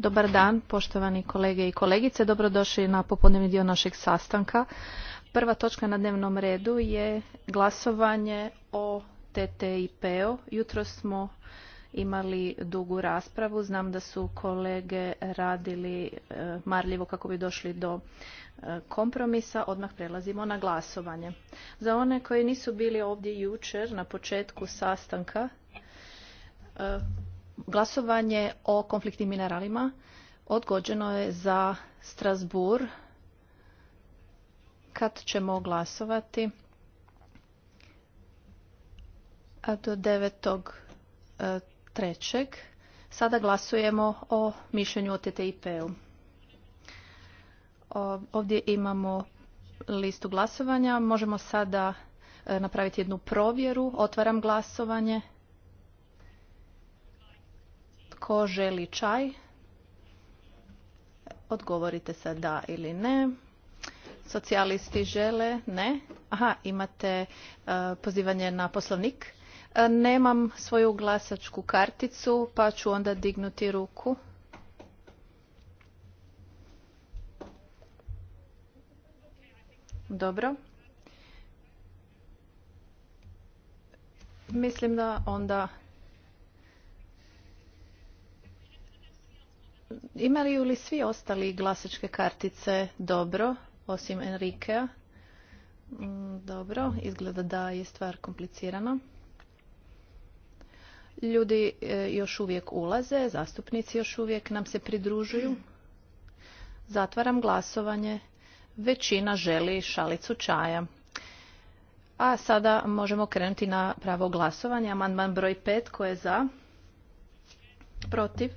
Dobar dan, poštovani kolege i kolegice. Dobrodošli na popodnevni dio našeg sastanka. Prva točka na dnevnom redu je glasovanje o TTIP-u. Jutros smo imali dugu raspravu. Znam da su kolege radili eh, marljivo kako bi došli do eh, kompromisa. Odmah prelazimo na glasovanje. Za one koji nisu bili ovdje jučer na početku sastanka, E, glasovanje o konfliktnim mineralima odgođeno je za Strasbur kad ćemo glasovati a do 9.3. E, sada glasujemo o mišljenju o TTIP-u. Ovdje imamo listu glasovanja. Možemo sada e, napraviti jednu provjeru. Otvaram glasovanje. Tko želi čaj? Odgovorite se da ili ne. Socijalisti žele? Ne. Aha, imate e, pozivanje na poslovnik. E, nemam svoju glasačku karticu, pa ću onda dignuti ruku. Dobro. Mislim da onda Imaju li svi ostali glasačke kartice dobro, osim Enrikea? Mm, dobro, izgleda da je stvar komplicirana. Ljudi e, još uvijek ulaze, zastupnici još uvijek nam se pridružuju. Zatvaram glasovanje. Većina želi šalicu čaja. A sada možemo krenuti na pravo glasovanje. Amandman broj 5, ko je za? Protiv?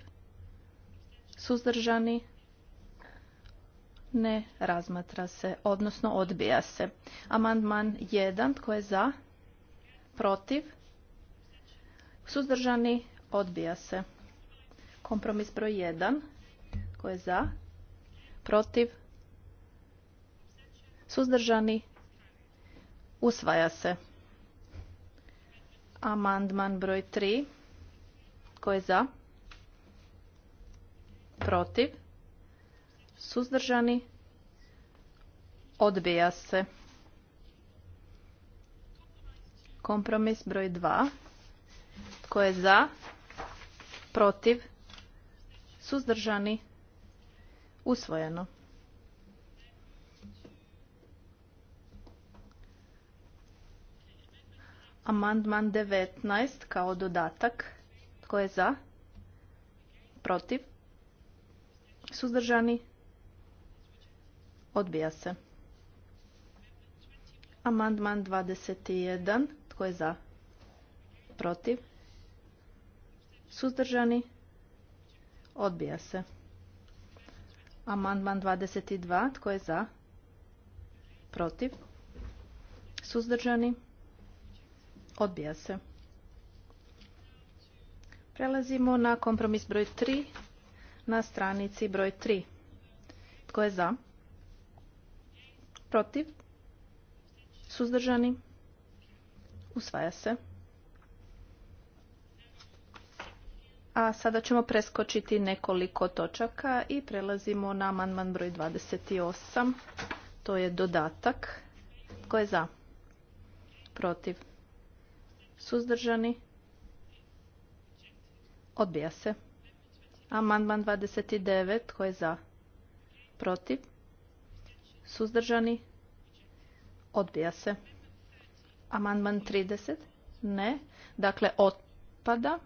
suzdržani, ne razmatra se, odnosno odbija se. Amandman 1, tko je za, protiv, suzdržani, odbija se. Kompromis broj 1, tko je za, protiv, suzdržani, usvaja se. Amandman broj 3, tko je za, protiv, suzdržani, odbija se. Kompromis broj 2. Tko je za, protiv, suzdržani, usvojeno. Amandman 19 kao dodatak. Tko je za? Protiv? Suzdržani? Odbija se. Amandman 21. Tko je za? Protiv? Suzdržani? Odbija se. Amandman 22. Tko je za? Protiv? Suzdržani? Odbija se. Prelazimo na kompromis broj 3 na stranici broj 3. Tko je za? Protiv? Suzdržani? Usvaja se. A sada ćemo preskočiti nekoliko točaka i prelazimo na amandman broj 28. To je dodatak. Tko je za? Protiv? Suzdržani? Odbija se. Amandman 29. Tko je za? Protiv? Suzdržani? Odbija se. Amandman 30. Ne. Dakle, otpada.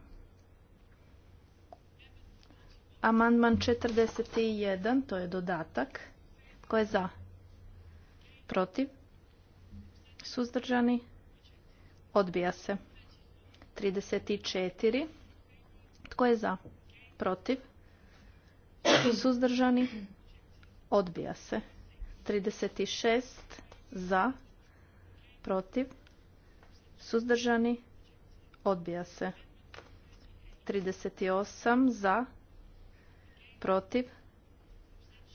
Amandman 41. To je dodatak. Tko je za? Protiv? Suzdržani? Odbija se. 34. Tko je za? protiv, suzdržani, odbija se. 36 za, protiv, suzdržani, odbija se. 38 za, protiv,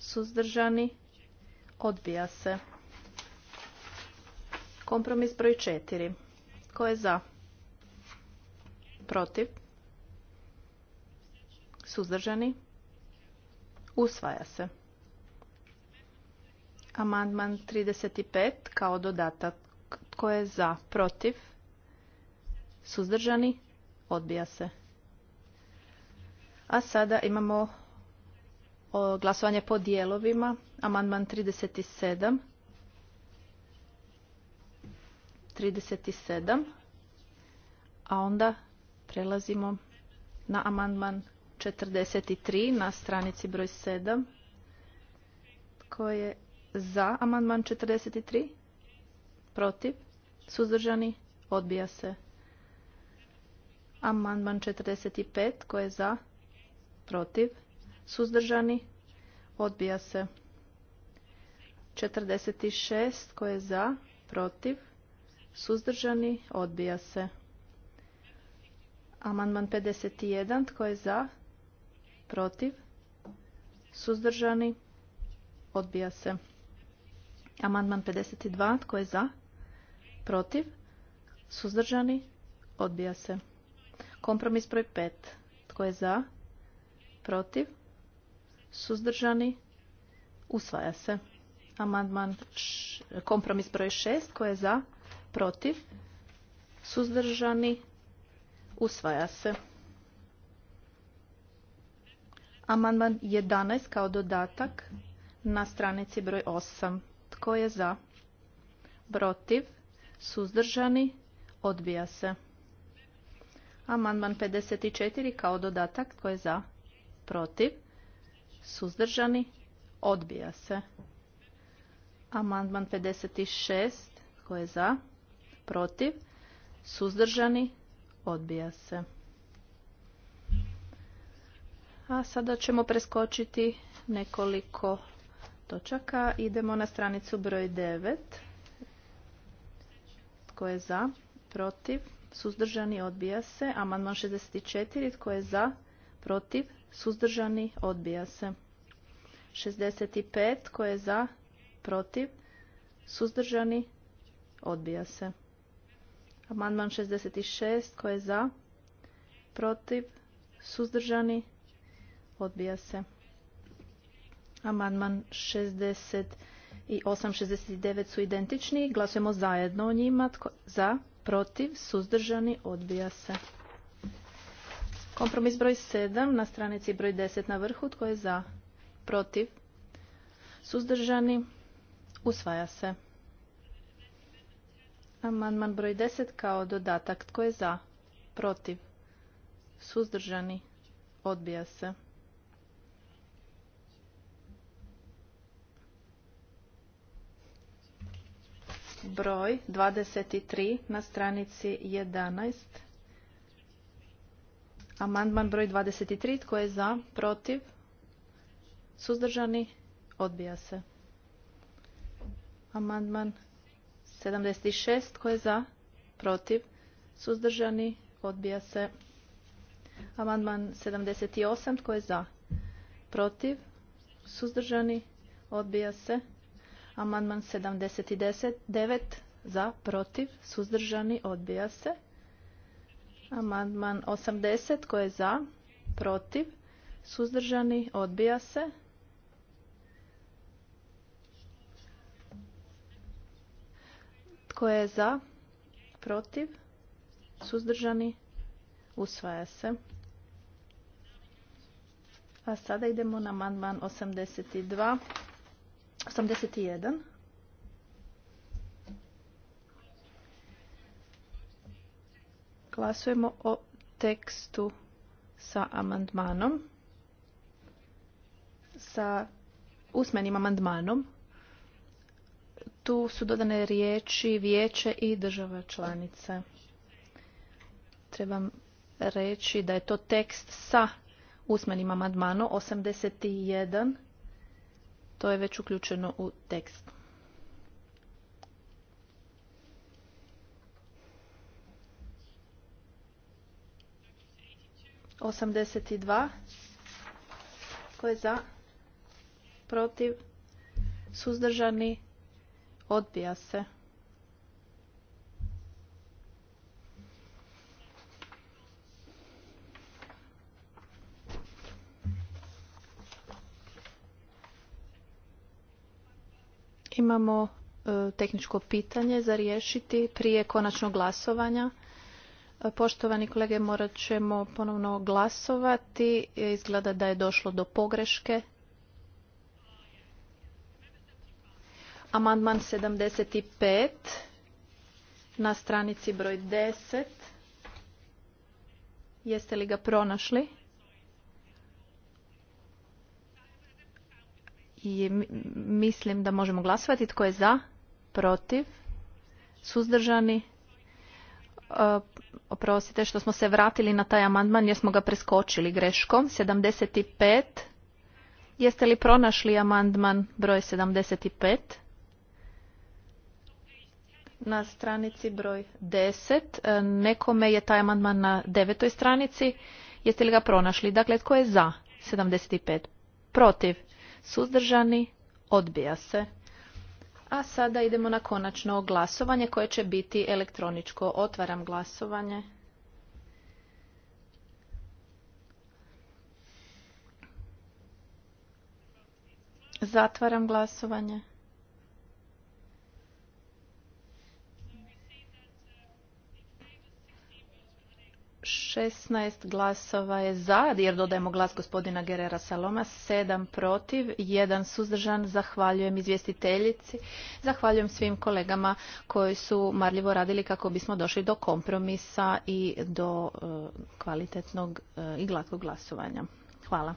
suzdržani, odbija se. Kompromis broj 4. Ko je za? Protiv? Suzdržani? Usvaja se. Amandman 35 kao dodatak. Tko je za? Protiv? Suzdržani? Odbija se. A sada imamo glasovanje po dijelovima. Amandman 37. 37. A onda prelazimo na amandman 43 na stranici broj 7. Tko je za amandman 43? Protiv? Suzdržani? Odbija se. Amandman 45. Tko je za? Protiv? Suzdržani? Odbija se. 46. Tko je za? Protiv? Suzdržani? Odbija se. Amandman 51. Tko je za? protiv, suzdržani, odbija se. Amandman 52, tko je za, protiv, suzdržani, odbija se. Kompromis broj 5, tko je za, protiv, suzdržani, usvaja se. Amandman kompromis broj 6, tko je za, protiv, suzdržani, usvaja se. Amandman 11 kao dodatak na stranici broj 8. Tko je za? Protiv? Suzdržani? Odbija se. Amandman 54 kao dodatak. Tko je za? Protiv? Suzdržani? Odbija se. Amandman 56. Tko je za? Protiv? Suzdržani? Odbija se. A sada ćemo preskočiti nekoliko točaka. Idemo na stranicu broj 9. Tko je za? Protiv? Suzdržani odbija se. Amandman 64. Tko je za? Protiv? Suzdržani odbija se. 65. Tko je za? Protiv? Suzdržani odbija se. Amandman 66. Tko je za? Protiv? Suzdržani Odbija se. Amandman 68 i 69 su identični. Glasujemo zajedno o njima. za, protiv, suzdržani, odbija se. Kompromis broj 7 na stranici broj 10 na vrhu. Tko je za, protiv, suzdržani, usvaja se. Amandman broj 10 kao dodatak. Tko je za, protiv, suzdržani, odbija se. broj 23 na stranici 11. Amandman broj 23. Tko je za? Protiv? Suzdržani? Odbija se. Amandman 76. Tko je za? Protiv? Suzdržani? Odbija se. Amandman 78. Tko je za? Protiv? Suzdržani? Odbija se. Amandman 79, za, protiv, suzdržani, odbija se. Amandman 80 tko je za, protiv, suzdržani, odbija se. Tko je za, protiv, suzdržani, usvaja se. A sada idemo na amandman 82 81. Glasujemo o tekstu sa amandmanom. Sa usmenim amandmanom. Tu su dodane riječi vijeće i država članice. Trebam reći da je to tekst sa usmenim amandmanom 81 to je već uključeno u tekst. Osamdeset dva. Tko je za? Protiv? Suzdržani? Odbija se. Imamo e, tehničko pitanje za riješiti prije konačnog glasovanja. E, poštovani kolege, morat ćemo ponovno glasovati. E, izgleda da je došlo do pogreške. Amandman 75 na stranici broj 10. Jeste li ga pronašli? I mislim da možemo glasovati tko je za, protiv, suzdržani. E, oprostite što smo se vratili na taj amandman jer smo ga preskočili greškom. 75. Jeste li pronašli amandman broj 75? Na stranici broj 10. E, nekome je taj amandman na devetoj stranici. Jeste li ga pronašli? Dakle, tko je za 75? Protiv? suzdržani, odbija se. A sada idemo na konačno glasovanje koje će biti elektroničko. Otvaram glasovanje. Zatvaram glasovanje. 16 glasova je za, jer dodajemo glas gospodina Gerera Saloma, 7 protiv, 1 suzdržan. Zahvaljujem izvjestiteljici, zahvaljujem svim kolegama koji su marljivo radili kako bismo došli do kompromisa i do e, kvalitetnog e, i glatkog glasovanja. Hvala.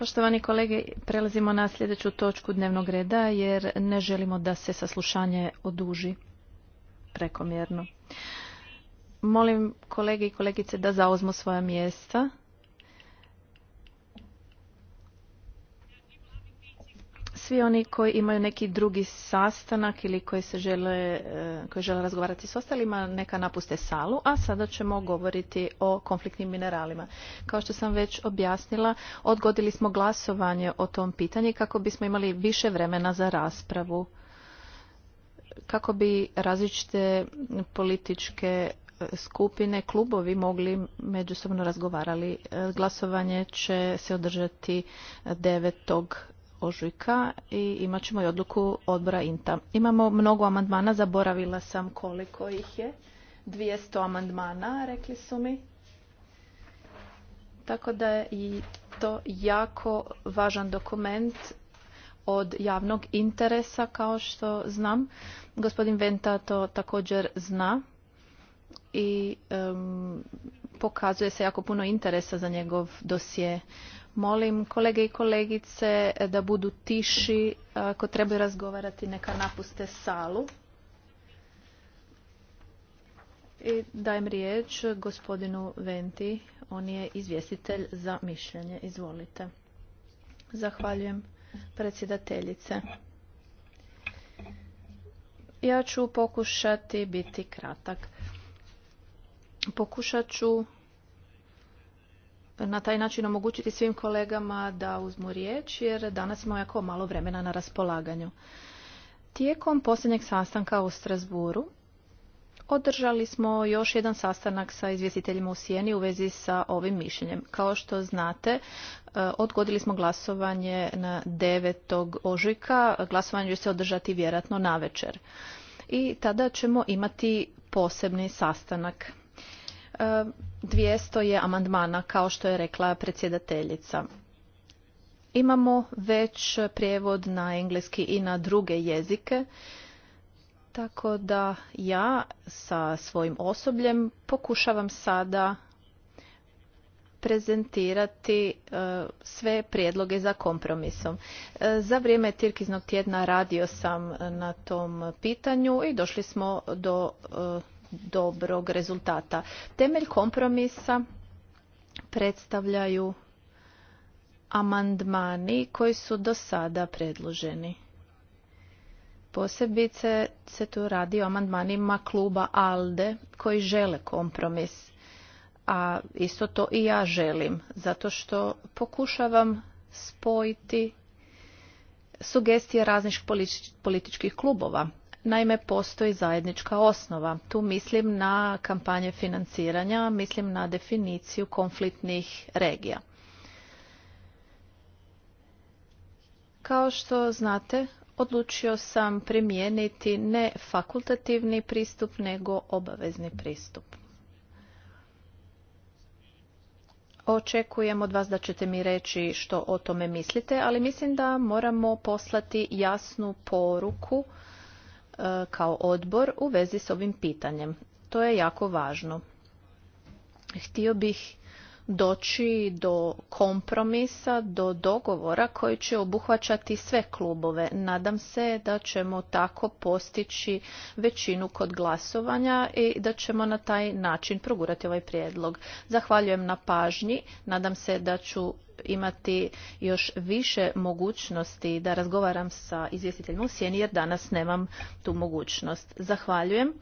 Poštovani kolege, prelazimo na sljedeću točku dnevnog reda jer ne želimo da se saslušanje oduži prekomjerno. Molim kolege i kolegice da zauzmu svoja mjesta. svi oni koji imaju neki drugi sastanak ili koji se žele, e, koji žele razgovarati s ostalima, neka napuste salu, a sada ćemo govoriti o konfliktnim mineralima. Kao što sam već objasnila, odgodili smo glasovanje o tom pitanju kako bismo imali više vremena za raspravu kako bi različite političke e, skupine, klubovi mogli međusobno razgovarali. E, glasovanje će se održati 9 ožujka i imat ćemo i odluku odbora INTA. Imamo mnogo amandmana, zaboravila sam koliko ih je. 200 amandmana, rekli su mi. Tako da je i to jako važan dokument od javnog interesa, kao što znam. Gospodin Venta to također zna i pokazuje se jako puno interesa za njegov dosje. Molim kolege i kolegice da budu tiši. Ako trebaju razgovarati, neka napuste salu. I dajem riječ gospodinu Venti. On je izvjestitelj za mišljenje. Izvolite. Zahvaljujem predsjedateljice. Ja ću pokušati biti kratak. Pokušat ću na taj način omogućiti svim kolegama da uzmu riječ jer danas imamo jako malo vremena na raspolaganju. Tijekom posljednjeg sastanka u Strasburu održali smo još jedan sastanak sa izvjestiteljima u Sijeni u vezi sa ovim mišljenjem. Kao što znate, e, odgodili smo glasovanje na 9. ožujka. Glasovanje će se održati vjerojatno na večer. I tada ćemo imati posebni sastanak. E, 200 je amandmana, kao što je rekla predsjedateljica. Imamo već prijevod na engleski i na druge jezike, tako da ja sa svojim osobljem pokušavam sada prezentirati e, sve prijedloge za kompromisom. E, za vrijeme Tirkiznog tjedna radio sam na tom pitanju i došli smo do e, dobrog rezultata. Temelj kompromisa predstavljaju amandmani koji su do sada predloženi. Posebice se tu radi o amandmanima kluba ALDE koji žele kompromis. A isto to i ja želim, zato što pokušavam spojiti sugestije raznih političkih klubova Naime, postoji zajednička osnova. Tu mislim na kampanje financiranja, mislim na definiciju konfliktnih regija. Kao što znate, odlučio sam primijeniti ne fakultativni pristup, nego obavezni pristup. Očekujem od vas da ćete mi reći što o tome mislite, ali mislim da moramo poslati jasnu poruku E, kao odbor u vezi s ovim pitanjem. To je jako važno. Htio bih doći do kompromisa, do dogovora koji će obuhvaćati sve klubove. Nadam se da ćemo tako postići većinu kod glasovanja i da ćemo na taj način progurati ovaj prijedlog. Zahvaljujem na pažnji. Nadam se da ću imati još više mogućnosti da razgovaram sa izvjestiteljima u sjeni jer danas nemam tu mogućnost. Zahvaljujem.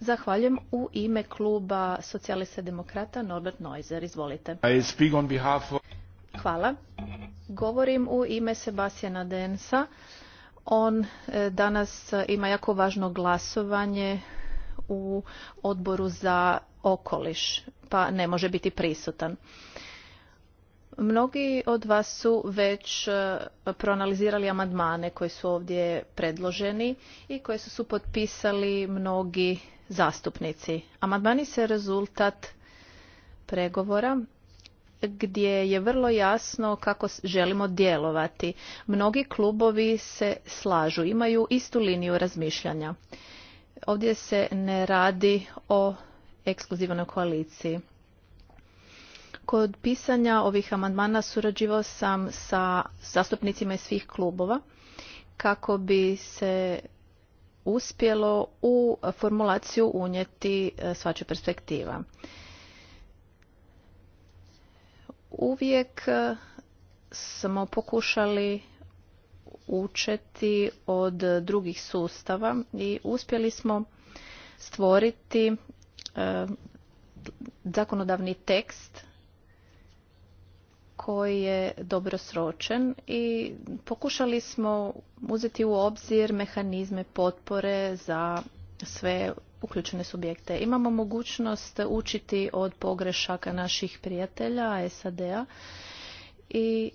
Zahvaljujem u ime kluba socijalista demokrata Norbert Neuser. Izvolite. Hvala. Govorim u ime Sebastiana Densa. On e, danas ima jako važno glasovanje u odboru za okoliš, pa ne može biti prisutan. Mnogi od vas su već e, proanalizirali amandmane koji su ovdje predloženi i koje su potpisali mnogi zastupnici. Amadmani se rezultat pregovora gdje je vrlo jasno kako želimo djelovati. Mnogi klubovi se slažu, imaju istu liniju razmišljanja. Ovdje se ne radi o ekskluzivnoj koaliciji. Kod pisanja ovih amandmana surađivao sam sa zastupnicima iz svih klubova kako bi se uspjelo u formulaciju unijeti e, svaču perspektiva. Uvijek e, smo pokušali učeti od drugih sustava i uspjeli smo stvoriti e, zakonodavni tekst koji je dobro sročen i pokušali smo uzeti u obzir mehanizme potpore za sve uključene subjekte. Imamo mogućnost učiti od pogrešaka naših prijatelja SAD-a i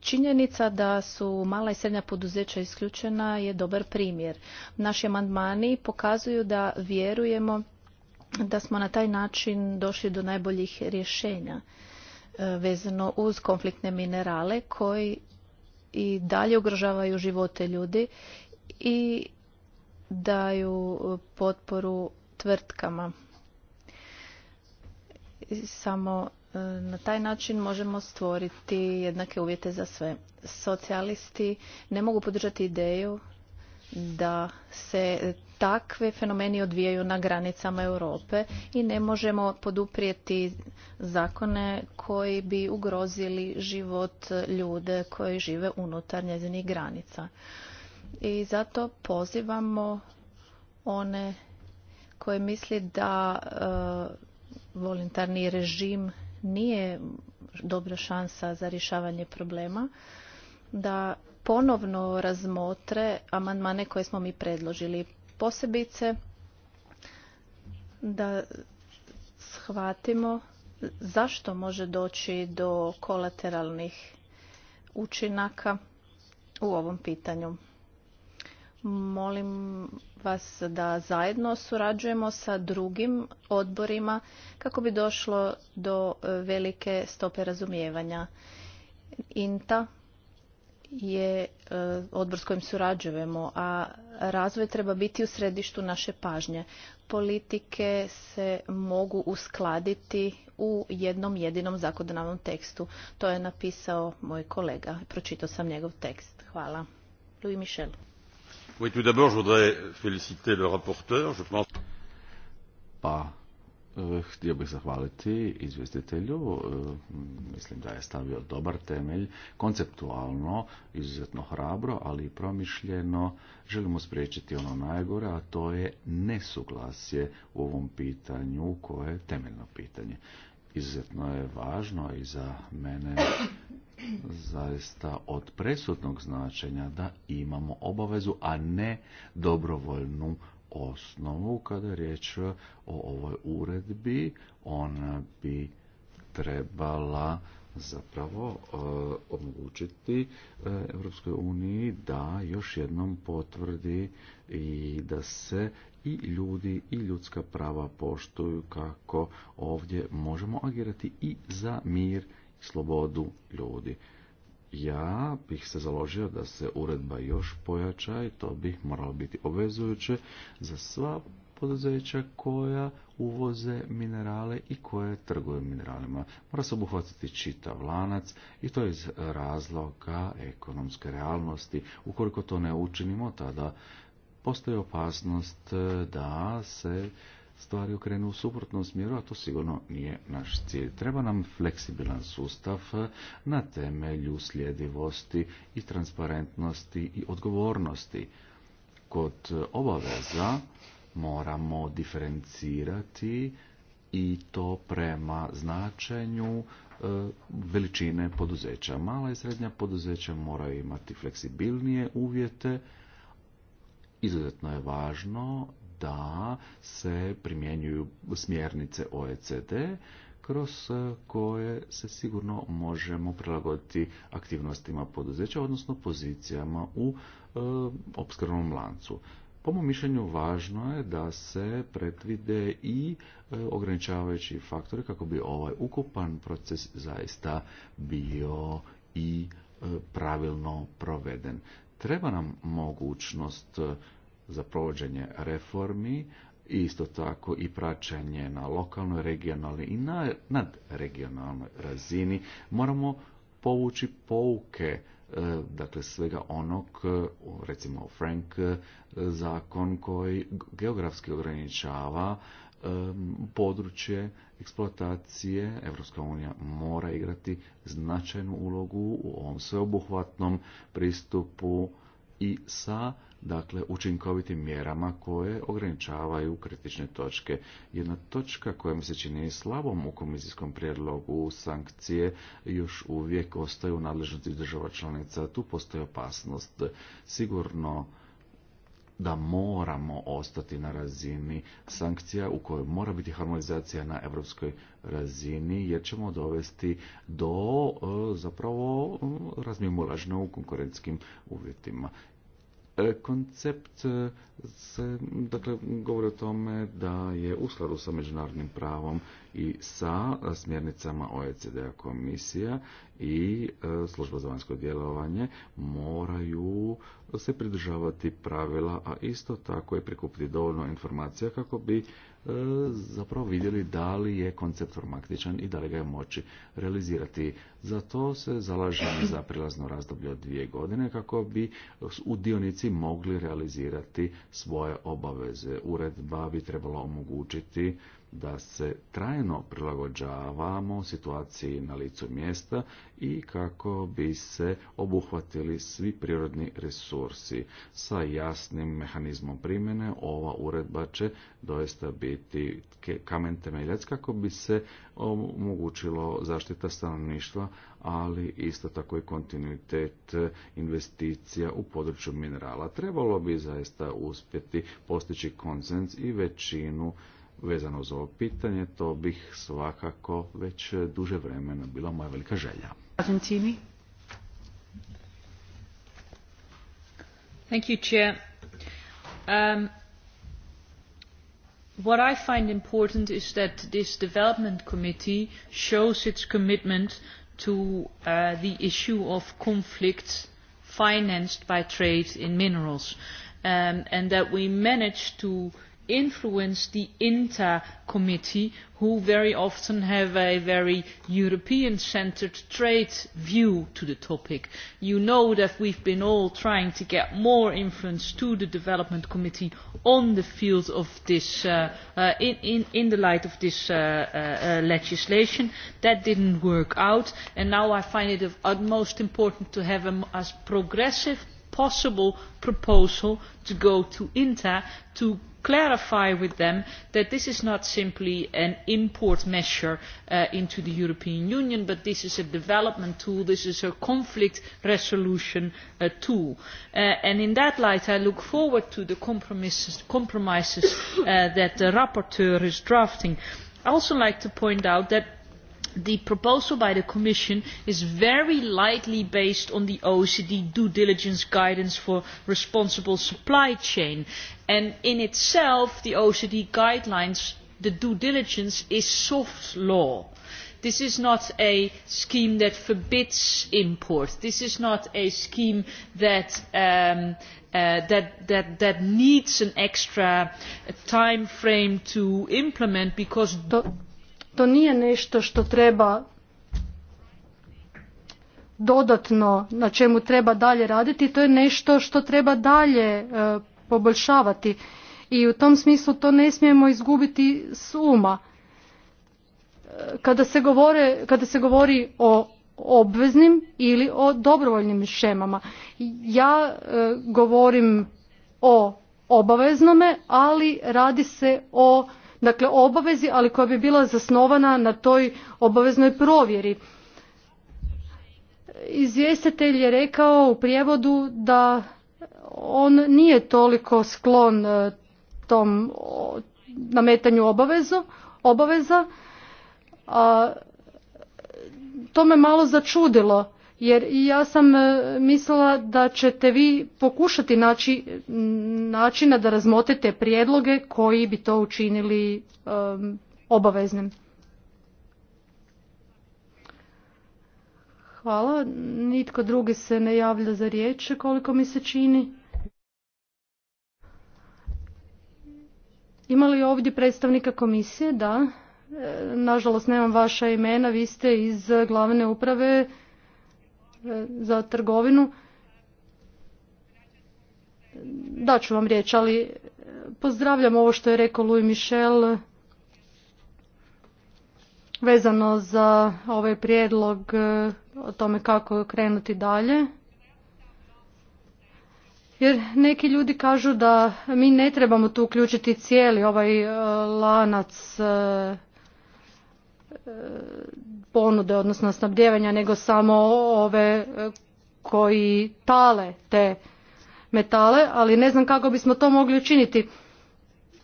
Činjenica da su mala i srednja poduzeća isključena je dobar primjer. Naši amandmani pokazuju da vjerujemo da smo na taj način došli do najboljih rješenja. E, vezano uz konfliktne minerale koji i dalje ugrožavaju živote ljudi i daju potporu tvrtkama. Samo e, na taj način možemo stvoriti jednake uvjete za sve. Socijalisti ne mogu podržati ideju da se takvi fenomeni odvijaju na granicama Europe i ne možemo poduprijeti zakone koji bi ugrozili život ljude koji žive unutar njezinih granica. I zato pozivamo one koje misli da e, volontarni režim nije dobra šansa za rješavanje problema, da ponovno razmotre amandmane koje smo mi predložili. Posebice da shvatimo zašto može doći do kolateralnih učinaka u ovom pitanju. Molim vas da zajedno surađujemo sa drugim odborima kako bi došlo do velike stope razumijevanja. INTA je e, odbor s kojim surađujemo, a razvoj treba biti u središtu naše pažnje. Politike se mogu uskladiti u jednom jedinom zakonodavnom tekstu. To je napisao moj kolega. Pročitao sam njegov tekst. Hvala. Louis Michel. Oui, d'abord, je féliciter le rapporteur. Je pense... Pa, Eh, htio bih zahvaliti izvjestitelju, eh, mislim da je stavio dobar temelj, konceptualno, izuzetno hrabro, ali i promišljeno želimo spriječiti ono najgore, a to je nesuglasje u ovom pitanju koje je temeljno pitanje. Izuzetno je važno i za mene zaista od presudnog značenja da imamo obavezu, a ne dobrovoljnu osnovu kada riječ o ovoj uredbi ona bi trebala zapravo e, omogućiti e, Europskoj uniji da još jednom potvrdi i da se i ljudi i ljudska prava poštuju kako ovdje možemo agirati i za mir i slobodu ljudi ja bih se založio da se uredba još pojača i to bi moralo biti obvezujuće za sva poduzeća koja uvoze minerale i koje trguju mineralima. Mora se obuhvatiti čitav lanac i to iz razloga ekonomske realnosti. Ukoliko to ne učinimo, tada postoji opasnost da se stvari okrenu u suprotnom smjeru, a to sigurno nije naš cilj. Treba nam fleksibilan sustav na temelju sljedivosti i transparentnosti i odgovornosti. Kod obaveza moramo diferencirati i to prema značenju e, veličine poduzeća. Mala i srednja poduzeća moraju imati fleksibilnije uvjete. Izuzetno je važno da se primjenjuju smjernice OECD kroz e, koje se sigurno možemo prilagoditi aktivnostima poduzeća, odnosno pozicijama u e, opskrbnom lancu. Po mom mišljenju važno je da se predvide i e, ograničavajući faktori kako bi ovaj ukupan proces zaista bio i pravilno proveden. Treba nam mogućnost za provođenje reformi i isto tako i praćenje na lokalnoj, regionalnoj i na, nadregionalnoj razini. Moramo povući pouke e, dakle svega onog, e, recimo Frank e, zakon koji geografski ograničava područje eksploatacije. Evropska unija mora igrati značajnu ulogu u ovom sveobuhvatnom pristupu i sa dakle učinkovitim mjerama koje ograničavaju kritične točke. Jedna točka koja mi se čini slabom u komisijskom prijedlogu sankcije još uvijek ostaju u nadležnosti država članica. Tu postoji opasnost. Sigurno da moramo ostati na razini sankcija u kojoj mora biti harmonizacija na europskoj razini jer ćemo dovesti do e, zapravo mm, razmimulažne u konkurentskim uvjetima e, koncept e, se, dakle, govori o tome da je u skladu sa međunarodnim pravom i sa smjernicama oecd komisija i e, služba za vanjsko djelovanje moraju se pridržavati pravila, a isto tako i prikupiti dovoljno informacija kako bi e, zapravo vidjeli da li je koncept formaktičan i da li ga je moći realizirati. Za to se zalažem za prilazno razdoblje od dvije godine kako bi u dionici mogli realizirati svoje obaveze. Uredba bi trebala omogućiti da se trajno prilagođavamo situaciji na licu mjesta i kako bi se obuhvatili svi prirodni resursi. Sa jasnim mehanizmom primjene ova uredba će doista biti kamen temeljac kako bi se omogućilo zaštita stanovništva, ali isto tako i kontinuitet investicija u području minerala. Trebalo bi zaista uspjeti postići konsens i većinu vezano za ovo pitanje, to bih svakako već duže vremena bila moja velika želja. Argentini. Thank you, Chair. Um, what I find important is that this development committee shows its commitment to uh, the issue of conflicts financed by trade in minerals um, and that we manage to influence the inta committee who very often have a very european centred trade view to the topic. you know that we have been all trying to get more influence to the development committee on the field of this uh, uh, in, the light of this uh, legislation. that did not work out and now i find it of utmost importance to have a, as progressive as possible proposal to go to inta to clarify with them that this is not simply an import measure uh, into the European Union, but this is a development tool, this is a conflict resolution uh, tool. Uh, and in that light, I look forward to the compromises, compromises that the rapporteur is drafting. I also like to point out that the proposal by the commission is very lightly based on the oecd due diligence guidance for responsible supply chain and in itself the oecd guidelines the due diligence is soft law. this is not a scheme that forbids import this is not a scheme that um, uh, that needs an extra time frame to implement because to nije nešto što treba dodatno na čemu treba dalje raditi, to je nešto što treba dalje e, poboljšavati i u tom smislu to ne smijemo izgubiti s uma. E, kada se, govore, kada se govori o obveznim ili o dobrovoljnim šemama. Ja e, govorim o obaveznome, ali radi se o dakle obavezi, ali koja bi bila zasnovana na toj obaveznoj provjeri. Izvjestitelj je rekao u prijevodu da on nije toliko sklon e, tom nametanju obavezu, obaveza, a to me malo začudilo jer ja sam e, mislila da ćete vi pokušati naći načina da razmotrite prijedloge koji bi to učinili e, obaveznim. Hvala. Nitko drugi se ne javlja za riječ koliko mi se čini. Ima li ovdje predstavnika komisije? Da. E, nažalost nemam vaša imena. Vi ste iz glavne uprave E, za trgovinu. ću vam riječ, ali e, pozdravljam ovo što je rekao Louis Michel vezano za ovaj prijedlog e, o tome kako krenuti dalje. Jer neki ljudi kažu da mi ne trebamo tu uključiti cijeli ovaj lanac ponude, odnosno snabdjevanja, nego samo ove e, koji tale te metale, ali ne znam kako bismo to mogli učiniti.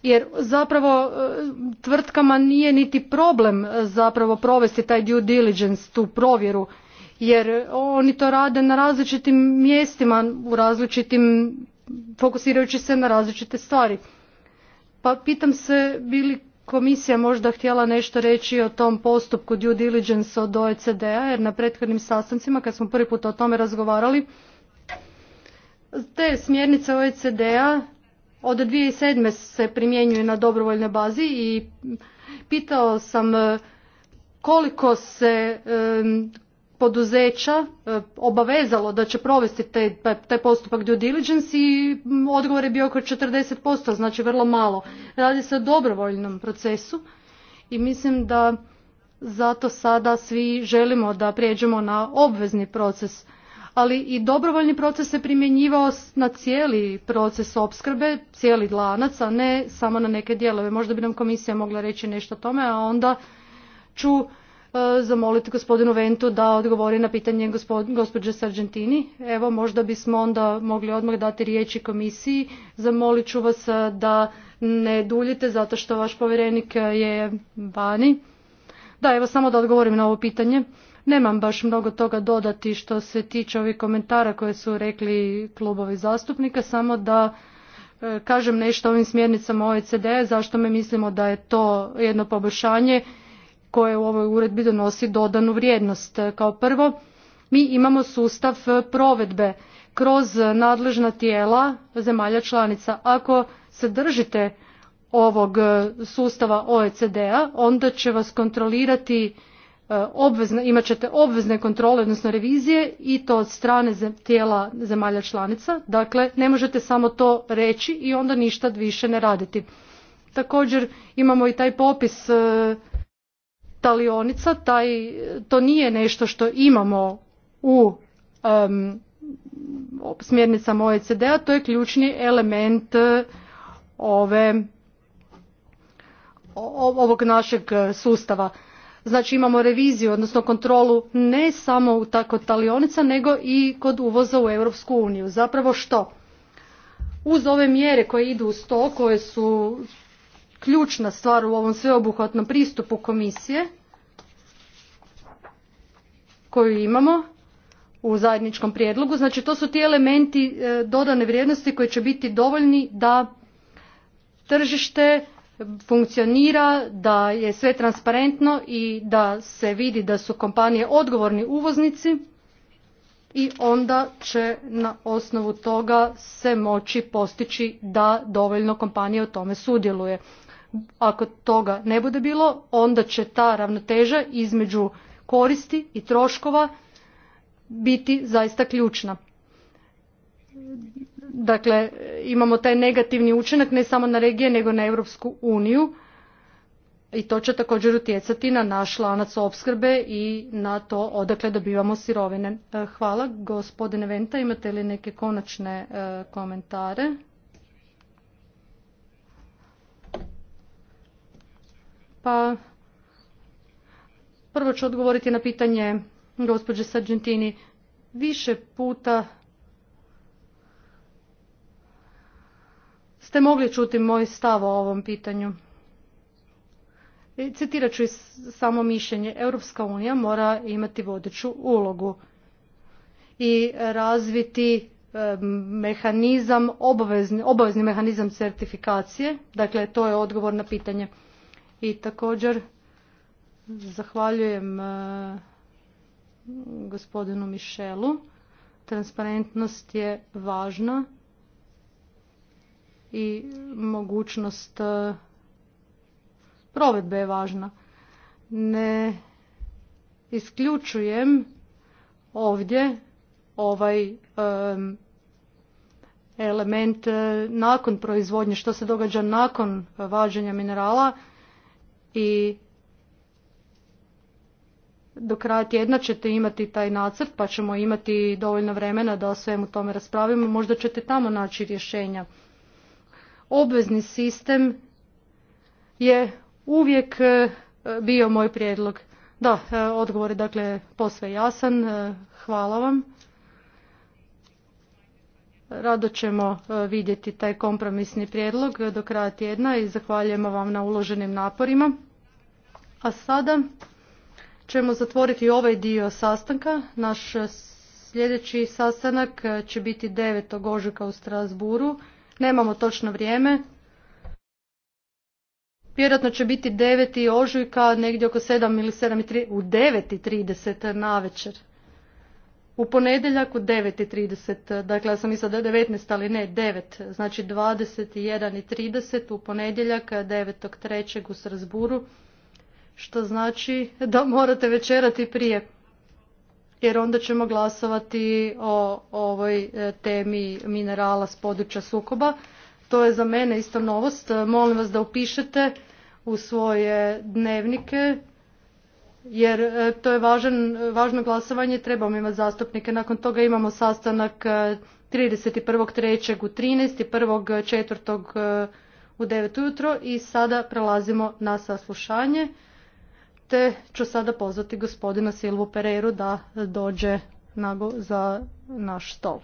Jer zapravo e, tvrtkama nije niti problem e, zapravo provesti taj due diligence, tu provjeru, jer oni to rade na različitim mjestima, u različitim, fokusirajući se na različite stvari. Pa pitam se bili komisija možda htjela nešto reći o tom postupku due diligence od OECD-a, jer na prethodnim sastancima kad smo prvi put o tome razgovarali, te smjernice OECD-a od 2007. se primjenjuju na dobrovoljnoj bazi i pitao sam e, koliko se e, poduzeća e, obavezalo da će provesti taj, postupak due diligence i odgovor je bio oko 40%, znači vrlo malo. Radi se o dobrovoljnom procesu i mislim da zato sada svi želimo da prijeđemo na obvezni proces. Ali i dobrovoljni proces se primjenjivao na cijeli proces opskrbe, cijeli lanac, a ne samo na neke dijelove. Možda bi nam komisija mogla reći nešto o tome, a onda ću E, zamoliti gospodinu Ventu da odgovori na pitanje gospođe Sargentini. Evo možda bismo onda mogli odmah dati riječi komisiji. Zamolit ću vas e, da ne duljite zato što vaš povjerenik e, je vani. Da, evo samo da odgovorim na ovo pitanje. Nemam baš mnogo toga dodati što se tiče ovih komentara koje su rekli klubovi zastupnika, samo da kažem nešto o ovim smjernicama OECD-a, zašto me mislimo da je to jedno poboljšanje koje u ovoj uredbi donosi dodanu vrijednost. Kao prvo, mi imamo sustav provedbe kroz nadležna tijela zemalja članica. Ako se držite ovog sustava OECD-a, onda će vas kontrolirati e, obvezne, imat ćete obvezne kontrole, odnosno revizije i to od strane tijela zemalja članica. Dakle, ne možete samo to reći i onda ništa više ne raditi. Također imamo i taj popis e, talionica, taj, to nije nešto što imamo u smjernicama OECD-a, to je ključni element e, ove, ovog našeg sustava. Znači imamo reviziju, odnosno kontrolu ne samo u tako talionica, nego i kod uvoza u Europsku uniju. Zapravo što? Uz ove mjere koje idu uz to, koje su ključna stvar u ovom sveobuhvatnom pristupu komisije koju imamo u zajedničkom prijedlogu. Znači to su ti elementi e, dodane vrijednosti koji će biti dovoljni da tržište funkcionira, da je sve transparentno i da se vidi da su kompanije odgovorni uvoznici i onda će na osnovu toga se moći postići da dovoljno kompanije o tome sudjeluje. Ako toga ne bude bilo, onda će ta ravnoteža između koristi i troškova biti zaista ključna. Dakle, imamo taj negativni učinak ne samo na regije nego na Europsku uniju i to će također utjecati na naš lanac opskrbe i na to odakle dobivamo sirovine. E, hvala gospodine Venta, imate li neke konačne e, komentare? Pa prvo ću odgovoriti na pitanje gospođe Sargentini. Više puta ste mogli čuti moj stav o ovom pitanju. Citirat ću samo mišljenje. Europska unija mora imati vodeću ulogu i razviti mehanizam, obavezni mehanizam certifikacije. Dakle, to je odgovor na pitanje i također zahvaljujem e, gospodinu Mišelu. Transparentnost je važna i mogućnost e, provedbe je važna. Ne isključujem ovdje ovaj e, element nakon proizvodnje, što se događa nakon vađenja minerala i do kraja tjedna ćete imati taj nacrt pa ćemo imati dovoljno vremena da o svemu tome raspravimo. Možda ćete tamo naći rješenja. Obvezni sistem je uvijek e, bio moj prijedlog. Da, e, odgovor je dakle posve jasan. E, hvala vam. Rado ćemo vidjeti taj kompromisni prijedlog do kraja tjedna i zahvaljujemo vam na uloženim naporima. A sada ćemo zatvoriti ovaj dio sastanka. Naš sljedeći sastanak će biti 9. ožujka u Strasburu. Nemamo točno vrijeme. Vjerojatno će biti 9. ožujka, negdje oko 7 ili 7.30, u 9.30 na večer. U ponedjeljak u 9.30, dakle ja sam mislila da je 19, ali ne, 9, znači 21.30 u ponedjeljak 9.3. u Strasburu što znači da morate večerati prije jer onda ćemo glasovati o ovoj e, temi minerala s područja sukoba. To je za mene isto novost. Molim vas da upišete u svoje dnevnike jer e, to je važan, važno glasovanje, trebamo imati zastupnike. Nakon toga imamo sastanak 31.3. E, u 13. u 9. ujutro i sada prelazimo na saslušanje te ću sada pozvati gospodina Silvu Pereiru da dođe na, za naš stol.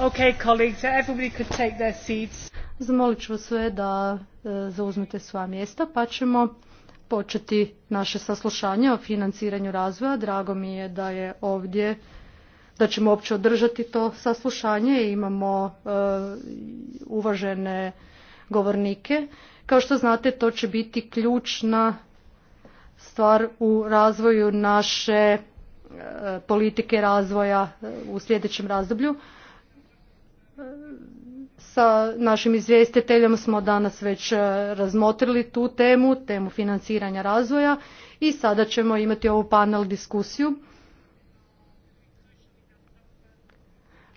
Okay, colleagues, everybody could take Zamolit ću sve da e, zauzmete sva mjesta, pa ćemo početi naše saslušanje o financiranju razvoja. Drago mi je da je ovdje da ćemo uopće održati to saslušanje i imamo e, uvažene govornike. Kao što znate, to će biti ključna stvar u razvoju naše e, politike razvoja u sljedećem razdoblju sa našim izvjestiteljem smo danas već e, razmotrili tu temu, temu financiranja razvoja i sada ćemo imati ovu panel diskusiju.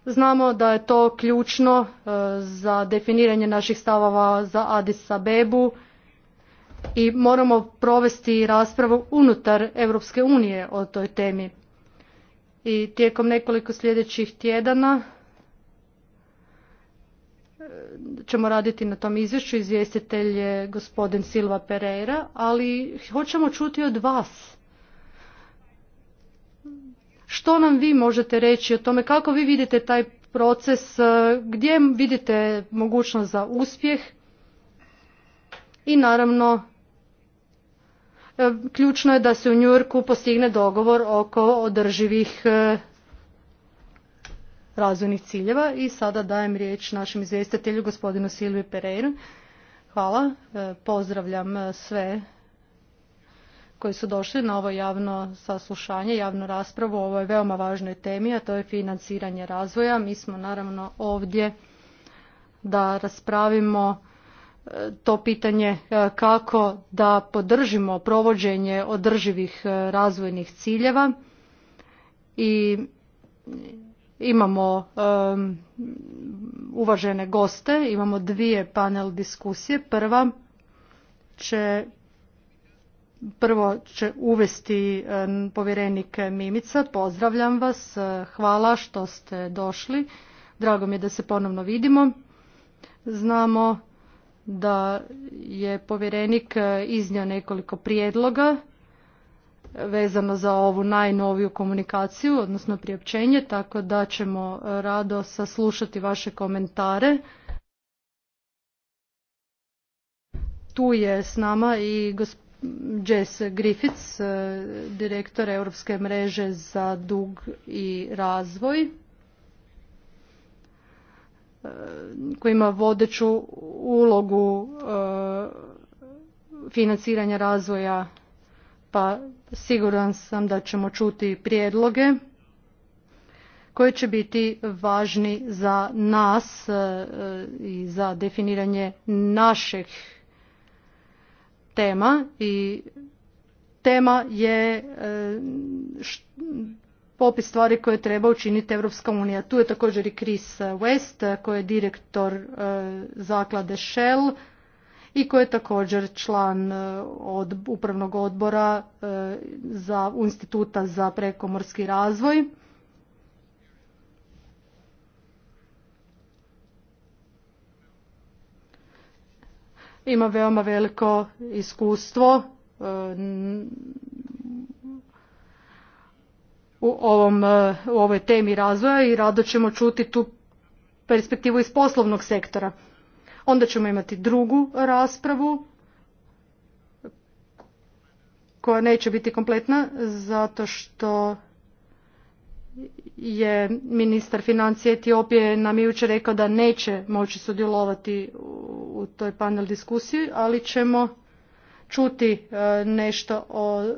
Znamo da je to ključno e, za definiranje naših stavova za Addis Abebu i moramo provesti raspravu unutar Europske unije o toj temi. I tijekom nekoliko sljedećih tjedana ćemo raditi na tom izvješću, izvjestitelj je gospodin Silva Pereira, ali hoćemo čuti od vas. Što nam vi možete reći o tome, kako vi vidite taj proces, gdje vidite mogućnost za uspjeh i naravno e, ključno je da se u Njurku postigne dogovor oko održivih e, razvojnih ciljeva i sada dajem riječ našem izvjestitelju gospodinu Silvi Pereiru. Hvala, e, pozdravljam e, sve koji su došli na ovo javno saslušanje, javnu raspravu o ovoj veoma važnoj temi, a to je financiranje razvoja. Mi smo naravno ovdje da raspravimo e, to pitanje kako da podržimo provođenje održivih razvojnih ciljeva i Imamo um, uvažene goste, imamo dvije panel diskusije. Prva će Prvo će uvesti povjerenik Mimica. Pozdravljam vas. Hvala što ste došli. Drago mi je da se ponovno vidimo. Znamo da je povjerenik iznio nekoliko prijedloga vezano za ovu najnoviju komunikaciju, odnosno priopćenje, tako da ćemo e, rado saslušati vaše komentare. Tu je s nama i Jess Griffiths, e, direktor Europske mreže za dug i razvoj, e, koji ima vodeću ulogu financiranja razvoja pa Siguran sam da ćemo čuti prijedloge koji će biti važni za nas e, i za definiranje naših tema i tema je e, popis stvari koje treba učiniti Europska unija. Tu je također i Chris West koji je direktor e, zaklade Shell i koji je također član e, od upravnog odbora e, za instituta za prekomorski razvoj ima veoma veliko iskustvo e, u, ovom, u ovoj temi razvoja i rado ćemo čuti tu perspektivu iz poslovnog sektora. Onda ćemo imati drugu raspravu koja neće biti kompletna zato što je ministar financija Etiopije nam je jučer rekao da neće moći sudjelovati u toj panel diskusiji, ali ćemo čuti e, nešto o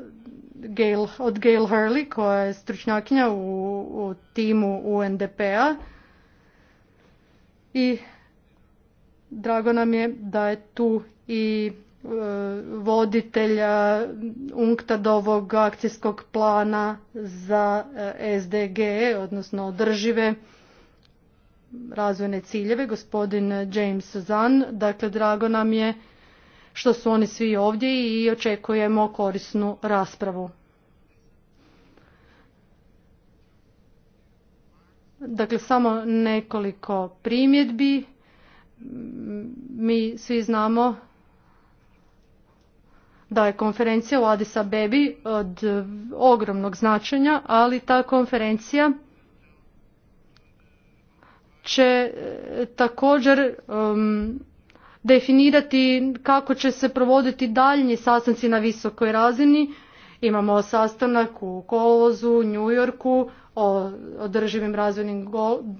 Gail, od Gail Hurley koja je stručnjakinja u, u timu UNDP-a i Drago nam je da je tu i e, voditelja UNCTAD-ovog akcijskog plana za e, SDG, e, odnosno održive razvojne ciljeve, gospodin James Zan. Dakle, drago nam je što su oni svi ovdje i očekujemo korisnu raspravu. Dakle, samo nekoliko primjedbi mi svi znamo da je konferencija u Addis Abebi od ogromnog značenja, ali ta konferencija će e, također definirati kako će se provoditi daljnji sastanci na visokoj razini. Imamo sastanak u Kolozu, New Yorku, o održivim razvojnim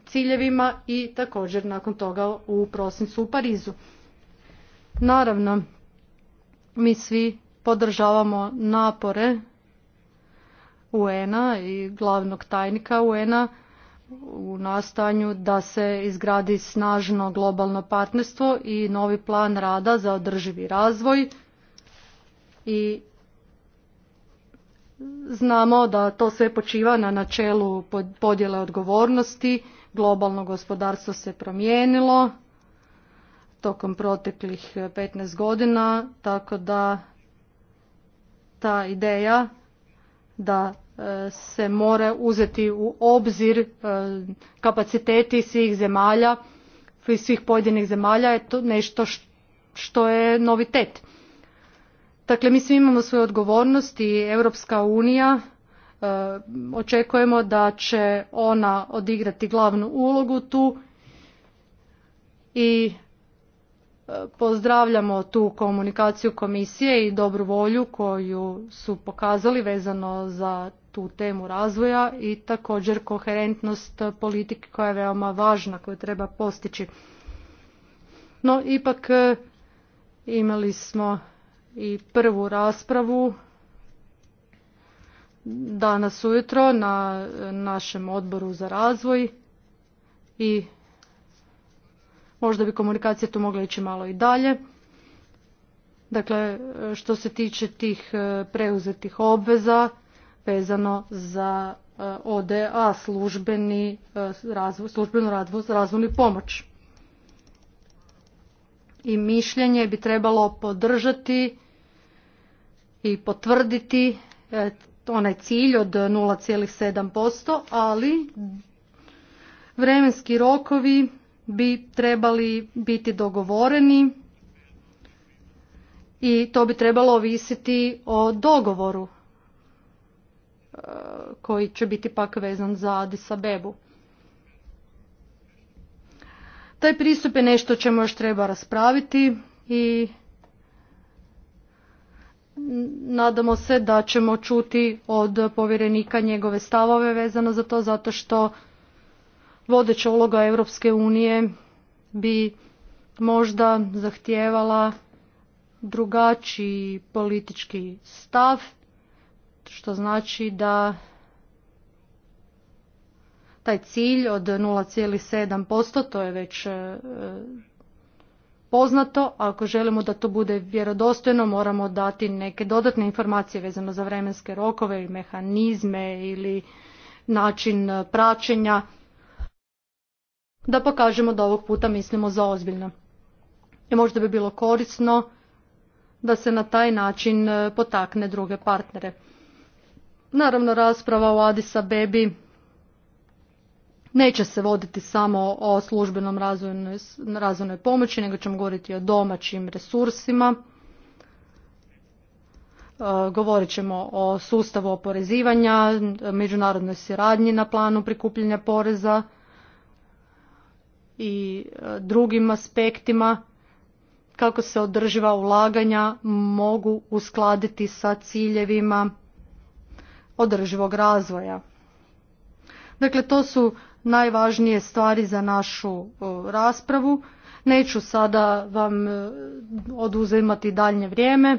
ciljevima i također nakon toga u prosincu u Parizu. Naravno, mi svi podržavamo napore UN-a i glavnog tajnika UN-a u nastanju da se izgradi snažno globalno partnerstvo i novi plan rada za održivi razvoj i Znamo da to sve počiva na načelu podjele odgovornosti, globalno gospodarstvo se promijenilo tokom proteklih 15 godina, tako da ta ideja da e, se mora uzeti u obzir e, kapaciteti svih zemalja, svih pojedinih zemalja je to nešto što je novitet. Dakle, mi svi imamo svoje odgovornosti. Europska unija e, očekujemo da će ona odigrati glavnu ulogu tu i e, pozdravljamo tu komunikaciju komisije i dobru volju koju su pokazali vezano za tu temu razvoja i također koherentnost politike koja je veoma važna, koju treba postići. No, ipak e, imali smo i prvu raspravu danas ujutro na našem odboru za razvoj i možda bi komunikacije tu mogla ići malo i dalje. Dakle, što se tiče tih e, preuzetih obveza vezano za e, ODA, službeni, e, razvoj, službenu razvojnu pomoć. I mišljenje bi trebalo podržati i potvrditi e, onaj cilj od 0,7%, ali vremenski rokovi bi trebali biti dogovoreni i to bi trebalo ovisiti o dogovoru e, koji će biti pak vezan za Addis Abebu. Taj pristup je nešto o čemu još treba raspraviti i nadamo se da ćemo čuti od povjerenika njegove stavove vezano za to zato što vodeća uloga Europske unije bi možda zahtijevala drugačiji politički stav što znači da taj cilj od 0,7% to je već e, poznato, ako želimo da to bude vjerodostojno moramo dati neke dodatne informacije vezano za vremenske rokove i mehanizme ili način e, praćenja da pokažemo da ovog puta mislimo za ozbiljno. I možda bi bilo korisno da se na taj način e, potakne druge partnere. Naravno rasprava o sa Bebi Neće se voditi samo o službenom razvojnoj, razvojnoj pomoći, nego ćemo govoriti o domaćim resursima. E, govorit ćemo o sustavu oporezivanja, međunarodnoj siradnji na planu prikupljanja poreza i e, drugim aspektima kako se održiva ulaganja mogu uskladiti sa ciljevima održivog razvoja. Dakle, to su najvažnije stvari za našu raspravu. Neću sada vam e, oduzimati daljnje vrijeme.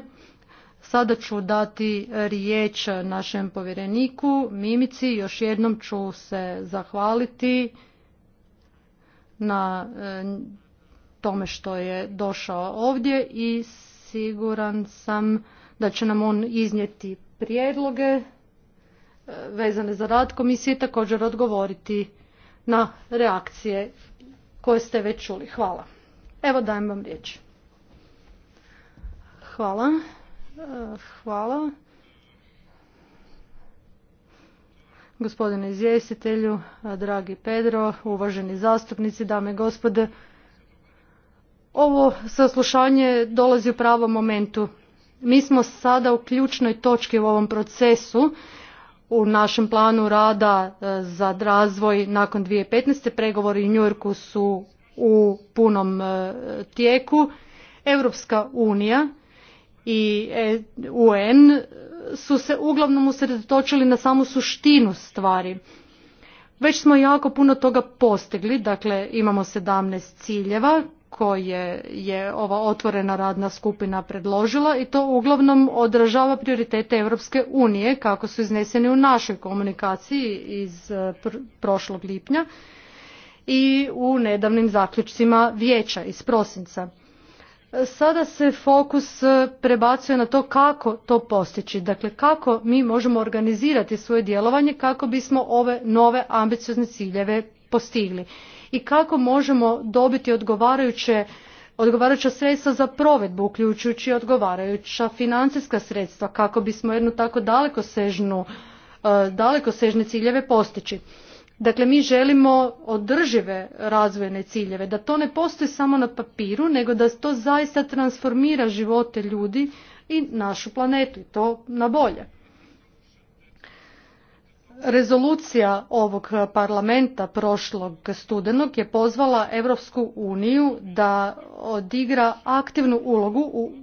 Sada ću dati riječ našem povjereniku Mimici. Još jednom ću se zahvaliti na e, tome što je došao ovdje i siguran sam da će nam on iznijeti prijedloge e, vezane za rad komisije također odgovoriti na reakcije koje ste već čuli. Hvala. Evo dajem vam riječ. Hvala. E, hvala. Gospodine izvjestitelju, dragi Pedro, uvaženi zastupnici, dame i gospode, ovo saslušanje dolazi u pravom momentu. Mi smo sada u ključnoj točki u ovom procesu u našem planu rada e, za razvoj nakon 2015. pregovori u Njurku su u punom e, tijeku. Europska unija i e, UN su se uglavnom usredotočili na samu suštinu stvari. Već smo jako puno toga postigli, dakle imamo 17 ciljeva koje je ova otvorena radna skupina predložila i to uglavnom odražava prioritete Europske unije kako su izneseni u našoj komunikaciji iz e, prošlog lipnja i u nedavnim zaključcima vijeća iz prosinca. E, sada se fokus e, prebacuje na to kako to postići, dakle kako mi možemo organizirati svoje djelovanje kako bismo ove nove ambiciozne ciljeve postigli i kako možemo dobiti odgovarajuće odgovarajuća sredstva za provedbu uključujući odgovarajuća financijska sredstva kako bismo jednu tako e, dalekosežne ciljeve postići. Dakle, mi želimo održive razvojne ciljeve, da to ne postoji samo na papiru, nego da to zaista transformira živote ljudi i našu planetu, i to na bolje. Rezolucija ovog parlamenta prošlog studenog je pozvala Europsku uniju da odigra aktivnu ulogu u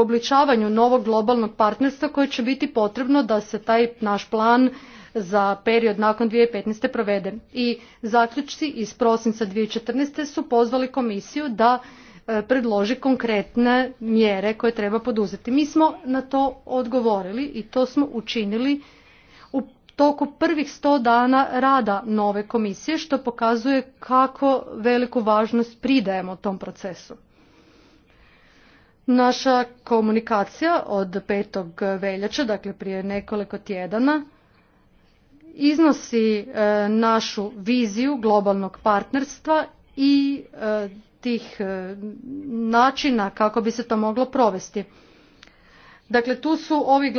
obličavanju novog globalnog partnerstva koje će biti potrebno da se taj naš plan za period nakon 2015. provede. I zaključci iz prosinca 2014. su pozvali komisiju da e, predloži konkretne mjere koje treba poduzeti. Mi smo na to odgovorili i to smo učinili toku prvih sto dana rada nove komisije što pokazuje kako veliku važnost pridajemo tom procesu. Naša komunikacija od 5. veljače, dakle prije nekoliko tjedana, iznosi e, našu viziju globalnog partnerstva i e, tih e, načina kako bi se to moglo provesti. Dakle, tu su ovi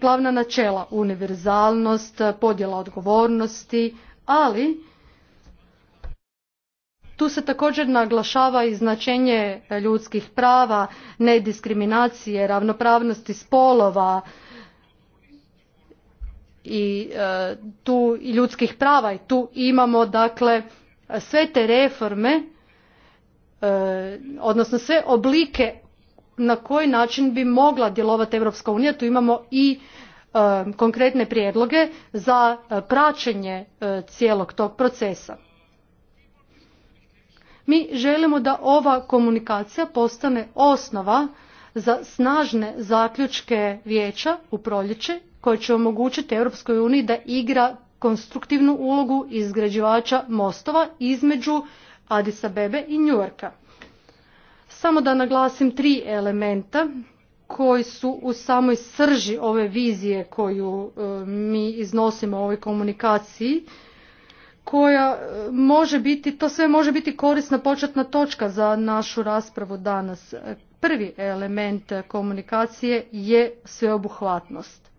glavna, načela, univerzalnost, podjela odgovornosti, ali tu se također naglašava i značenje ljudskih prava, nediskriminacije, ravnopravnosti spolova i e, tu i ljudskih prava i tu imamo dakle sve te reforme e, odnosno sve oblike na koji način bi mogla djelovati Europska unija. Tu imamo i e, konkretne prijedloge za e, praćenje e, cijelog tog procesa. Mi želimo da ova komunikacija postane osnova za snažne zaključke vijeća u proljeće koje će omogućiti Europskoj uniji da igra konstruktivnu ulogu izgrađivača mostova između Addis Abebe i Njujorka. Samo da naglasim tri elementa koji su u samoj srži ove vizije koju e, mi iznosimo u ovoj komunikaciji koja e, može biti, to sve može biti korisna početna točka za našu raspravu danas. Prvi element komunikacije je sveobuhvatnost.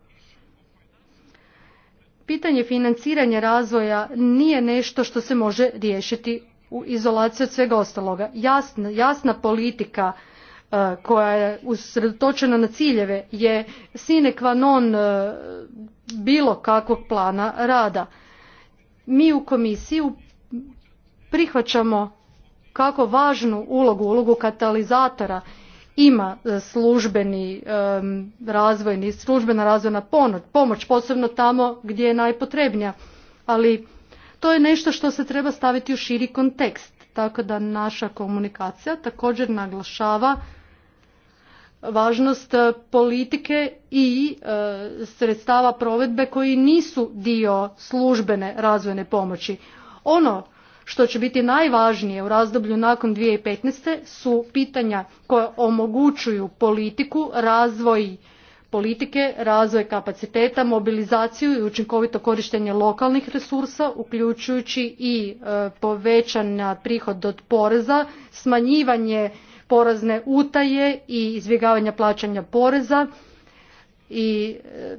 Pitanje financiranja razvoja nije nešto što se može riješiti u izolaciju od svega ostaloga. Jasna, jasna politika e, koja je usredotočena na ciljeve je sine non e, bilo kakvog plana rada. Mi u komisiju prihvaćamo kako važnu ulogu, ulogu katalizatora ima e, službeni razvojni, službena razvojna pomoć, posebno tamo gdje je najpotrebnija. Ali to je nešto što se treba staviti u širi kontekst, tako da naša komunikacija također naglašava važnost e, politike i e, sredstava provedbe koji nisu dio službene razvojne pomoći. Ono što će biti najvažnije u razdoblju nakon 2015. su pitanja koja omogućuju politiku, razvoj politike, razvoj kapaciteta, mobilizaciju i učinkovito korištenje lokalnih resursa, uključujući i e, povećan prihod od poreza, smanjivanje porezne utaje i izbjegavanja plaćanja poreza i e,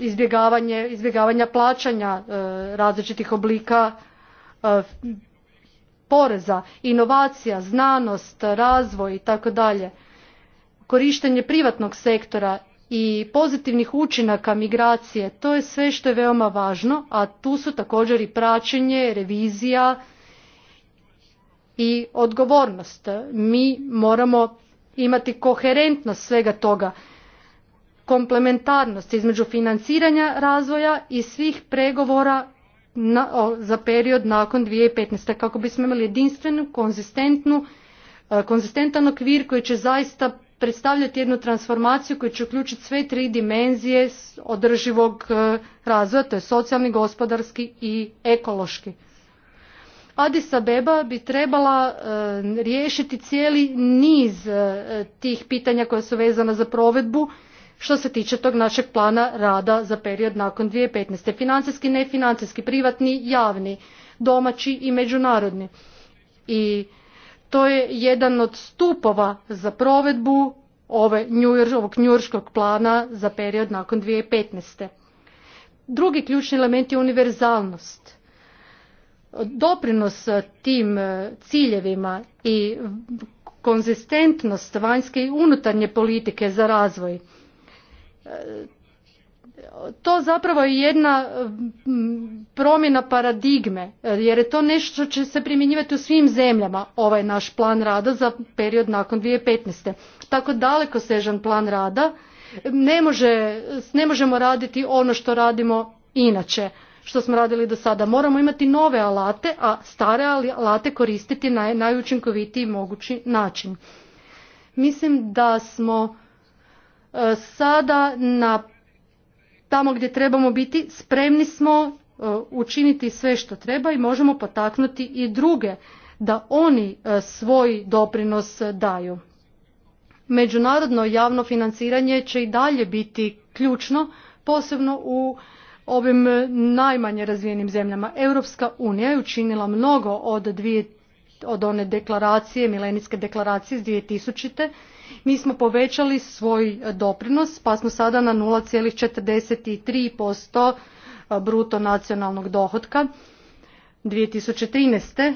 izbjegavanje, izbjegavanja plaćanja e, različitih oblika poreza, inovacija, znanost, razvoj i tako dalje korištenje privatnog sektora i pozitivnih učinaka migracije, to je sve što je veoma važno, a tu su također i praćenje, revizija i odgovornost. Mi moramo imati koherentnost svega toga, komplementarnost između financiranja razvoja i svih pregovora za period nakon 2015. kako bismo imali jedinstvenu, konzistentnu, e, konzistentan okvir koji će zaista predstavljati jednu transformaciju koja će uključiti sve tri dimenzije održivog e, razvoja, to je socijalni, gospodarski i ekološki. Addis Abeba bi trebala e, riješiti cijeli niz e, tih pitanja koja su vezana za provedbu što se tiče tog našeg plana rada za period nakon 2015. Financijski, nefinancijski, privatni, javni, domaći i međunarodni. I to je jedan od stupova za provedbu ove, ovog njurškog plana za period nakon 2015. Drugi ključni element je univerzalnost. Doprinos tim e, ciljevima i konzistentnost vanjske i unutarnje politike za razvoj e, to zapravo je jedna promjena paradigme, jer je to nešto što će se primjenjivati u svim zemljama, ovaj naš plan rada za period nakon 2015. Tako daleko sežan plan rada, ne, može, ne možemo raditi ono što radimo inače, što smo radili do sada. Moramo imati nove alate, a stare alate koristiti na najučinkovitiji mogući način. Mislim da smo e, sada na Tamo gdje trebamo biti spremni smo e, učiniti sve što treba i možemo potaknuti i druge da oni e, svoj doprinos daju. Međunarodno javno financiranje će i dalje biti ključno, posebno u ovim najmanje razvijenim zemljama. Europska unija je učinila mnogo od, od one deklaracije, milenijske deklaracije iz 2000 mi smo povećali svoj doprinos pa smo sada na 0,43% eh, bruto nacionalnog dohotka 2013.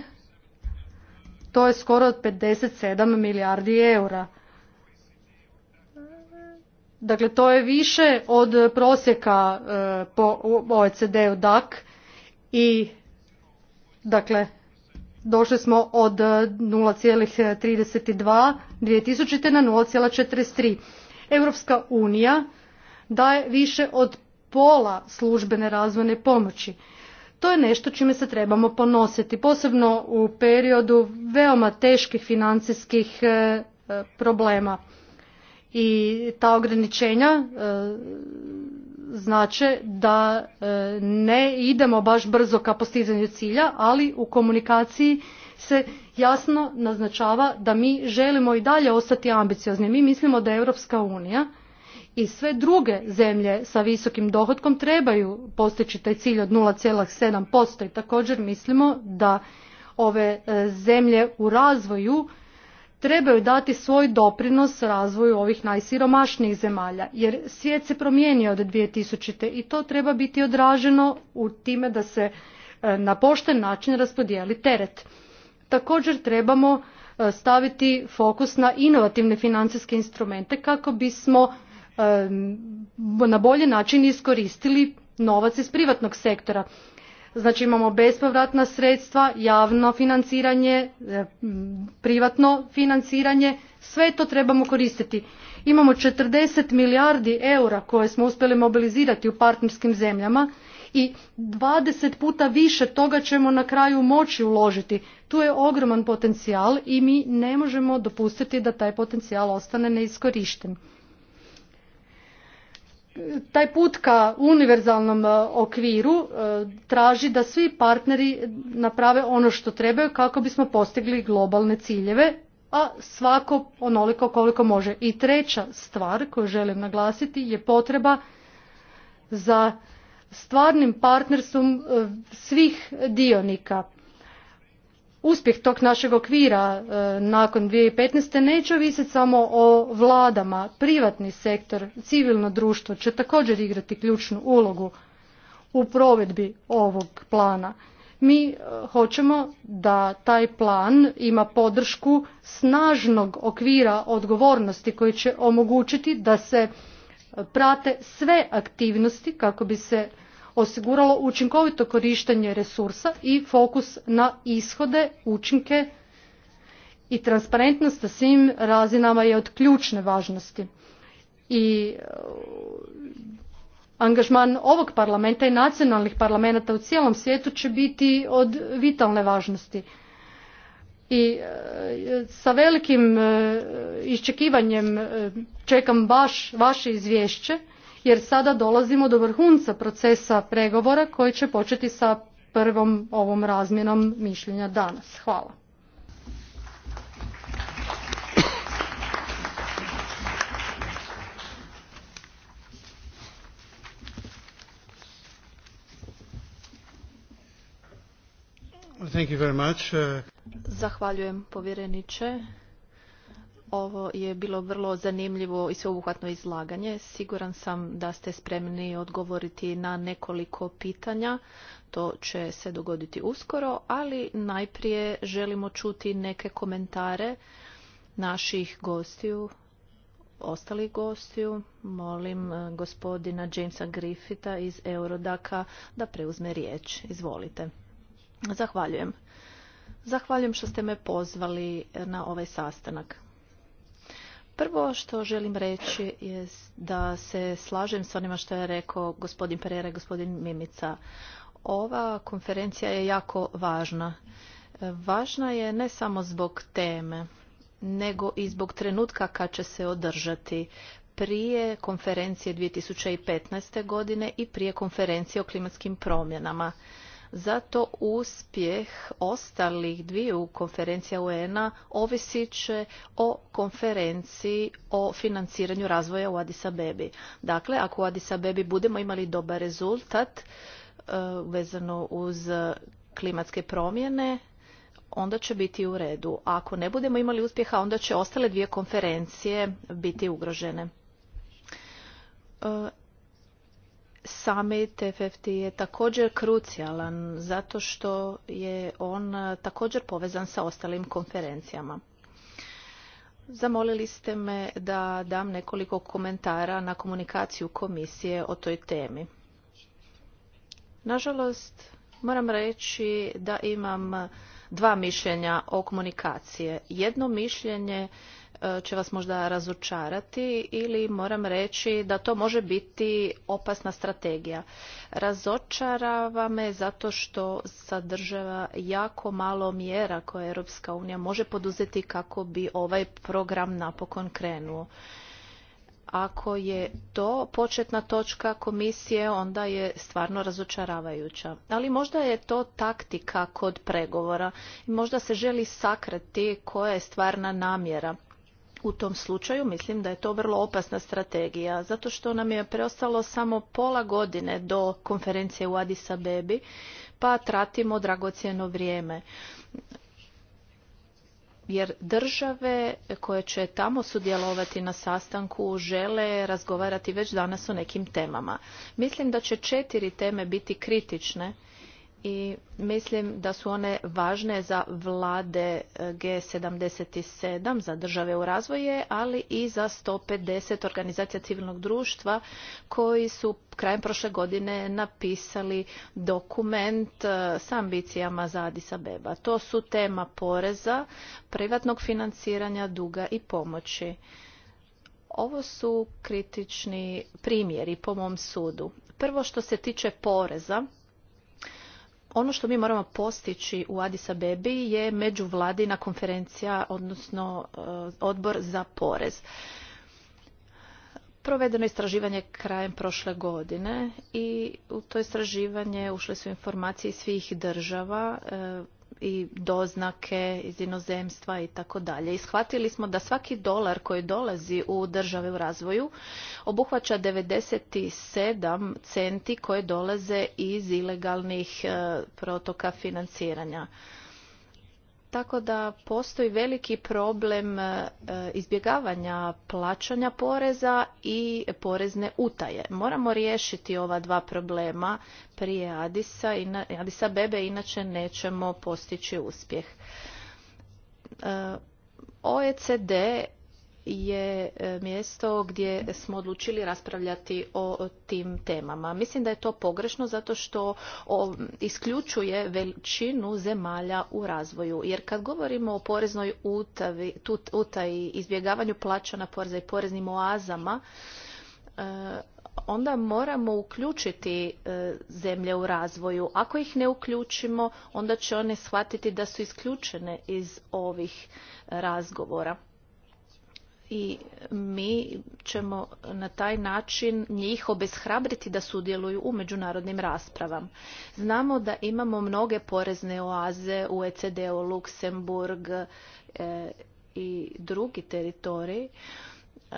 To je skoro od 57 milijardi eura. Dakle, to je više od prosjeka eh, po OECD-u DAC i dakle došli smo od 0,32 e, 2000. na 0,43. Europska unija daje više od pola službene razvojne pomoći. To je nešto čime se trebamo ponositi, posebno u periodu veoma teških financijskih e, e, problema. I ta ograničenja znače da e, ne idemo baš brzo ka postizanju cilja, ali u komunikaciji se jasno naznačava da mi želimo i dalje ostati ambiciozni. Mi mislimo da je Europska unija i sve druge zemlje sa visokim dohodkom trebaju postići taj cilj od 0,7% i također mislimo da ove e, zemlje u razvoju trebaju dati svoj doprinos razvoju ovih najsiromašnijih zemalja, jer svijet se promijenio od 2000. i to treba biti odraženo u time da se e, na pošten način raspodijeli teret. Također trebamo e, staviti fokus na inovativne financijske instrumente kako bismo e, na bolji način iskoristili novac iz privatnog sektora. Znači imamo bespovratna sredstva, javno financiranje, e, privatno financiranje, sve to trebamo koristiti. Imamo 40 milijardi eura koje smo uspjeli mobilizirati u partnerskim zemljama i 20 puta više toga ćemo na kraju moći uložiti. Tu je ogroman potencijal i mi ne možemo dopustiti da taj potencijal ostane neiskorišten taj put ka univerzalnom e, okviru e, traži da svi partneri naprave ono što trebaju kako bismo postigli globalne ciljeve, a svako onoliko koliko može. I treća stvar koju želim naglasiti je potreba za stvarnim partnerstvom e, svih dionika uspjeh tog našeg okvira e, nakon 2015. neće ovisiti samo o vladama. Privatni sektor, civilno društvo će također igrati ključnu ulogu u provedbi ovog plana. Mi e, hoćemo da taj plan ima podršku snažnog okvira odgovornosti koji će omogućiti da se prate sve aktivnosti kako bi se osiguralo učinkovito korištenje resursa i fokus na ishode, učinke i transparentnost na svim razinama je od ključne važnosti. I uh, angažman ovog parlamenta i nacionalnih parlamenta u cijelom svijetu će biti od vitalne važnosti. I uh, sa velikim uh, iščekivanjem čekam baš vaše izvješće jer sada dolazimo do vrhunca procesa pregovora koji će početi sa prvom ovom razmjenom mišljenja danas. Hvala. Thank you very much. Uh, Zahvaljujem povjereniče ovo je bilo vrlo zanimljivo i sveobuhvatno izlaganje. Siguran sam da ste spremni odgovoriti na nekoliko pitanja. To će se dogoditi uskoro, ali najprije želimo čuti neke komentare naših gostiju, ostalih gostiju. Molim eh, gospodina Jamesa Griffitha iz Eurodaka da preuzme riječ. Izvolite. Zahvaljujem. Zahvaljujem što ste me pozvali na ovaj sastanak. Prvo što želim reći je da se slažem s onima što je rekao gospodin Pereira i gospodin Mimica. Ova konferencija je jako važna. Važna je ne samo zbog teme, nego i zbog trenutka kad će se održati prije konferencije 2015. godine i prije konferencije o klimatskim promjenama. Zato uspjeh ostalih dviju konferencija UN-a ovisit će o konferenciji o financiranju razvoja u Addis Abebi. Dakle, ako u Addis Abebi budemo imali dobar rezultat e, vezano uz klimatske promjene, onda će biti u redu. ako ne budemo imali uspjeha, onda će ostale dvije konferencije biti ugrožene. E, Summit FFT je također krucijalan zato što je on također povezan sa ostalim konferencijama. Zamolili ste me da dam nekoliko komentara na komunikaciju komisije o toj temi. Nažalost, moram reći da imam dva mišljenja o komunikacije. Jedno mišljenje E, će vas možda razočarati ili moram reći da to može biti opasna strategija. Razočarava me zato što sadržava jako malo mjera koje Europska unija može poduzeti kako bi ovaj program napokon krenuo. Ako je to početna točka komisije, onda je stvarno razočaravajuća. Ali možda je to taktika kod pregovora. Možda se želi sakrati koja je stvarna namjera u tom slučaju mislim da je to vrlo opasna strategija zato što nam je preostalo samo pola godine do konferencije u Addis Abebi pa tratimo dragocjeno vrijeme jer države koje će tamo sudjelovati na sastanku žele razgovarati već danas o nekim temama. Mislim da će četiri teme biti kritične i mislim da su one važne za vlade e, G77, za države u razvoje, ali i za 150 organizacija civilnog društva koji su krajem prošle godine napisali dokument e, sa ambicijama za Adisa Beba. To su tema poreza, privatnog financiranja, duga i pomoći. Ovo su kritični primjeri po mom sudu. Prvo što se tiče poreza, ono što mi moramo postići u Addis Abebi je međuvladina konferencija, odnosno e, odbor za porez. Provedeno istraživanje krajem prošle godine i u to istraživanje ušle su informacije svih država e, i doznake iz inozemstva i tako dalje. Ishvatili smo da svaki dolar koji dolazi u države u razvoju obuhvaća 97 centi koje dolaze iz ilegalnih e, protoka financiranja. Tako da postoji veliki problem e, izbjegavanja plaćanja poreza i porezne utaje. Moramo riješiti ova dva problema prije Adisa, i Adisa Bebe, inače nećemo postići uspjeh. E, OECD je e, mjesto gdje smo odlučili raspravljati o tim temama. Mislim da je to pogrešno zato što isključuje većinu zemalja u razvoju. Jer kad govorimo o poreznoj utaji, izbjegavanju plaćana poreza i poreznim oazama, e, onda moramo uključiti e, zemlje u razvoju. Ako ih ne uključimo, onda će one shvatiti da su isključene iz ovih razgovora i mi ćemo na taj način njih obeshrabriti da sudjeluju u međunarodnim raspravama. Znamo da imamo mnoge porezne oaze u ECD-u, Luksemburg e, i drugi teritoriji. E,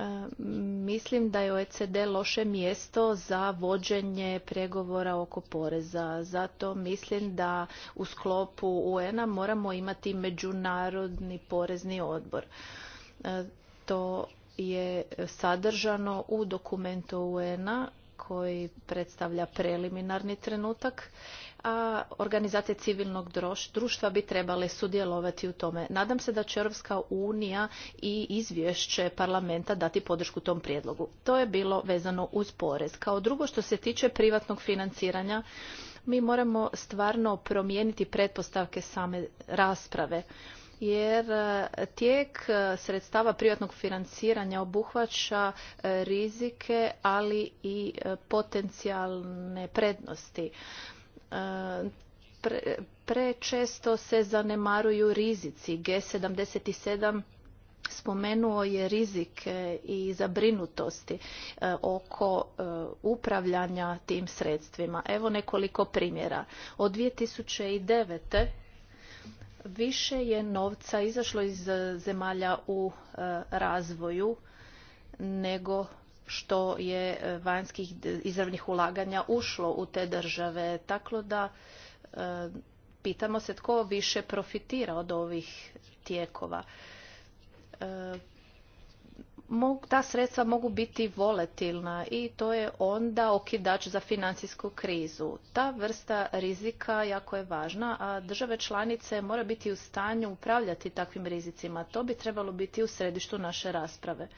mislim da je OECD loše mjesto za vođenje pregovora oko poreza. Zato mislim da u sklopu UN-a moramo imati međunarodni porezni odbor. E, to je sadržano u dokumentu UN-a koji predstavlja preliminarni trenutak, a organizacije civilnog društva bi trebale sudjelovati u tome. Nadam se da će Europska unija i izvješće parlamenta dati podršku tom prijedlogu. To je bilo vezano uz porez. Kao drugo što se tiče privatnog financiranja, mi moramo stvarno promijeniti pretpostavke same rasprave jer e, tijek e, sredstava privatnog financiranja obuhvaća e, rizike, ali i potencijalne prednosti. Prečesto se zanemaruju rizici. G77 spomenuo je rizike i zabrinutosti oko upravljanja tim sredstvima. Evo nekoliko primjera. Od 2009 više je novca izašlo iz e, zemalja u e, razvoju nego što je e, vanjskih izravnih ulaganja ušlo u te države. Tako da pitamo se tko više profitira od ovih tijekova ta sredstva mogu biti volatilna i to je onda okidač za financijsku krizu. Ta vrsta rizika jako je važna, a države članice mora biti u stanju upravljati takvim rizicima. To bi trebalo biti u središtu naše rasprave.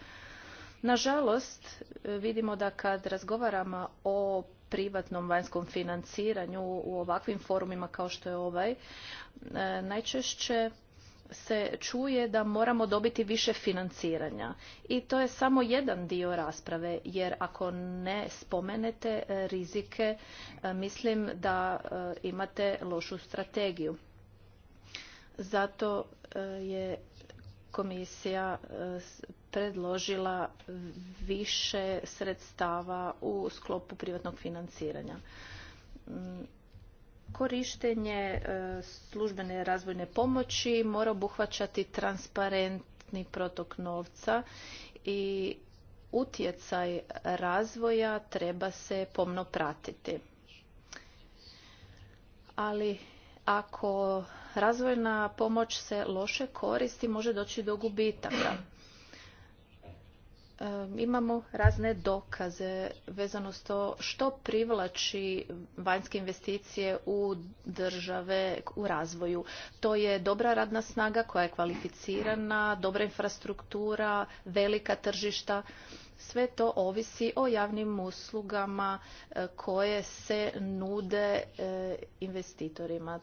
Nažalost, vidimo da kad razgovaramo o privatnom vanjskom financiranju u ovakvim forumima kao što je ovaj, e, najčešće se čuje da moramo dobiti više financiranja. I to je samo jedan dio rasprave, jer ako ne spomenete e, rizike, e, mislim da e, imate lošu strategiju. Zato je komisija predložila više sredstava u sklopu privatnog financiranja mm, Korištenje e, službene razvojne pomoći mora obuhvaćati transparentni protok novca i utjecaj razvoja treba se pomno pratiti. Ali ako razvojna pomoć se loše koristi, može doći do gubitaka imamo razne dokaze vezano s to što privlači vanjske investicije u države u razvoju. To je dobra radna snaga koja je kvalificirana, dobra infrastruktura, velika tržišta. Sve to ovisi o javnim uslugama e, koje se nude e, investitorima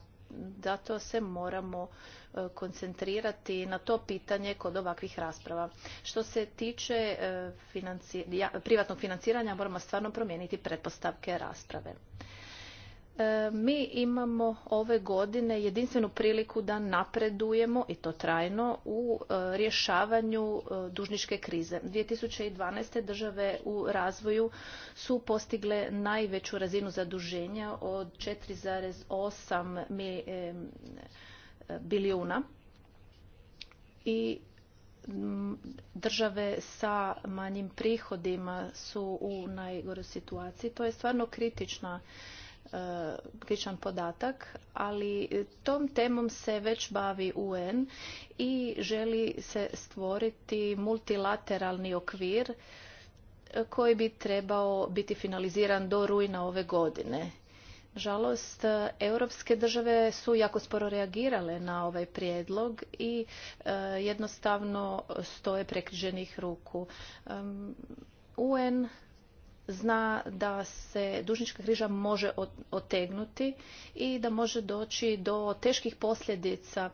zato se moramo e, koncentrirati na to pitanje kod ovakvih rasprava. Što se tiče e, privatnog financiranja moramo stvarno promijeniti pretpostavke rasprave. E, mi imamo ove godine jedinstvenu priliku da napredujemo i to trajno u e, rješavanju e, dužničke krize. 2012. države u razvoju su postigle najveću razinu zaduženja od 4,8 bilijuna i države sa manjim prihodima su u najgoroj situaciji. To je stvarno kritična E, Kličan podatak, ali tom temom se već bavi UN i želi se stvoriti multilateralni okvir e, koji bi trebao biti finaliziran do rujna ove godine. Žalost, europske države su jako sporo reagirale na ovaj prijedlog i e, jednostavno stoje prekriženih ruku. UN zna da se dužnička križa može otegnuti i da može doći do teških posljedica.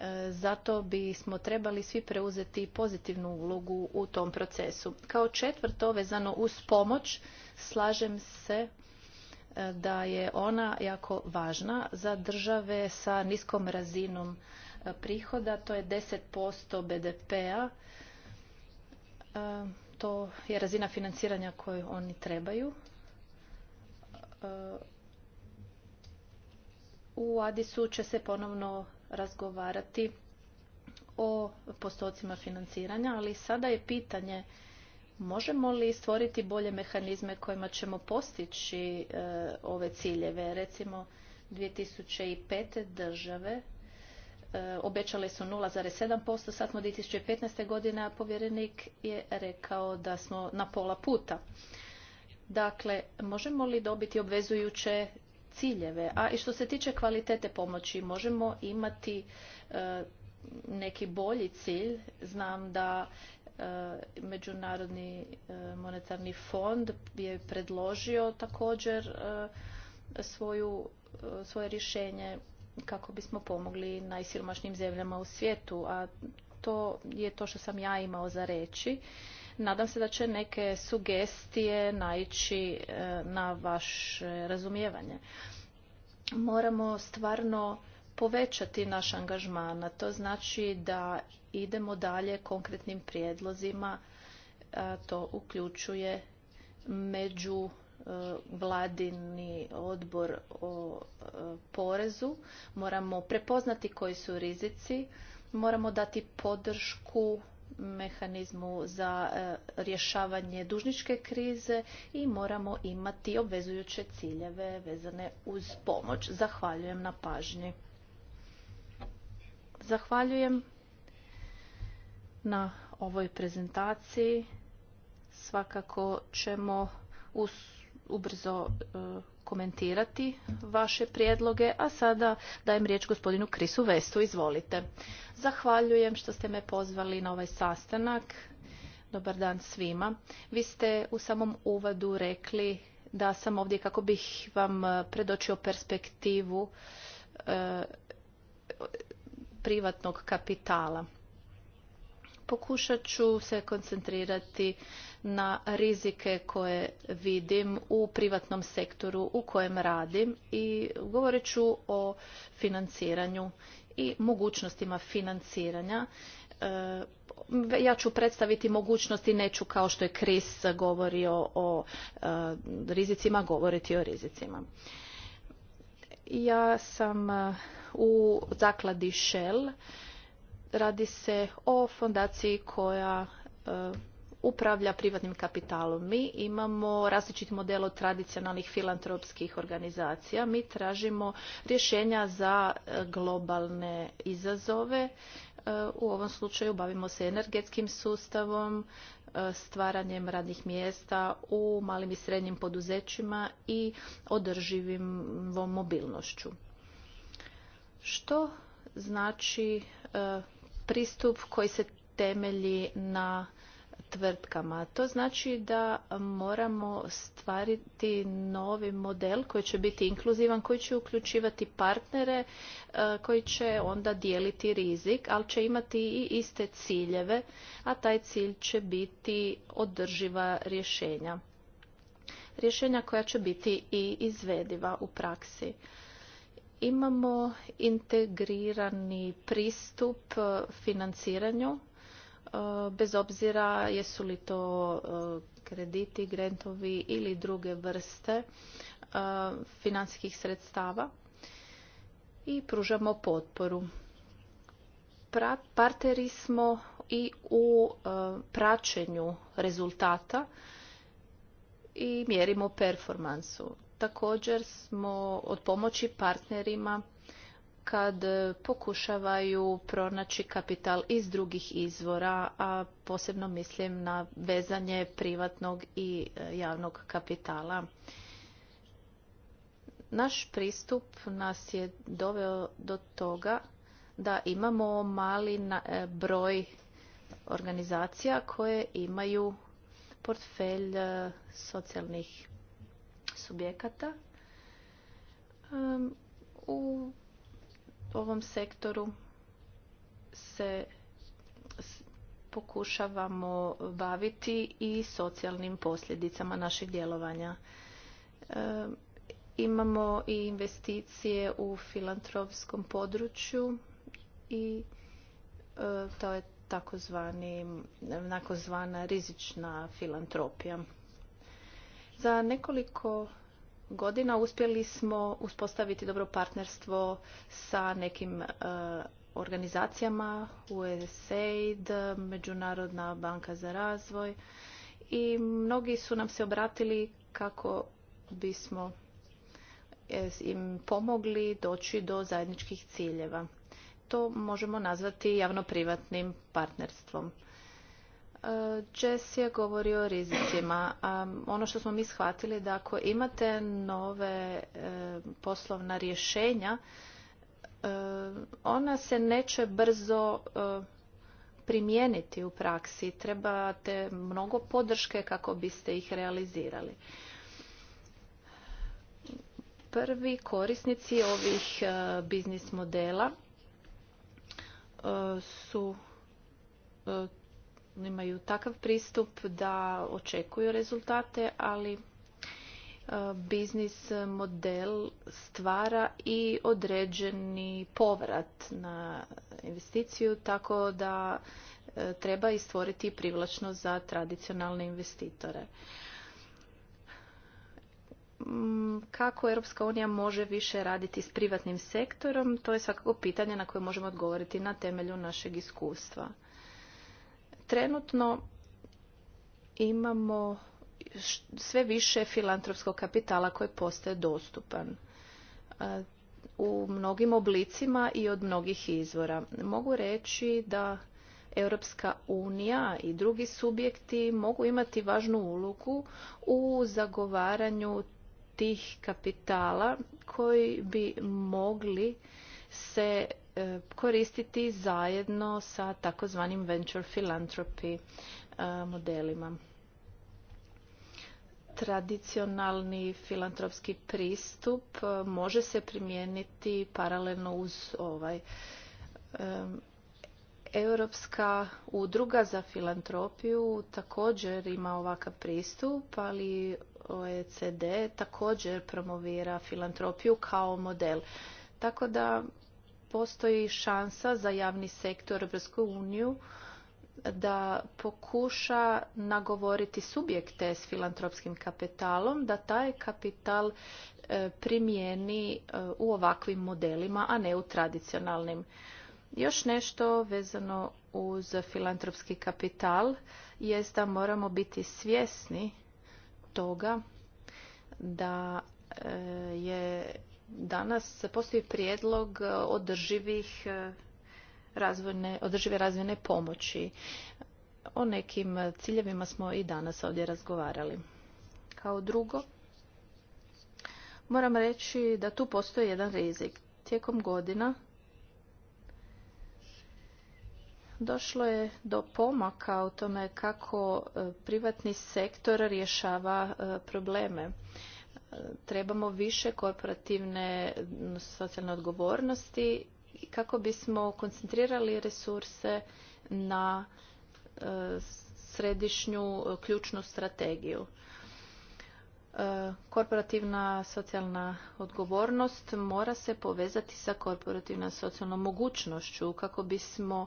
E, zato bismo trebali svi preuzeti pozitivnu ulogu u tom procesu. Kao četvrto, vezano uz pomoć, slažem se e, da je ona jako važna za države sa niskom razinom e, prihoda, to je 10% BDP-a to je razina financiranja koju oni trebaju. E, u Adisu će se ponovno razgovarati o postocima financiranja, ali sada je pitanje možemo li stvoriti bolje mehanizme kojima ćemo postići e, ove ciljeve. Recimo 2005. države E, obećale su 0,7%, sad smo 2015. godine, a povjerenik je rekao da smo na pola puta. Dakle, možemo li dobiti obvezujuće ciljeve? A i što se tiče kvalitete pomoći, možemo imati e, neki bolji cilj. Znam da e, Međunarodni monetarni fond je predložio također svoju, svoje rješenje kako bismo pomogli najsiromašnijim zemljama u svijetu, a to je to što sam ja imao za reći. Nadam se da će neke sugestije naići e, na vaše razumijevanje. Moramo stvarno povećati naš angažman, a to znači da idemo dalje konkretnim prijedlozima, to uključuje među E, vladini odbor o e, porezu. Moramo prepoznati koji su rizici, moramo dati podršku mehanizmu za e, rješavanje dužničke krize i moramo imati obvezujuće ciljeve vezane uz pomoć. Zahvaljujem na pažnji. Zahvaljujem na ovoj prezentaciji. Svakako ćemo uz ubrzo e, komentirati vaše prijedloge, a sada dajem riječ gospodinu Krisu Vestu. Izvolite. Zahvaljujem što ste me pozvali na ovaj sastanak. Dobar dan svima. Vi ste u samom uvadu rekli da sam ovdje kako bih vam predočio perspektivu e, privatnog kapitala. Pokušat ću se koncentrirati na rizike koje vidim u privatnom sektoru u kojem radim i govorit ću o financiranju i mogućnostima financiranja. E, ja ću predstaviti mogućnosti, neću kao što je Kris govorio o e, rizicima, govoriti o rizicima. Ja sam e, u zakladi Shell. Radi se o fondaciji koja upravlja privatnim kapitalom. Mi imamo različit model od tradicionalnih filantropskih organizacija. Mi tražimo rješenja za e, globalne izazove. E, u ovom slučaju bavimo se energetskim sustavom, e, stvaranjem radnih mjesta u malim i srednjim poduzećima i održivim mobilnošću. Što znači pristup koji se temelji na tvrtkama. To znači da moramo stvariti novi model koji će biti inkluzivan, koji će uključivati partnere e, koji će onda dijeliti rizik, ali će imati i iste ciljeve, a taj cilj će biti održiva rješenja. Rješenja koja će biti i izvediva u praksi imamo integrirani pristup financiranju Eh, bez obzira jesu li to eh, krediti, grentovi ili druge vrste eh, financijskih sredstava i pružamo potporu. Partneri smo i u praćenju rezultata i mjerimo performansu. Također smo od pomoći partnerima kad e, pokušavaju pronaći kapital iz drugih izvora, a posebno mislim na vezanje privatnog i e, javnog kapitala. Naš pristup nas je doveo do toga da imamo mali e, broj organizacija koje imaju portfelj socijalnih subjekata. U ovom sektoru se pokušavamo baviti i socijalnim posljedicama našeg djelovanja. E, imamo i investicije u filantropskom području i e, to je takozvani takozvana rizična filantropija. Za nekoliko godina uspjeli smo uspostaviti dobro partnerstvo sa nekim e, organizacijama USAID, Međunarodna banka za razvoj i mnogi su nam se obratili kako bismo e, im pomogli doći do zajedničkih ciljeva. To možemo nazvati javno-privatnim partnerstvom. Jess je govorio o rizicima. Ono što smo mi shvatili da ako imate nove e, poslovna rješenja, e, ona se neće brzo e, primijeniti u praksi. Trebate mnogo podrške kako biste ih realizirali. Prvi korisnici ovih biznis modela su imaju takav pristup da očekuju rezultate, ali e, biznis model stvara i određeni povrat na investiciju, tako da e, treba i stvoriti privlačnost za tradicionalne investitore. Mm, kako Europska unija može više raditi s privatnim sektorom, to je svakako pitanje na koje možemo odgovoriti na temelju našeg iskustva. Trenutno imamo sve više filantropskog kapitala koji postaje dostupan e, u mnogim oblicima i od mnogih izvora. Mogu reći da Europska unija i drugi subjekti mogu imati važnu ulogu u zagovaranju tih kapitala koji bi mogli se E, koristiti zajedno sa takozvanim venture philanthropy e, modelima. Tradicionalni filantropski pristup e, može se primijeniti paralelno uz ovaj Europska udruga za filantropiju također ima ovakav pristup, ali OECD također promovira filantropiju kao model. Tako da postoji šansa za javni sektor Evropsku uniju da pokuša nagovoriti subjekte s filantropskim kapitalom da taj kapital e, primijeni e, u ovakvim modelima, a ne u tradicionalnim. Još nešto vezano uz filantropski kapital je da moramo biti svjesni toga da e, je danas postoji prijedlog e, održivih e, održive razvojne pomoći. O nekim ciljevima smo i danas ovdje razgovarali. Kao drugo, moram reći da tu postoji jedan rizik. Tijekom godina došlo je do pomaka u tome kako e, privatni sektor rješava probleme trebamo više korporativne socijalne odgovornosti kako bismo koncentrirali resurse na e, središnju e, ključnu strategiju. E, korporativna socijalna odgovornost mora se povezati sa korporativnom socijalnom mogućnošću kako bismo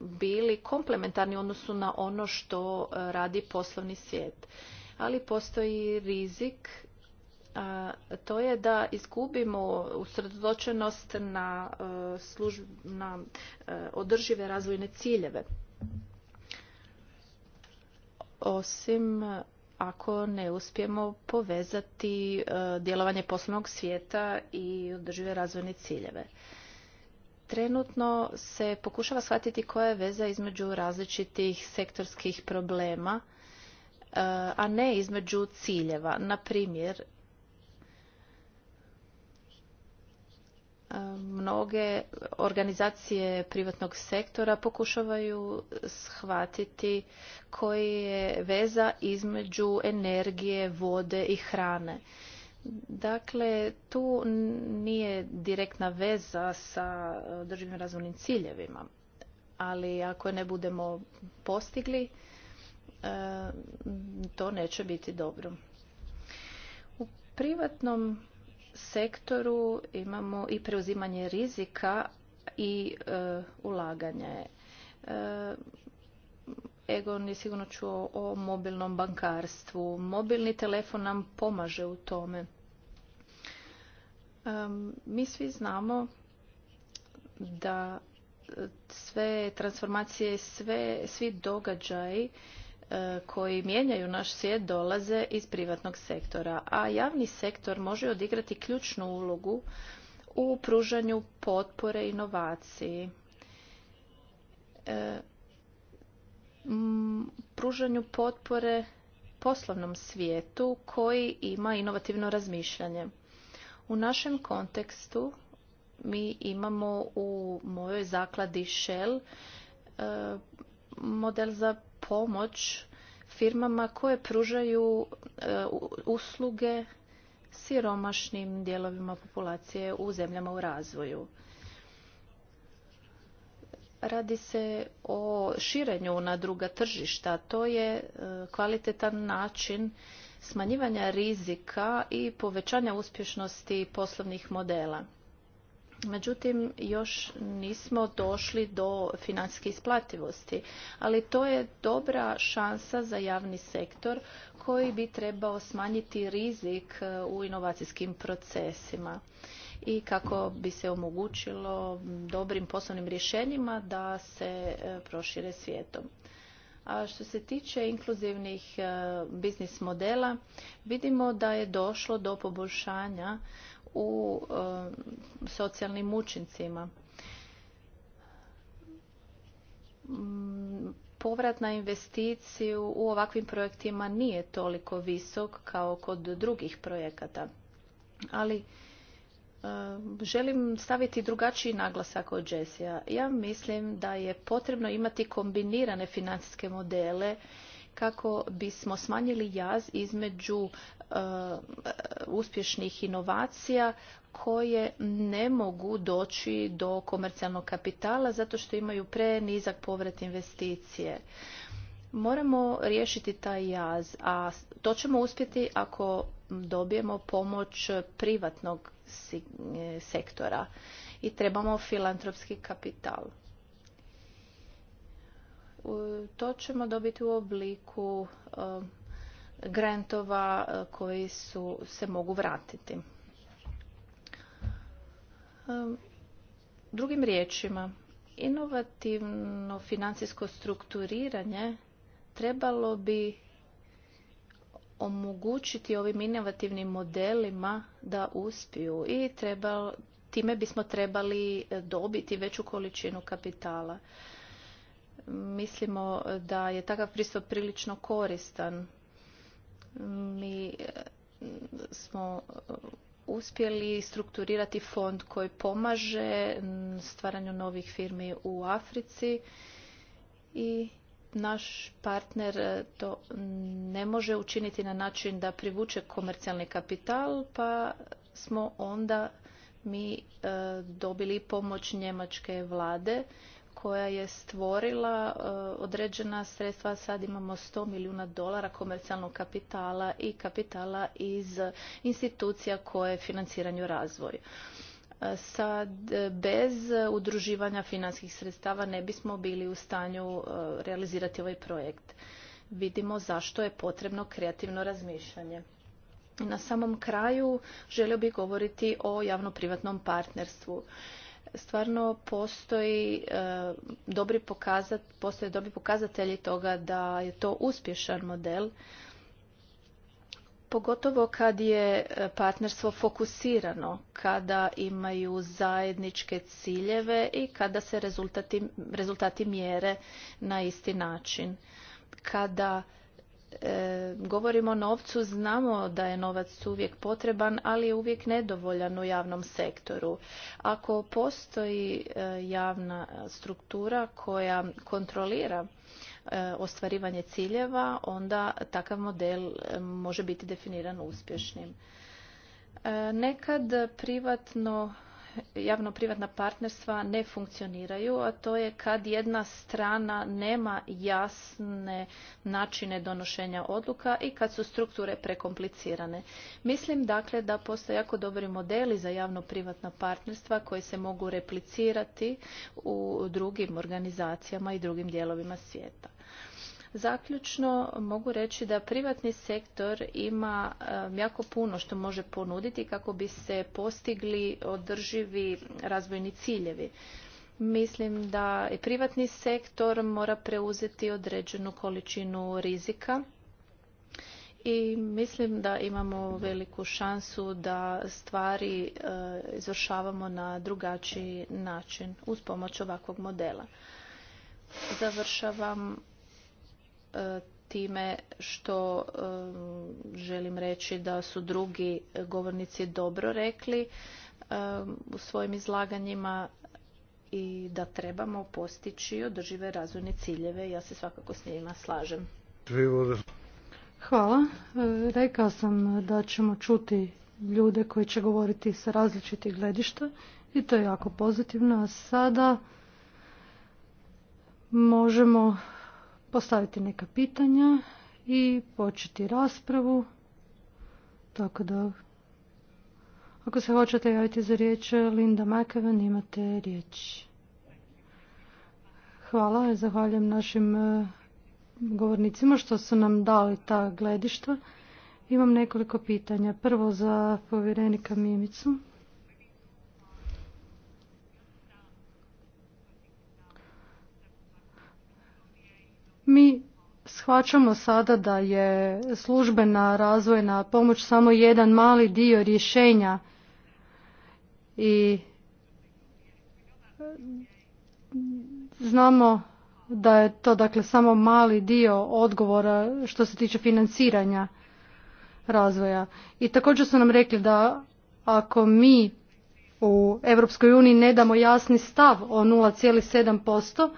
bili komplementarni u odnosu na ono što radi poslovni svijet ali postoji rizik a to je da izgubimo usredotočenost na, e, na e, održive razvojne ciljeve. Osim ako ne uspijemo povezati e, djelovanje poslovnog svijeta i održive razvojne ciljeve. Trenutno se pokušava shvatiti koja je veza između različitih sektorskih problema E, a ne između ciljeva. Na primjer, e, mnoge organizacije privatnog sektora pokušavaju shvatiti koji je veza između energije, vode i hrane. Dakle, tu nije direktna veza sa održivim razvojnim ciljevima, ali ako ne budemo postigli, E, to neće biti dobro. U privatnom sektoru imamo i preuzimanje rizika i e, ulaganje. E, Egon je sigurno čuo o mobilnom bankarstvu. Mobilni telefon nam pomaže u tome. Mi svi znamo da sve transformacije, svi događaji koji mijenjaju naš svijet dolaze iz privatnog sektora, a javni sektor može odigrati ključnu ulogu u pružanju potpore inovaciji, e, pružanju potpore poslovnom svijetu koji ima inovativno razmišljanje. U našem kontekstu mi imamo u mojoj zakladi Shell e, model za pomoć firmama koje pružaju e, usluge siromašnim dijelovima populacije u zemljama u razvoju. Radi se o širenju na druga tržišta. To je e, kvalitetan način smanjivanja rizika i povećanja uspješnosti poslovnih modela. Međutim, još nismo došli do financijske isplativosti, ali to je dobra šansa za javni sektor koji bi trebao smanjiti rizik e, u inovacijskim procesima i kako bi se omogućilo dobrim poslovnim rješenjima da se e, prošire svijetom. A što se tiče inkluzivnih e, biznis modela, vidimo da je došlo do poboljšanja u eh, socijalnim učincima. Mm, povrat na investiciju u ovakvim projektima nije toliko visok kao kod drugih projekata. Ali eh, želim staviti drugačiji naglasak od Jessija. Ja mislim da je potrebno imati kombinirane financijske modele kako bismo smanjili jaz između e, uspješnih inovacija koje ne mogu doći do komercijalnog kapitala zato što imaju pre nizak povrat investicije. Moramo riješiti taj jaz, a to ćemo uspjeti ako dobijemo pomoć privatnog e, sektora i trebamo filantropski kapital to ćemo dobiti u obliku um, grantova uh, koji su, se mogu vratiti. Um, drugim riječima, inovativno financijsko strukturiranje trebalo bi omogućiti ovim inovativnim modelima da uspiju i time bismo trebali uh, dobiti veću količinu kapitala mislimo da je takav pristup prilično koristan. Mi eh, smo eh, uspjeli strukturirati fond koji pomaže mm, stvaranju novih firmi u Africi i naš partner eh, to ne može učiniti na način da privuče komercijalni kapital, pa smo onda mi dobili pomoć njemačke vlade koja je stvorila e, određena sredstva. Sad imamo 100 milijuna dolara komercijalnog kapitala i kapitala iz institucija koje financiranju razvoj. E, sad, e, bez udruživanja finanskih sredstava ne bismo bili u stanju realizirati ovaj projekt. Vidimo zašto je potrebno kreativno razmišljanje. Na samom kraju želio bih govoriti o javno-privatnom partnerstvu stvarno postoji e, dobri pokazat, postoje dobri pokazatelji toga da je to uspješan model pogotovo kad je e, partnerstvo fokusirano, kada imaju zajedničke ciljeve i kada se rezultati, rezultati mjere na isti način. Kada E, govorimo o novcu, znamo da je novac uvijek potreban, ali je uvijek nedovoljan u javnom sektoru. Ako postoji e, javna struktura koja kontrolira e, ostvarivanje ciljeva, onda takav model može biti definiran uspješnim. Nekad privatno javno-privatna partnerstva ne funkcioniraju, a to je kad jedna strana nema jasne načine donošenja odluka i kad su strukture prekomplicirane. Mislim dakle da postoje jako dobri modeli za javno-privatna partnerstva koji se mogu replicirati u drugim organizacijama i drugim dijelovima svijeta. Zaključno mogu reći da privatni sektor ima jako puno što može ponuditi kako bi se postigli održivi razvojni ciljevi. Mislim da i privatni sektor mora preuzeti određenu količinu rizika i mislim da imamo veliku šansu da stvari e, izvršavamo na drugačiji način uz pomoć ovakvog modela. Završavam E, time što e, želim reći da su drugi govornici dobro rekli e, u svojim izlaganjima i da trebamo postići održive razvojne ciljeve. Ja se svakako s njima slažem. Hvala. Rekao sam da ćemo čuti ljude koji će govoriti sa različitih gledišta i to je jako pozitivno. A sada možemo postaviti neka pitanja i početi raspravu. Tako da, ako se hoćete javiti za riječ, Linda Makeven, imate riječ. Hvala, zahvaljujem našim e, govornicima što su nam dali ta gledišta. Imam nekoliko pitanja. Prvo za povjerenika Mimicu. Mi shvaćamo sada da je službena razvojna pomoć samo jedan mali dio rješenja i znamo da je to dakle samo mali dio odgovora što se tiče financiranja razvoja. I također su nam rekli da ako mi u Europskoj uniji ne damo jasni stav o 0,7%,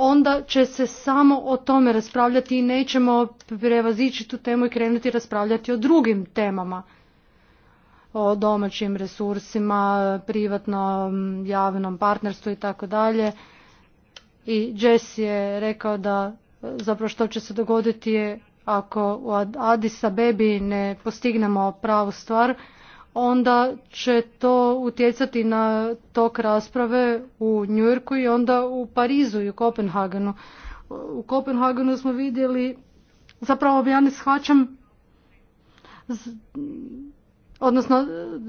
onda će se samo o tome raspravljati i nećemo prevazići tu temu i krenuti raspravljati o drugim temama o domaćim resursima, privatnom, javnom partnerstvu i tako dalje. I Jess je rekao da zapravo što će se dogoditi je ako u Addis Abebi ne postignemo pravu stvar, onda će to utjecati na tok rasprave u Yorku i onda u Parizu i u Kopenhagenu. U Kopenhagenu smo vidjeli, zapravo ja ne shvaćam, odnosno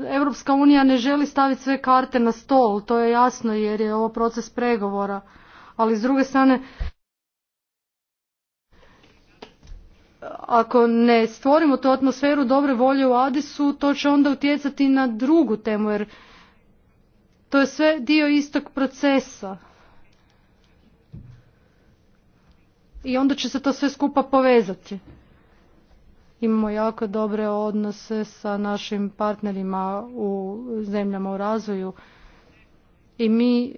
Europska unija ne želi staviti sve karte na stol, to je jasno jer je ovo proces pregovora, ali s druge strane ako ne stvorimo tu atmosferu dobre volje u Adisu, to će onda utjecati na drugu temu, jer to je sve dio istog procesa. I onda će se to sve skupa povezati. Imamo jako dobre odnose sa našim partnerima u zemljama u razvoju i mi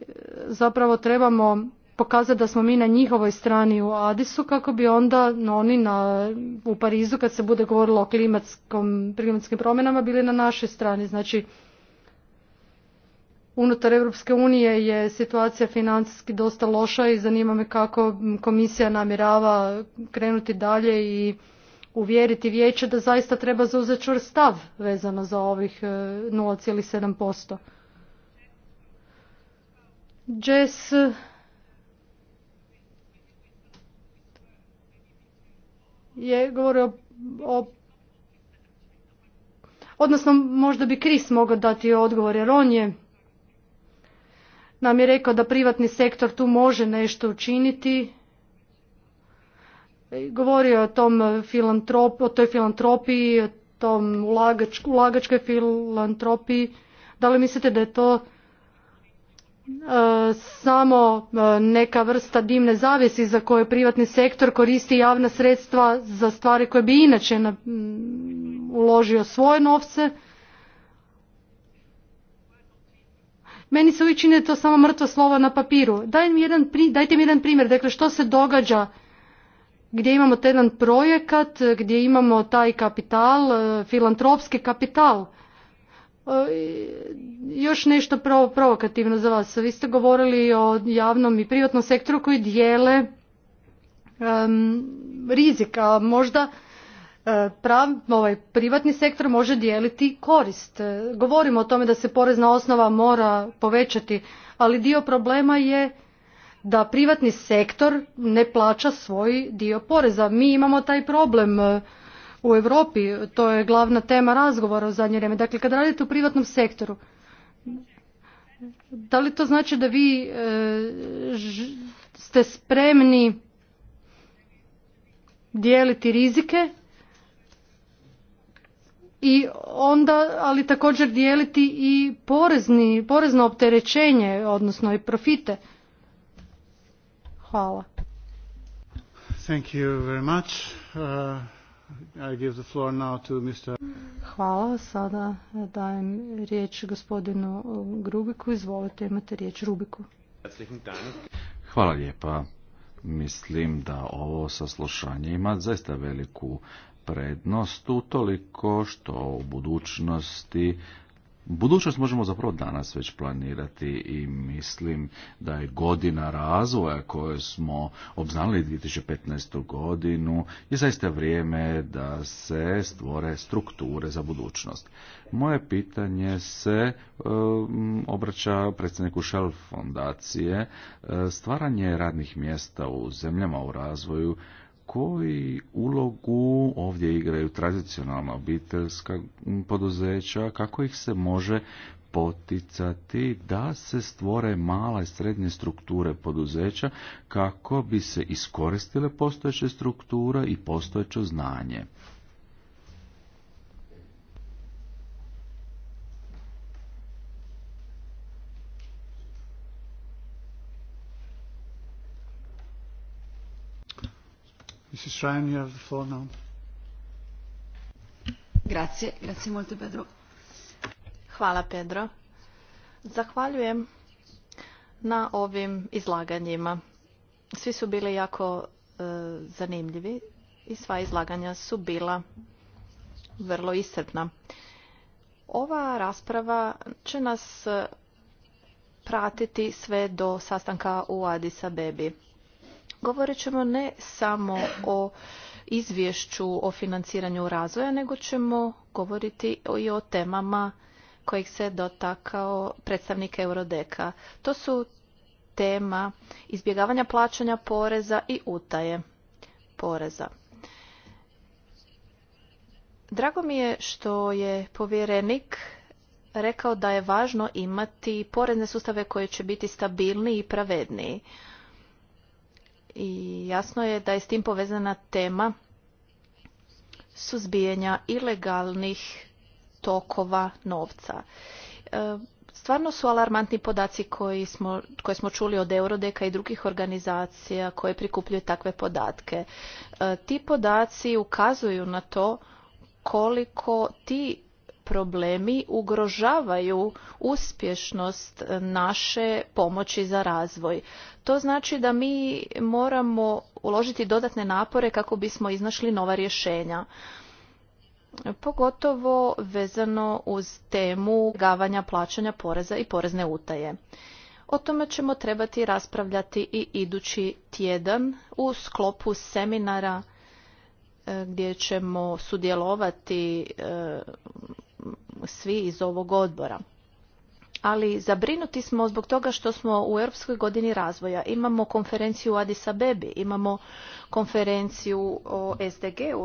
zapravo trebamo pokazati da smo mi na njihovoj strani u Adisu kako bi onda oni na, u Parizu kad se bude govorilo o klimatskom, klimatskim promjenama bili na našoj strani. Znači unutar Europske unije je situacija financijski dosta loša i zanima me kako komisija namjerava krenuti dalje i uvjeriti vijeće da zaista treba zauzeti čvrst stav vezano za ovih 0,7%. E, Jess je govorio o odnosno možda bi Kris mogao dati odgovor jer on je nam je rekao da privatni sektor tu može nešto učiniti. Govorio je o, tom o toj filantropiji, o tom ulagač, ulagačkoj filantropiji. Da li mislite da je to E, samo e, neka vrsta dimne zavjese za koju privatni sektor koristi javna sredstva za stvari koje bi inače uložio svoje novce. Meni se uvijek čini to samo mrtvo slovo na papiru. dajte mi jedan primjer, dakle što se događa gdje imamo taj jedan projekat, gdje imamo taj kapital, e, filantropski kapital – E, još nešto provokativno za vas. Vi ste govorili o javnom i privatnom sektoru koji dijele rizika. Možda e, ovaj, privatni sektor može dijeliti korist. E, govorimo o tome da se porezna osnova mora povećati, ali dio problema je da privatni sektor ne plaća svoj dio poreza. Mi imamo taj problem u Europi. To je glavna tema razgovora u zadnje vrijeme. Dakle, kad radite u privatnom sektoru, da li to znači da vi e, ste spremni dijeliti rizike i onda, ali također dijeliti i porezni, porezno opterećenje, odnosno i profite. Hvala. Thank you very much. Uh, i the Hvala. Sada dajem riječ gospodinu Grubiku. Izvolite, imate riječ Rubiku. Hvala lijepa. Mislim da ovo saslušanje ima zaista veliku prednost utoliko što u budućnosti Budućnost možemo zapravo danas već planirati i mislim da je godina razvoja koju smo obznali 2015. godinu je zaista vrijeme da se stvore strukture za budućnost. Moje pitanje se obraća predsjedniku Shell fondacije. E, stvaranje radnih mjesta u zemljama u razvoju koji ulogu ovdje igraju tradicionalna obiteljska poduzeća, kako ih se može poticati da se stvore mala i srednje strukture poduzeća kako bi se iskoristile postojeće struktura i postojeće znanje. Hvala Pedro. Zahvaljujem na ovim izlaganjima. Svi su bili jako e, zanimljivi i sva izlaganja su bila vrlo iscrpna. Ova rasprava će nas pratiti sve do sastanka u Addis Abebi. Govorit ćemo ne samo o izvješću o financiranju razvoja, nego ćemo govoriti i o temama kojih se dotakao predstavnik Eurodeka. To su tema izbjegavanja plaćanja poreza i utaje poreza. Drago mi je što je povjerenik rekao da je važno imati porezne sustave koji će biti stabilniji i pravedniji i jasno je da je s tim povezana tema suzbijanja ilegalnih tokova novca. E, stvarno su alarmantni podaci koji smo, koje smo čuli od Eurodeka i drugih organizacija koje prikupljuju takve podatke. E, ti podaci ukazuju na to koliko ti problemi ugrožavaju uspješnost naše pomoći za razvoj. To znači da mi moramo uložiti dodatne napore kako bismo iznašli nova rješenja. Pogotovo vezano uz temu gavanja plaćanja poreza i porezne utaje. O tome ćemo trebati raspravljati i idući tjedan u sklopu seminara e, gdje ćemo sudjelovati e, svi iz ovog odbora. Ali zabrinuti smo zbog toga što smo u Europskoj godini razvoja. Imamo konferenciju u Addis Abebi, imamo konferenciju o SDG, o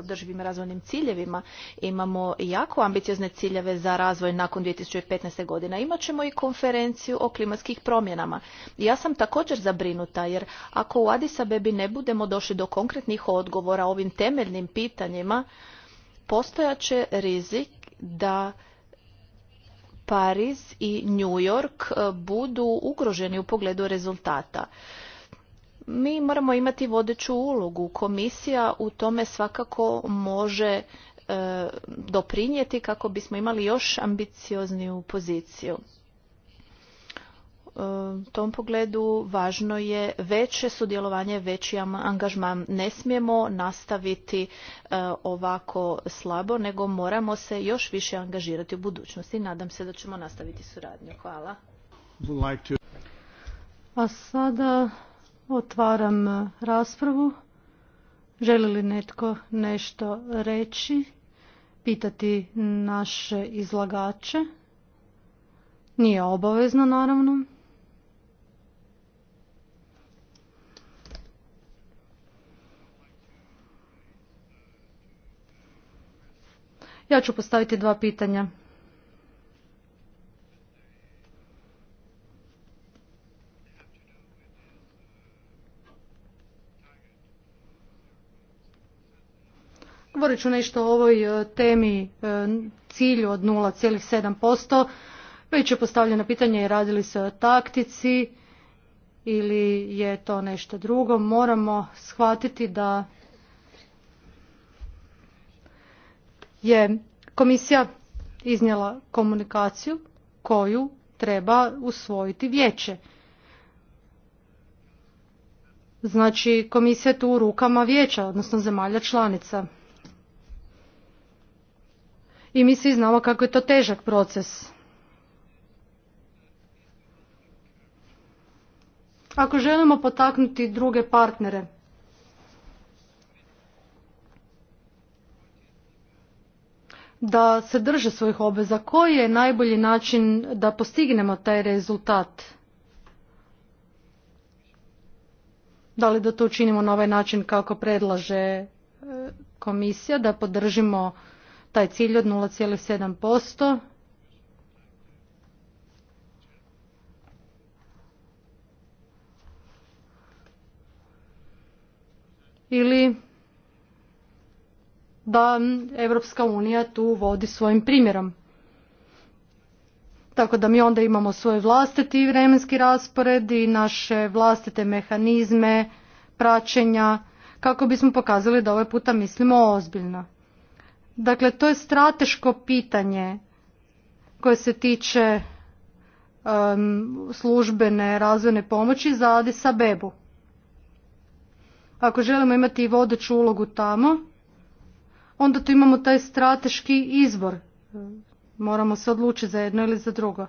održivim razvojnim ciljevima, imamo jako ambiciozne ciljeve za razvoj nakon 2015. godina. Imaćemo i konferenciju o klimatskih promjenama. Ja sam također zabrinuta jer ako u Adisa Abebi ne budemo došli do konkretnih odgovora o ovim temeljnim pitanjima, će rizik da Pariz i New York e, budu ugroženi u pogledu rezultata. Mi moramo imati vodeću ulogu. Komisija u tome svakako može e, doprinijeti kako bismo imali još ambiciozniju poziciju. E, tom pogledu važno je veće sudjelovanje, veći angažman. Ne smijemo nastaviti e, ovako slabo, nego moramo se još više angažirati u budućnosti. Nadam se da ćemo nastaviti suradnju. Hvala. A sada otvaram raspravu. Želi li netko nešto reći? Pitati naše izlagače? Nije obavezno, naravno. Ja ću postaviti dva pitanja. Govorit ću nešto o ovoj e, temi e, cilju od 0,7%. Već je postavljeno pitanje je radili se o taktici ili je to nešto drugo. Moramo shvatiti da je komisija iznijela komunikaciju koju treba usvojiti vijeće. Znači komisija je tu u rukama vijeća, odnosno zemalja članica. I mi svi znamo kako je to težak proces. Ako želimo potaknuti druge partnere, da se drže svojih obveza. Koji je najbolji način da postignemo taj rezultat? Da li da to učinimo na ovaj način kako predlaže e, komisija, da podržimo taj cilj od 0,7%? Ili da Europska unija tu vodi svojim primjerom. Tako da mi onda imamo svoj vlastiti vremenski raspored i naše vlastite mehanizme praćenja kako bismo pokazali da ovaj puta mislimo ozbiljno. Dakle, to je strateško pitanje koje se tiče službene razvojne pomoći za sa Bebu. Ako želimo imati vodeću ulogu tamo, onda tu imamo taj strateški izbor. Moramo se odlučiti za jedno ili za drugo.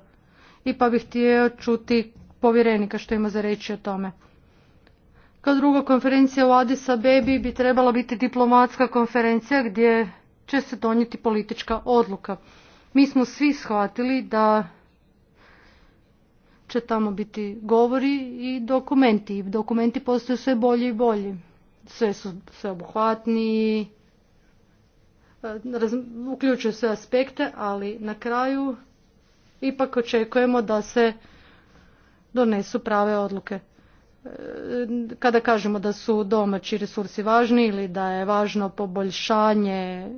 I pa bih htio čuti povjerenika što ima za reći o tome. Kao druga konferencija u Addis Abebi bi trebala biti diplomatska konferencija gdje će se donijeti politička odluka. Mi smo svi shvatili da će tamo biti govori i dokumenti. Dokumenti postaju sve bolji i bolji. Sve su sve obuhvatniji, E, uključuju sve aspekte, ali na kraju ipak očekujemo da se donesu prave odluke. E, kada kažemo da su domaći resursi važni ili da je važno poboljšanje e,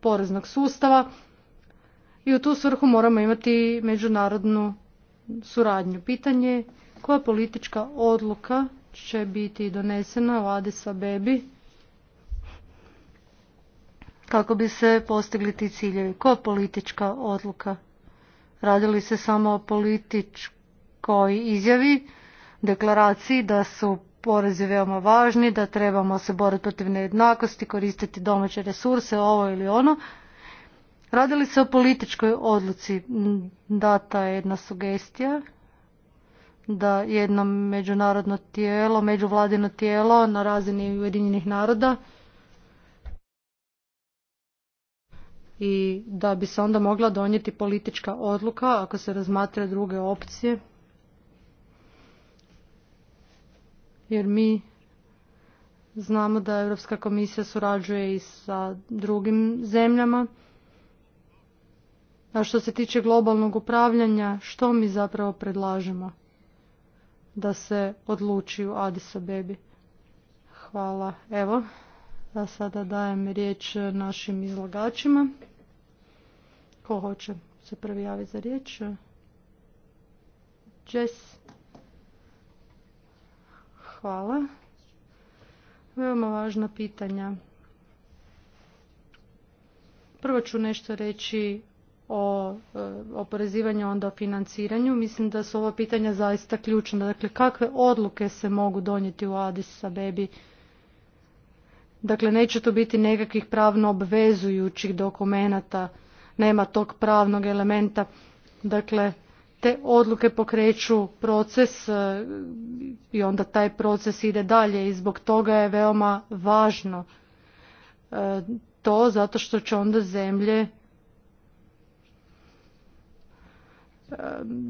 poreznog sustava i u tu svrhu moramo imati međunarodnu suradnju. Pitanje je koja politička odluka će biti donesena u sa Bebi kako bi se postigli ti ciljevi. Koja je politička odluka? Radili se samo o političkoj izjavi, deklaraciji da su porezi veoma važni, da trebamo se boriti protiv nejednakosti, koristiti domaće resurse, ovo ili ono. Radili se o političkoj odluci. Data je jedna sugestija da jedno međunarodno tijelo, međuvladino tijelo na razini Ujedinjenih naroda i da bi se onda mogla donijeti politička odluka ako se razmatra druge opcije. Jer mi znamo da Europska komisija surađuje i sa drugim zemljama. A što se tiče globalnog upravljanja, što mi zapravo predlažemo da se odluči u Addis Abebi? Hvala. Evo, ja sada dajem riječ našim izlagačima. Ko hoće se prvi javiti za riječ? Jess. Hvala. Veoma važna pitanja. Prvo ću nešto reći o e, oporezivanju, onda o financiranju. Mislim da su ova pitanja zaista ključna. Dakle, kakve odluke se mogu donijeti u Addis Abebi? Dakle, neće to biti nekakvih pravno obvezujućih dokumenata, nema tog pravnog elementa. Dakle, te odluke pokreću proces e, i onda taj proces ide dalje i zbog toga je veoma važno e, to zato što će onda zemlje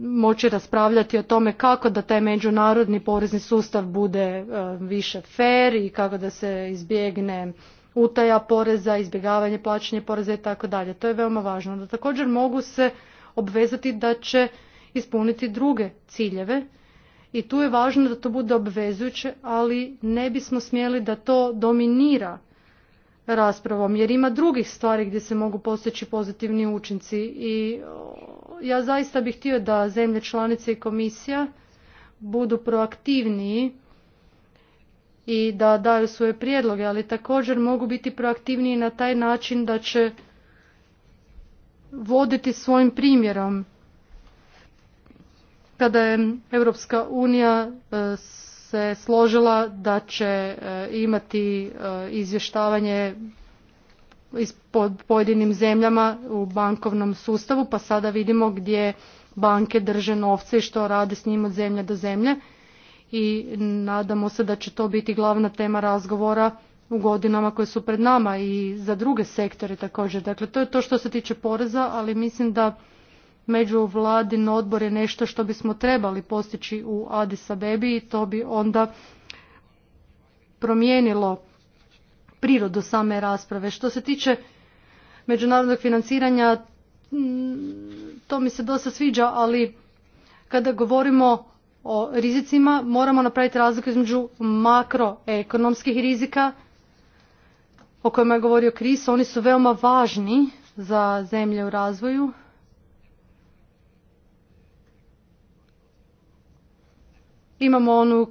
moći raspravljati o tome kako da taj međunarodni porezni sustav bude e, više fer i kako da se izbjegne utaja poreza, izbjegavanje plaćanja poreza i tako dalje. To je veoma važno. Da također mogu se obvezati da će ispuniti druge ciljeve i tu je važno da to bude obvezujuće, ali ne bismo smjeli da to dominira raspravom jer ima drugih stvari gdje se mogu postići pozitivni učinci i ja zaista bih htio da zemlje članice i komisija budu proaktivniji i da daju svoje prijedloge, ali također mogu biti proaktivniji na taj način da će voditi svojim primjerom. Kada je Europska unija e, se složila da će e, imati e, izvještavanje iz pojedinim zemljama u bankovnom sustavu pa sada vidimo gdje banke drže novce i što rade s njim od zemlje do zemlje i nadamo se da će to biti glavna tema razgovora u godinama koje su pred nama i za druge sektore također. Dakle, to je to što se tiče poreza, ali mislim da međuvladin odbor je nešto što bismo trebali postići u Addis Abebi i to bi onda promijenilo prirodu same rasprave. Što se tiče međunarodnog financiranja, to mi se dosta sviđa, ali kada govorimo o rizicima, moramo napraviti razliku između makroekonomskih rizika, o kojima je govorio Kris, oni su veoma važni za zemlje u razvoju, Imamo onu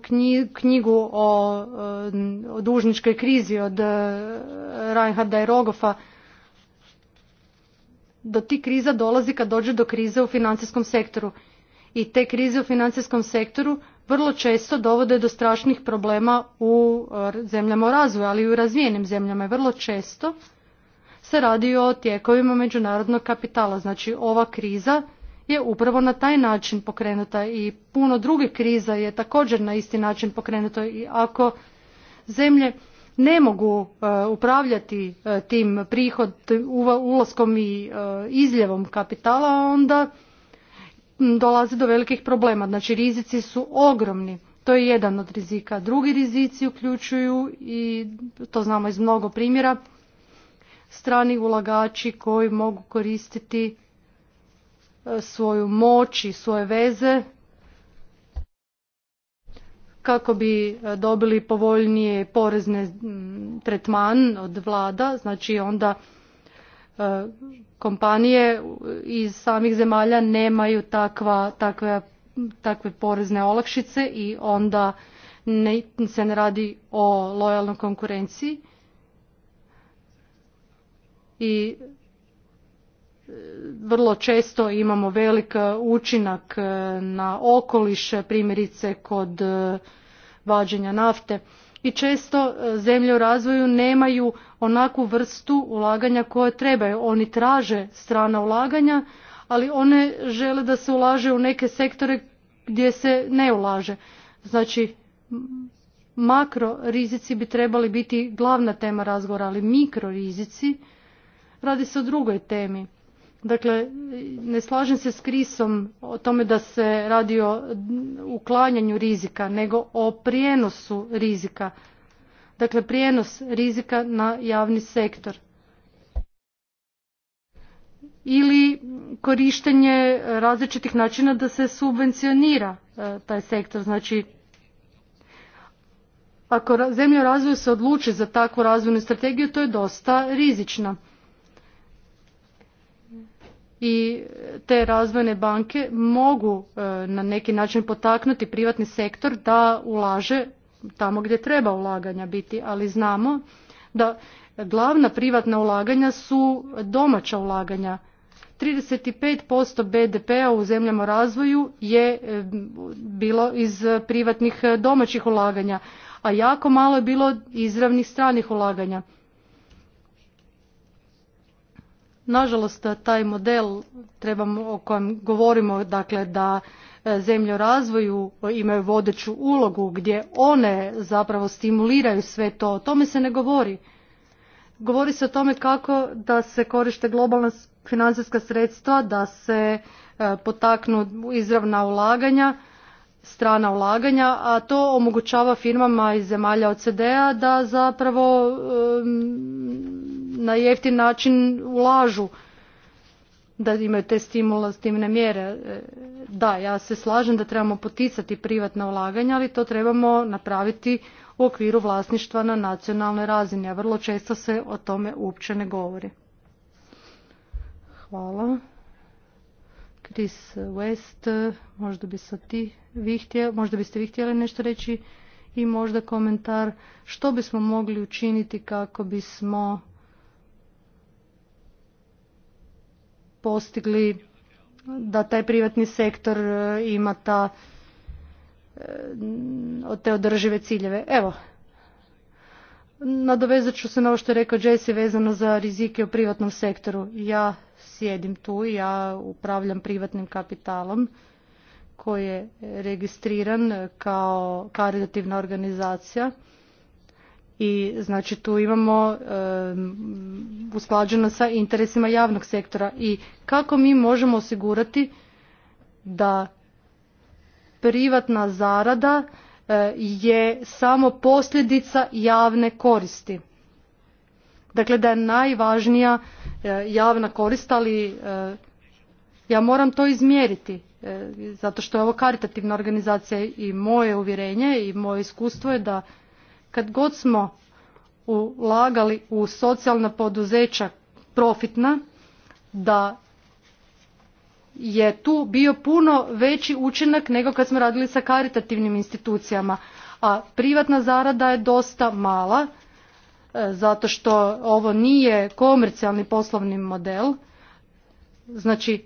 knjigu o, o dužničkoj krizi od e, Reinharda i Rogofa. Do ti kriza dolazi kad dođe do krize u financijskom sektoru. I te krize u financijskom sektoru vrlo često dovode do strašnih problema u e, zemljama u razvoju, ali i u razvijenim zemljama. Vrlo često se radi o tijekovima međunarodnog kapitala. Znači ova kriza je upravo na taj način pokrenuta i puno drugih kriza je također na isti način pokrenuto i ako zemlje ne mogu e, upravljati e, tim prihod ulaskom i e, izljevom kapitala onda dolazi do velikih problema znači rizici su ogromni to je jedan od rizika drugi rizici uključuju i to znamo iz mnogo primjera strani ulagači koji mogu koristiti svoju moć i svoje veze kako bi e, dobili povoljnije porezne tretman od vlada, znači onda e, kompanije iz samih zemalja nemaju takva, takve, takve porezne olakšice i onda ne, se ne radi o lojalnoj konkurenciji i vrlo često imamo velik e, učinak e, na okoliš, primjerice kod e, vađenja nafte. I često zemlje u razvoju nemaju onakvu vrstu ulaganja koje trebaju. Oni traže strana ulaganja, ali one žele da se ulaže u neke sektore gdje se ne ulaže. Znači, makro rizici bi trebali biti glavna tema razgovora, ali mikro rizici radi se o drugoj temi. Dakle, ne slažem se s Krisom o tome da se radi o uklanjanju rizika, nego o prijenosu rizika. Dakle, prijenos rizika na javni sektor. Ili korištenje različitih načina da se subvencionira e, taj sektor. Znači, ako zemlja u razvoju se odluči za takvu razvojnu strategiju, to je dosta rizično i te razvojne banke mogu e, na neki način potaknuti privatni sektor da ulaže tamo gdje treba ulaganja biti, ali znamo da glavna privatna ulaganja su domaća ulaganja. 35% BDP-a u zemljama razvoju je e, bilo iz privatnih domaćih ulaganja, a jako malo je bilo izravnih stranih ulaganja. Nažalost, taj model trebamo, o kojem govorimo, dakle, da e, zemlje u razvoju imaju vodeću ulogu, gdje one zapravo stimuliraju sve to, o tome se ne govori. Govori se o tome kako da se koriste globalna financijska sredstva, da se e, potaknu izravna ulaganja, strana ulaganja, a to omogućava firmama iz zemalja OCD-a da zapravo na jeftin način ulažu da imaju te stimulativne mjere. E, da, ja se slažem da trebamo poticati privatna ulaganja, ali to trebamo napraviti u okviru vlasništva na nacionalnoj razini, a vrlo često se o tome uopće ne govori. Hvala. Chris West, možda bi sad ti vi htjeli, možda biste vi htjeli nešto reći i možda komentar što bismo mogli učiniti kako bismo postigli da taj privatni sektor e, ima ta e, te održive ciljeve. Evo, nadovezat ću se na ovo što je rekao Jesse vezano za rizike u privatnom sektoru. Ja sjedim tu, ja upravljam privatnim kapitalom koji je registriran kao karitativna organizacija i znači tu imamo usklađeno sa interesima javnog sektora i kako mi možemo osigurati da privatna zarada e, je samo posljedica javne koristi. Dakle, da je najvažnija e, javna korist, ali e, ja moram to izmjeriti zato što je ovo karitativna organizacija i moje uvjerenje i moje iskustvo je da kad god smo ulagali u socijalna poduzeća profitna da je tu bio puno veći učinak nego kad smo radili sa karitativnim institucijama a privatna zarada je dosta mala e, zato što ovo nije komercijalni poslovni model znači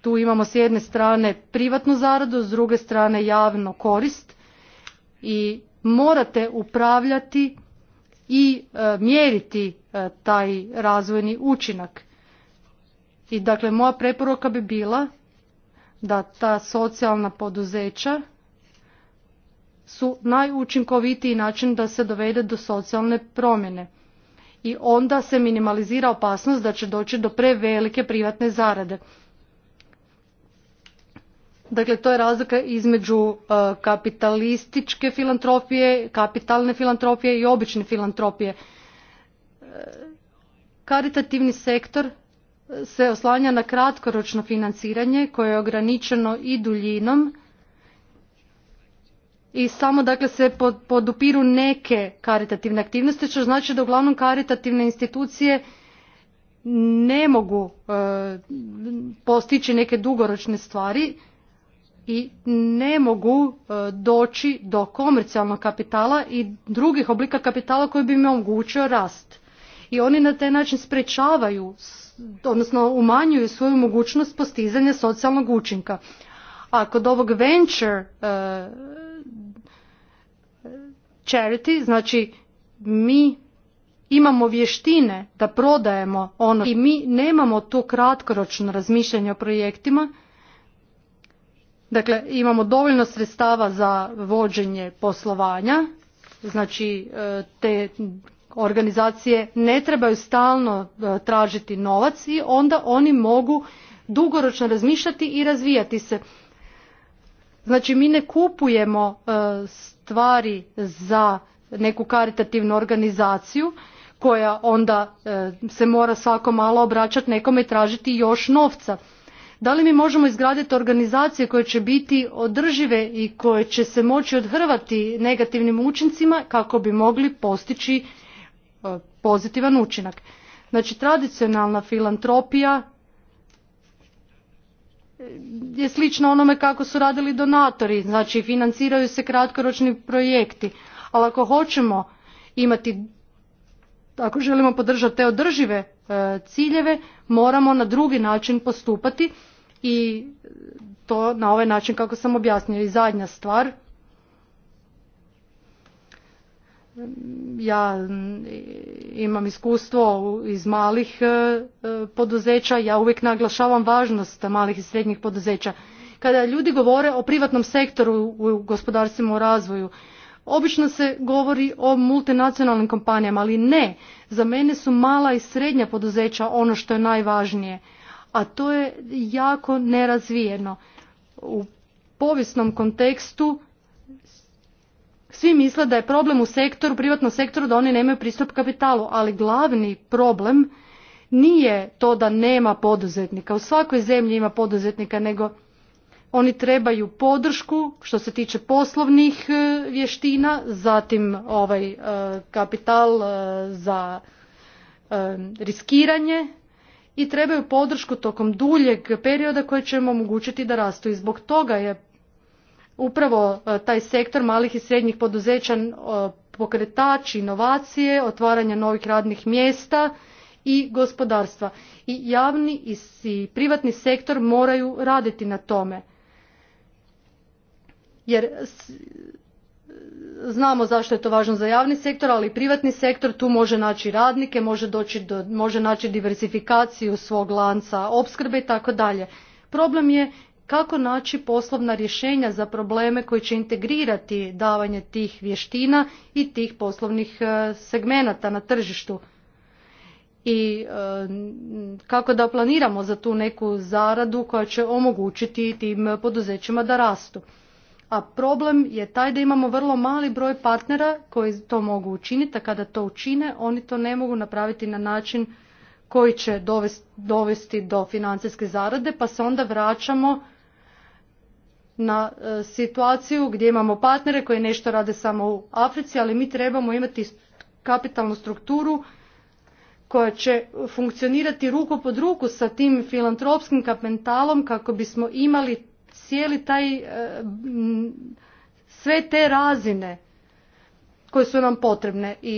tu imamo s jedne strane privatnu zaradu, s druge strane javnu korist i morate upravljati i e, mjeriti e, taj razvojni učinak. I dakle moja preporuka bi bila da ta socijalna poduzeća su najučinkovitiji način da se dovede do socijalne promjene. I onda se minimalizira opasnost da će doći do prevelike privatne zarade. Dakle, to je razlika između uh, kapitalističke filantropije, kapitalne filantropije i obične filantropije. Uh, karitativni sektor uh, se oslanja na kratkoročno financiranje koje je ograničeno i duljinom i samo dakle se podupiru neke karitativne aktivnosti što znači da uglavnom karitativne institucije ne mogu postići neke dugoročne stvari i ne mogu e, doći do komercijalnog kapitala i drugih oblika kapitala koji bi im omogućio rast. I oni na taj način sprečavaju, odnosno umanjuju svoju mogućnost postizanja socijalnog učinka. A kod ovog venture e, charity, znači mi imamo vještine da prodajemo ono i mi nemamo to kratkoročno razmišljanje o projektima Dakle, imamo dovoljno sredstava za vođenje poslovanja, znači e, te organizacije ne trebaju stalno e, tražiti novac i onda oni mogu dugoročno razmišljati i razvijati se. Znači mi ne kupujemo e, stvari za neku karitativnu organizaciju koja onda se mora svako malo obraćati nekome i tražiti još novca. Da li mi možemo izgraditi organizacije koje će biti održive i koje će se moći odhrvati negativnim učincima kako bi mogli postići e, pozitivan učinak? Znači, tradicionalna filantropija e, je slična onome kako su radili donatori, znači financiraju se kratkoročni projekti, ali ako hoćemo imati, ako želimo podržati te održive e, ciljeve, moramo na drugi način postupati i to na ovaj način kako sam objasnio. I zadnja stvar, ja imam iskustvo iz malih e, poduzeća, ja uvijek naglašavam važnost malih i srednjih poduzeća. Kada ljudi govore o privatnom sektoru u gospodarstvima u razvoju, obično se govori o multinacionalnim kompanijama, ali ne, za mene su mala i srednja poduzeća ono što je najvažnije a to je jako nerazvijeno. U povijesnom kontekstu svi misle da je problem u sektoru, privatnom sektoru, da oni nemaju pristup kapitalu, ali glavni problem nije to da nema poduzetnika. U svakoj zemlji ima poduzetnika, nego oni trebaju podršku što se tiče poslovnih e, vještina, zatim ovaj e, kapital e, za riskiranje, i trebaju podršku tokom duljeg perioda koje će im omogućiti da rastu. I zbog toga je upravo e, taj sektor malih i srednjih poduzeća e, pokretač inovacije, otvaranja novih radnih mjesta i gospodarstva. I javni i privatni sektor moraju raditi na tome. Jer znamo zašto je to važno za javni sektor ali i privatni sektor tu može naći radnike može, naći diversifikaciju svog lanca opskrbe i tako dalje problem je kako naći poslovna rješenja za probleme koji će integrirati davanje tih vještina i tih poslovnih e, segmenata na tržištu i e, kako da planiramo za tu neku zaradu koja će omogućiti tim poduzećima da rastu a problem je taj da imamo vrlo mali broj partnera koji to mogu učiniti, a kada to učine oni to ne mogu napraviti na način koji će dovesti do financijske zarade, pa se onda vraćamo na e, situaciju gdje imamo partnere koji nešto rade samo u Africi, ali mi trebamo imati kapitalnu strukturu koja će funkcionirati ruku pod ruku sa tim filantropskim kapitalom kako bismo imali cijeli taj, e, sve te razine koje su nam potrebne i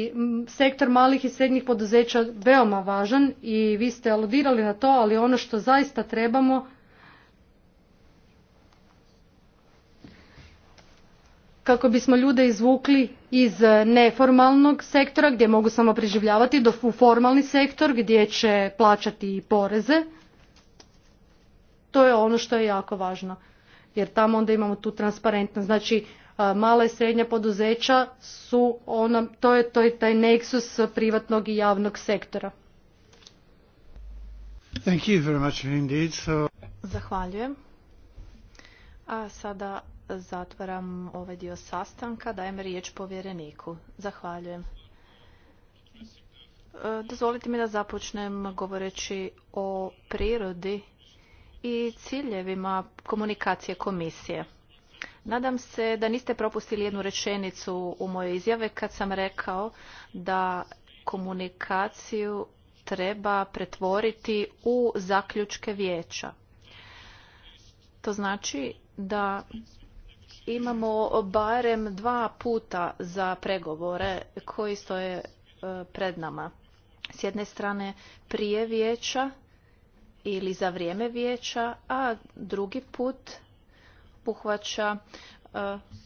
sektor malih i srednjih poduzeća veoma važan i vi ste aludirali na to, ali ono što zaista trebamo kako bismo ljude izvukli iz neformalnog sektora gdje mogu samo preživljavati do u formalni sektor gdje će plaćati i poreze. To je ono što je jako važno jer tamo onda imamo tu transparentnost. Znači e, mala i srednja poduzeća su ona, to je, to je taj neksus privatnog i javnog sektora. Thank you very much indeed. So... Zahvaljujem. A sada zatvaram ovaj dio sastanka, dajem riječ povjereniku. Zahvaljujem. E, dozvolite mi da započnem govoreći o prirodi i ciljevima komunikacije komisije. Nadam se da niste propustili jednu rečenicu u mojoj izjave kad sam rekao da komunikaciju treba pretvoriti u zaključke vijeća. To znači da imamo barem dva puta za pregovore koji stoje e, pred nama. S jedne strane prije vijeća ili za vrijeme vijeća, a drugi put uhvaća e,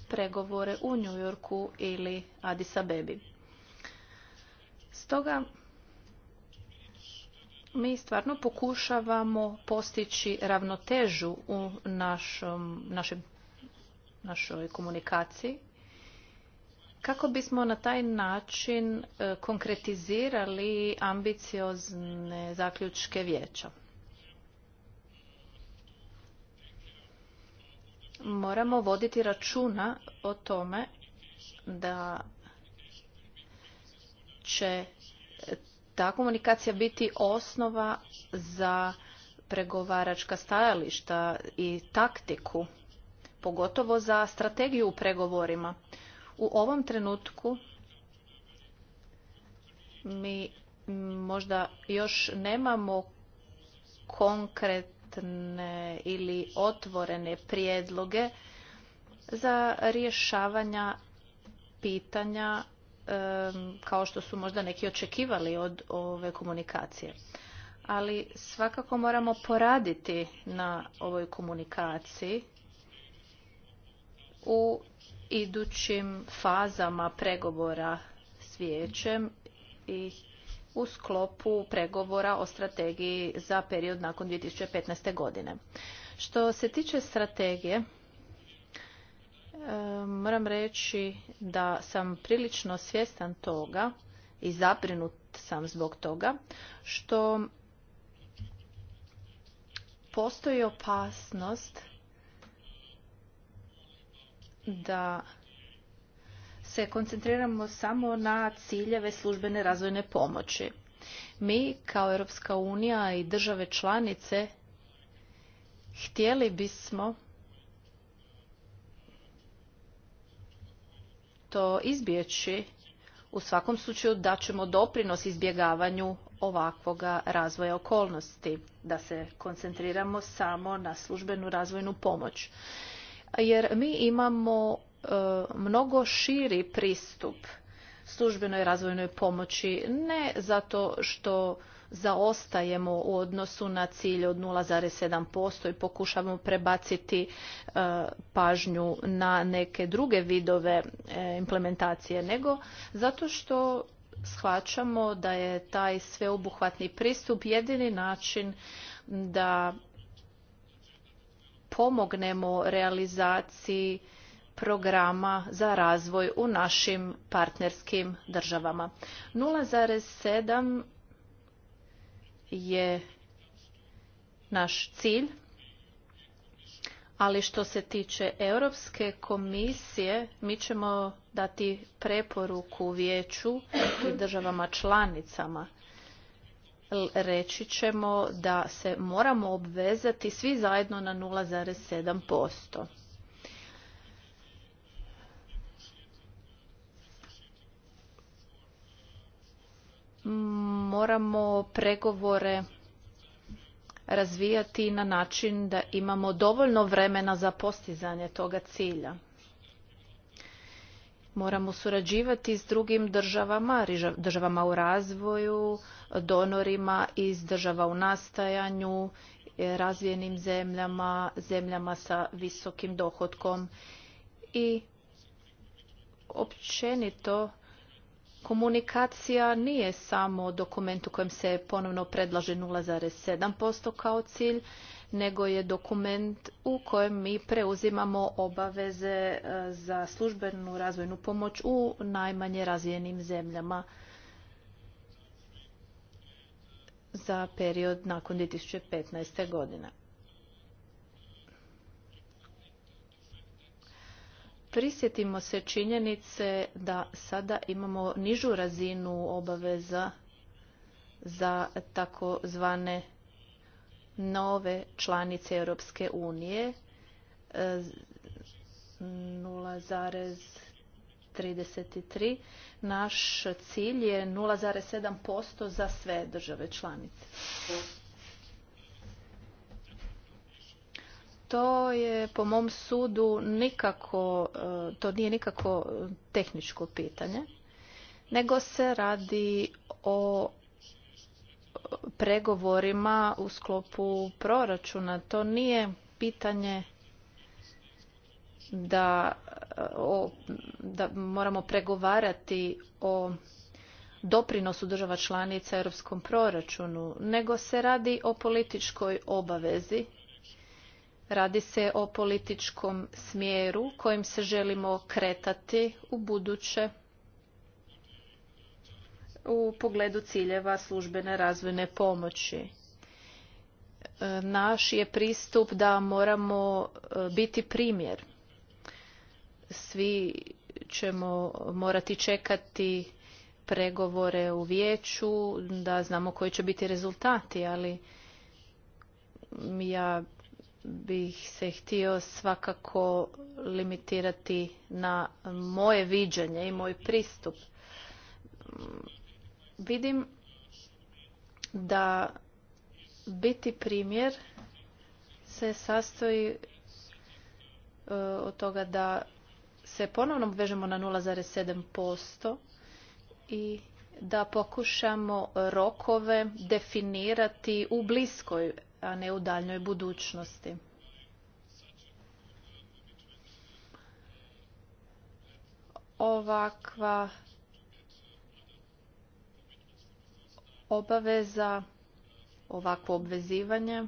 pregovore u New Yorku ili Addis Abebi. Stoga mi stvarno pokušavamo postići ravnotežu u našom, našoj komunikaciji kako bismo na taj način e, konkretizirali ambiciozne zaključke vijeća. moramo voditi računa o tome da će ta komunikacija biti osnova za pregovaračka stajališta i taktiku, pogotovo za strategiju u pregovorima. U ovom trenutku mi možda još nemamo konkret konkretne ili otvorene prijedloge za rješavanja pitanja kao što su možda neki očekivali od ove komunikacije. Ali svakako moramo poraditi na ovoj komunikaciji u idućim fazama pregovora s vijećem i u sklopu pregovora o strategiji za period nakon 2015. godine. Što se tiče strategije, e, moram reći da sam prilično svjestan toga i zabrinut sam zbog toga što postoji opasnost da se koncentriramo samo na ciljeve službene razvojne pomoći. Mi kao Europska unija i države članice htjeli bismo to izbjeći u svakom slučaju da ćemo doprinos izbjegavanju ovakvoga razvoja okolnosti, da se koncentriramo samo na službenu razvojnu pomoć. Jer mi imamo E, mnogo širi pristup službenoj razvojnoj pomoći, ne zato što zaostajemo u odnosu na cilj od 0,7% i pokušavamo prebaciti e, pažnju na neke druge vidove e, implementacije, nego zato što shvaćamo da je taj sveobuhvatni pristup jedini način da pomognemo realizaciji programa za razvoj u našim partnerskim državama. 0,7 je naš cilj, ali što se tiče Europske komisije, mi ćemo dati preporuku vijeću i državama članicama reći ćemo da se moramo obvezati svi zajedno na 0,7%. moramo pregovore razvijati na način da imamo dovoljno vremena za postizanje toga cilja. Moramo surađivati s drugim državama, državama u razvoju, donorima iz država u nastajanju, razvijenim zemljama, zemljama sa visokim dohodkom i općenito Komunikacija nije samo dokument u kojem se ponovno predlaže 0,7% kao cilj, nego je dokument u kojem mi preuzimamo obaveze e, za službenu razvojnu pomoć u najmanje razvijenim zemljama za period nakon 2015. godine. Prisjetimo se činjenice da sada imamo nižu razinu obaveza za takozvane nove članice Europske unije 0,33. E, Naš cilj je 0,7% za sve države članice. to je po mom sudu nikako, e, to nije nikako tehničko pitanje, nego se radi o pregovorima u sklopu proračuna. To nije pitanje da, da moramo pregovarati o doprinosu država članica europskom proračunu, nego se radi o političkoj obavezi Radi se o političkom smjeru kojim se želimo kretati u buduće u pogledu ciljeva službene razvojne pomoći. E, naš je pristup da moramo e, biti primjer. Svi ćemo morati čekati pregovore u vijeću, da znamo koji će biti rezultati, ali ja bih se htio svakako limitirati na moje viđenje i moj pristup. Vidim da biti primjer se sastoji e, od toga da se ponovno obvežemo na 0,7% i da pokušamo rokove definirati u bliskoj a ne u daljnjoj budućnosti. Ovakva obaveza, ovakvo obvezivanje e,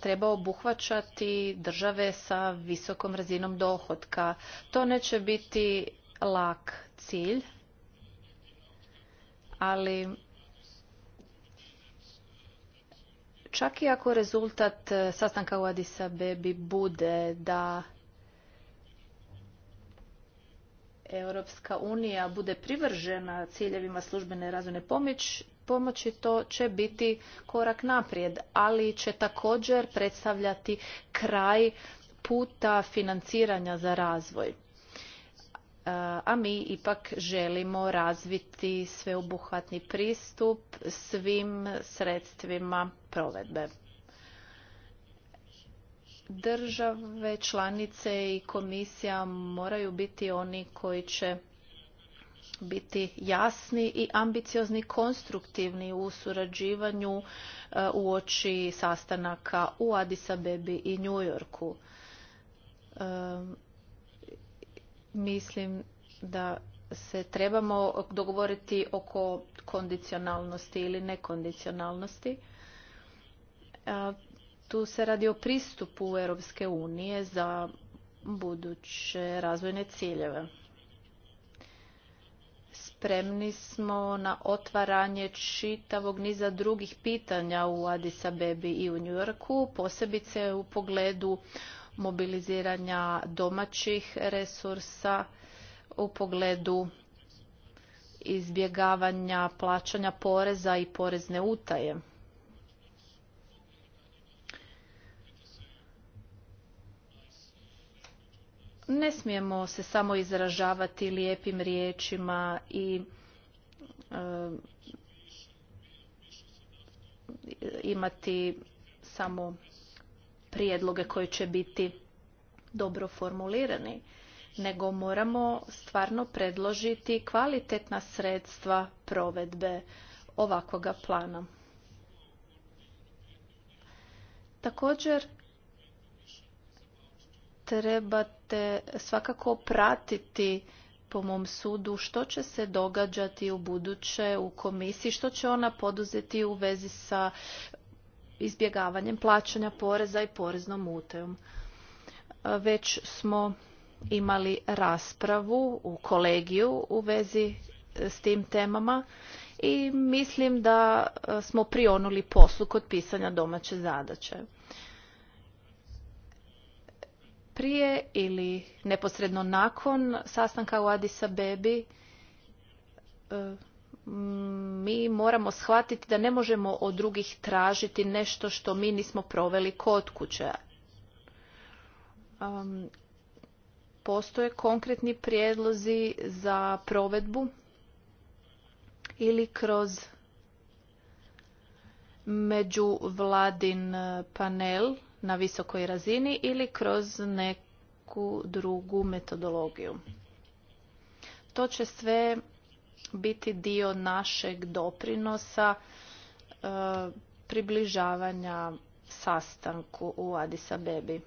treba obuhvaćati države sa visokom razinom dohotka. To neće biti lak cilj, ali Čak i ako rezultat e, sastanka u Addis Abebi bude da Europska unija bude privržena ciljevima službene razvojne pomoći, to će biti korak naprijed, ali će također predstavljati kraj puta financiranja za razvoj a mi ipak želimo razviti sveobuhvatni pristup svim sredstvima provedbe. Države, članice i komisija moraju biti oni koji će biti jasni i ambiciozni, konstruktivni u surađivanju u oči sastanaka u Addis Abebi i New Yorku Mislim da se trebamo dogovoriti oko kondicionalnosti ili nekondicionalnosti. Tu se radi o pristupu Europske unije za buduće razvojne ciljeve. Spremni smo na otvaranje čitavog niza drugih pitanja u Addis Abebi i u New Yorku, posebice u pogledu mobiliziranja domaćih resursa u pogledu izbjegavanja plaćanja poreza i porezne utaje. Ne smijemo se samo izražavati lijepim riječima i e, imati samo prijedloge koji će biti dobro formulirani, nego moramo stvarno predložiti kvalitetna sredstva provedbe ovakvoga plana. Također, trebate svakako pratiti po mom sudu što će se događati u buduće u komisiji, što će ona poduzeti u vezi sa izbjegavanjem plaćanja poreza i poreznom utajom. E, već smo imali raspravu u kolegiju u vezi e, s tim temama i mislim da e, smo prionuli poslu kod pisanja domaće zadaće. Prije ili neposredno nakon sastanka u Bebi Abebi Mm, mi moramo shvatiti da ne možemo od drugih tražiti nešto što mi nismo proveli kod kuće. Postoje konkretni prijedlozi za provedbu ili kroz međuvladin e, panel na visokoj razini ili kroz neku drugu metodologiju. To će sve biti dio našeg doprinosa e, približavanja sastanku u Addis Abebi.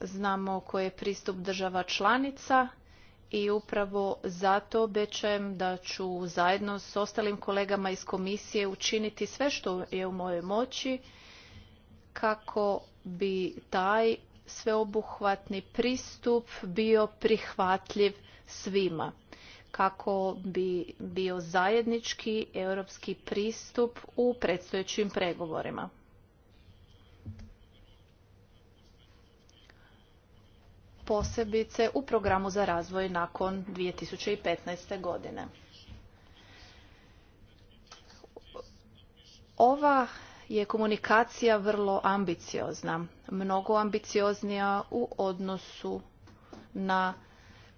Znamo koji je pristup država članica i upravo zato obećajem da ću zajedno s ostalim kolegama iz komisije učiniti sve što je u mojoj moći kako bi taj sveobuhvatni pristup bio prihvatljiv svima kako bi bio zajednički europski pristup u predstojećim pregovorima. Posebice u programu za razvoj nakon 2015. godine. Ova je komunikacija vrlo ambiciozna, mnogo ambicioznija u odnosu na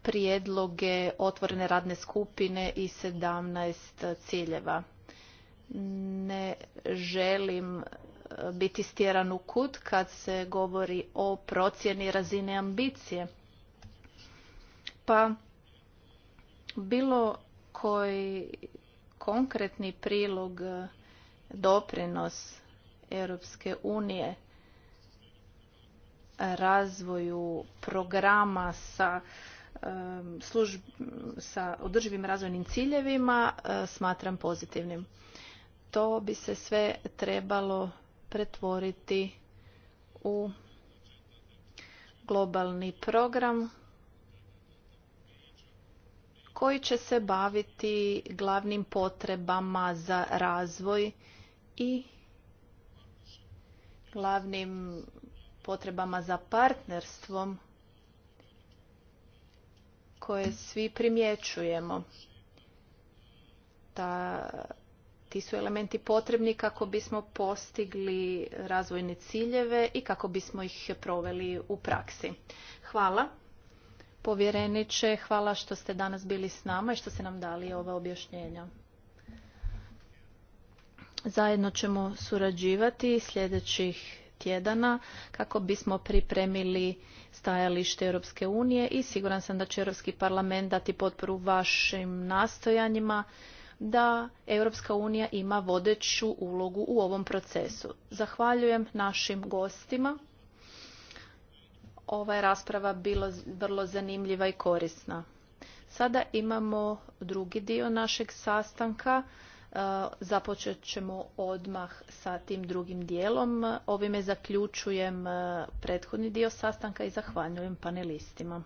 prijedloge otvorene radne skupine i sedamnaest ciljeva. Ne želim e, biti stjeran u kut kad se govori o procjeni razine ambicije. Pa bilo koji konkretni prilog e, doprinos Europske unije razvoju programa sa služb, sa održivim razvojnim ciljevima e, smatram pozitivnim. To bi se sve trebalo pretvoriti u globalni program koji će se baviti glavnim potrebama za razvoj i glavnim potrebama za partnerstvom koje svi primjećujemo. Ta, ti su elementi potrebni kako bismo postigli razvojne ciljeve i kako bismo ih proveli u praksi. Hvala. Povjereniče, hvala što ste danas bili s nama i što ste nam dali ova objašnjenja. Zajedno ćemo surađivati sljedećih tjedana kako bismo pripremili stajalište Europske unije i siguran sam da će Europski parlament dati potporu vašim nastojanjima da Europska unija ima vodeću ulogu u ovom procesu. Zahvaljujem našim gostima. Ova je rasprava bila vrlo zanimljiva i korisna. Sada imamo drugi dio našeg sastanka. E, započet ćemo odmah sa tim drugim dijelom. Ovime zaključujem e, prethodni dio sastanka i zahvaljujem panelistima.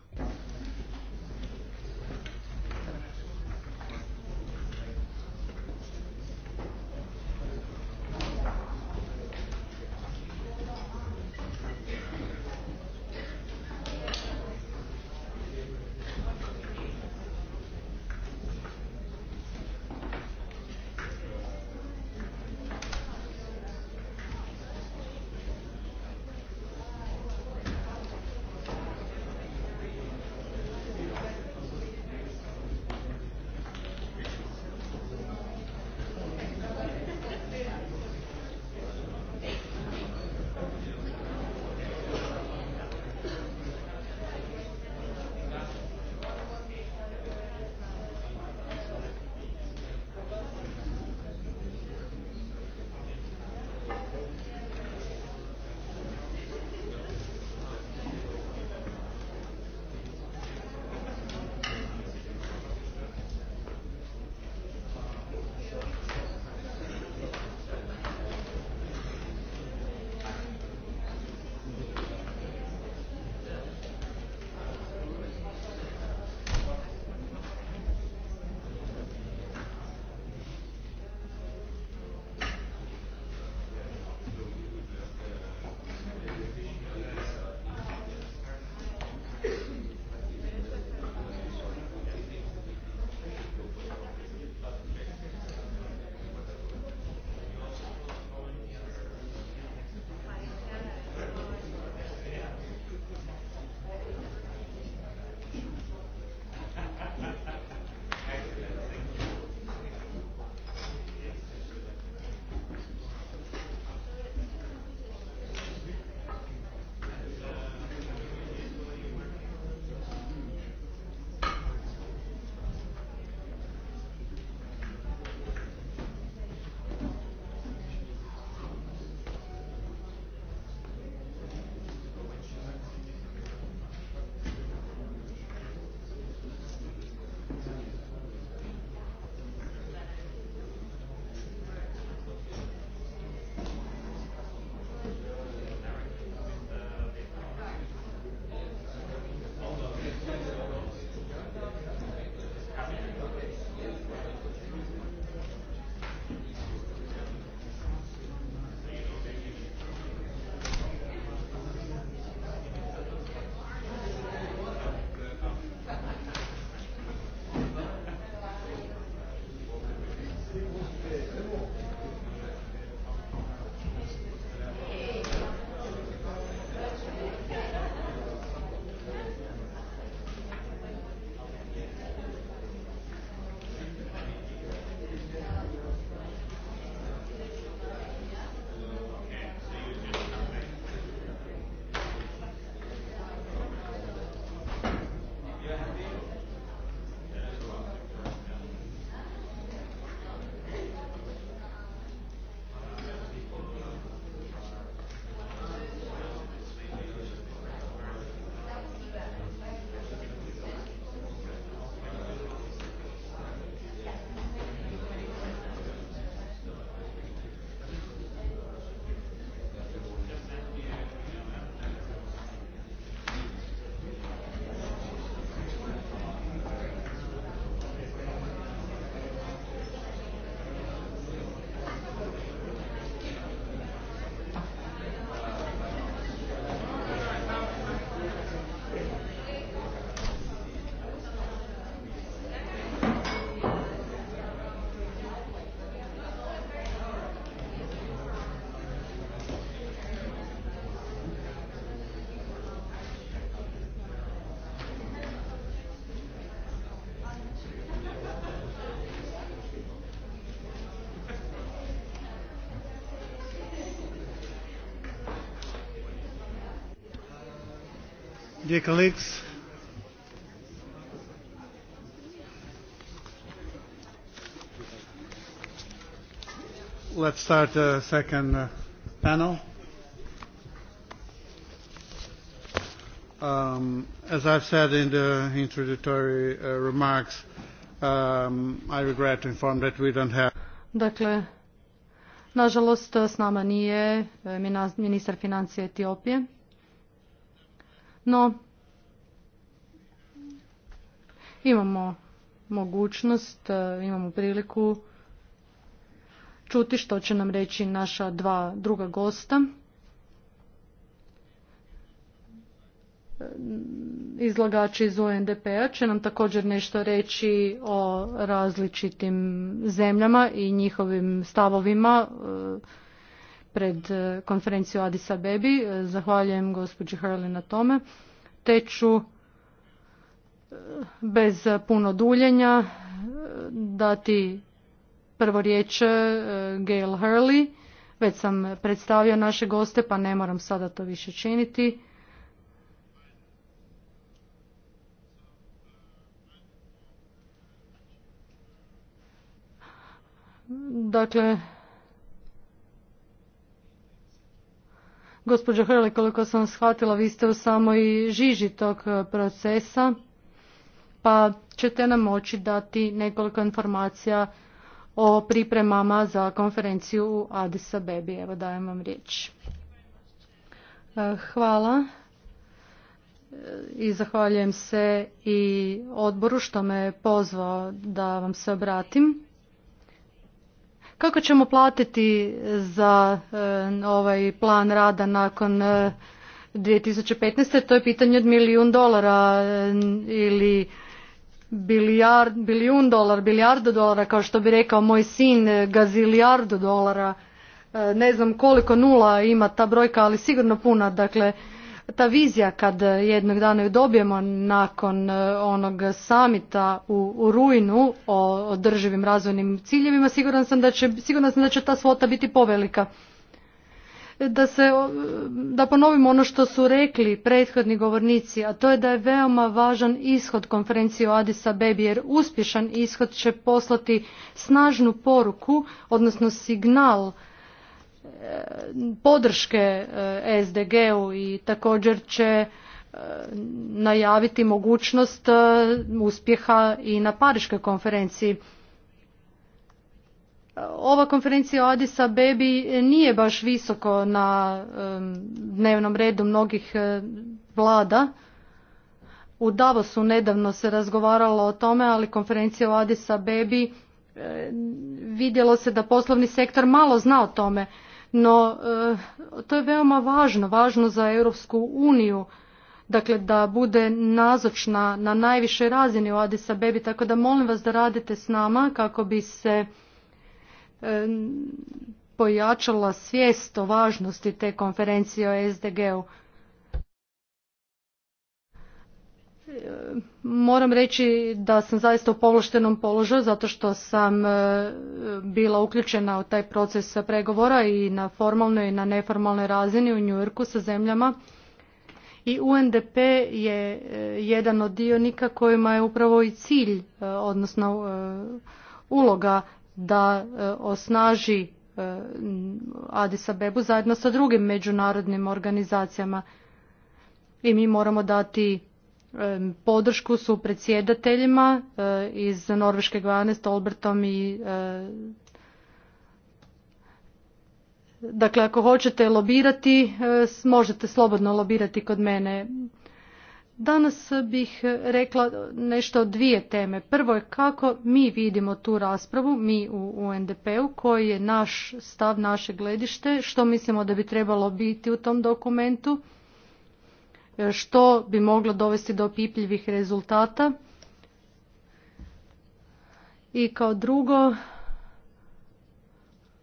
Dear colleagues, let's start the second uh, panel. Um, as I've said in the introductory uh, remarks, um, I regret to inform that we don't have. Dakle, nažalost, s nama nije eh, Minister financije Etiopije. No, imamo mogućnost, e, imamo priliku čuti što će nam reći naša dva druga gosta. E, izlagači iz UNDP-a će nam također nešto reći o različitim zemljama i njihovim stavovima e, pred e, konferenciju Adisa Bebi e, Zahvaljujem gospođi Hurley na tome. Te ću e, bez puno duljenja dati prvo riječ Gail Hurley. Već sam predstavio naše goste pa ne moram sada to više činiti. Dakle, Gospođo Hrle, koliko sam shvatila, vi ste u samoj žiži tog e, procesa, pa ćete nam moći dati nekoliko informacija o pripremama za konferenciju u Addis Evo dajem vam riječ. E, hvala e, i zahvaljujem se i odboru što me pozvao da vam se obratim. Kako ćemo platiti za e, ovaj plan rada nakon 2015. E, to je pitanje od milijun dolara e, ili bilijard, bilijun dolar bilijardu dolara, kao što bi rekao moj sin, gazilijardu dolara. Ne znam koliko nula ima ta brojka, ali sigurno puna. Dakle, ta vizija kad jednog dana ju dobijemo nakon e, onog samita u, u rujnu o održivim razvojnim ciljevima, siguran sam da će, siguran sam ta svota biti povelika. Da, se, da ponovim ono što su rekli prethodni govornici, a to je da je veoma važan ishod konferencije o Addis Abebi, jer uspješan ishod će poslati snažnu poruku, odnosno signal podrške e, SDG-u i također će e, najaviti mogućnost e, uspjeha i na Pariškoj konferenciji. Ova konferencija o Adisa Bebi nije baš visoko na dnevnom redu mnogih vlada. U Davosu nedavno se razgovaralo o tome, ali konferencija o adisa Bebi vidjelo se da poslovni sektor malo zna o tome no, e, to je veoma važno, važno za Europsku uniju, dakle da bude nazočna na najvišoj razini u Adisa Bebi, tako da molim vas da radite s nama kako bi se e, pojačala svijest o važnosti te konferencije o SDG-u. moram reći da sam zaista u povlaštenom položaju zato što sam e, bila uključena u taj proces pregovora i na formalnoj i na neformalnoj razini u Yorku sa zemljama i UNDP je e, jedan od dionika kojima je upravo i cilj, e, odnosno uloga da osnaži Addis Abebu zajedno sa drugim međunarodnim organizacijama i mi moramo dati podršku su predsjedateljima e, iz Norveške s Tolbertom i e, Dakle, ako hoćete lobirati, e, možete slobodno lobirati kod mene. Danas bih rekla nešto o dvije teme. Prvo je kako mi vidimo tu raspravu, mi u UNDP-u, koji je naš stav, naše gledište, što mislimo da bi trebalo biti u tom dokumentu što bi moglo dovesti do pipljivih rezultata. I kao drugo,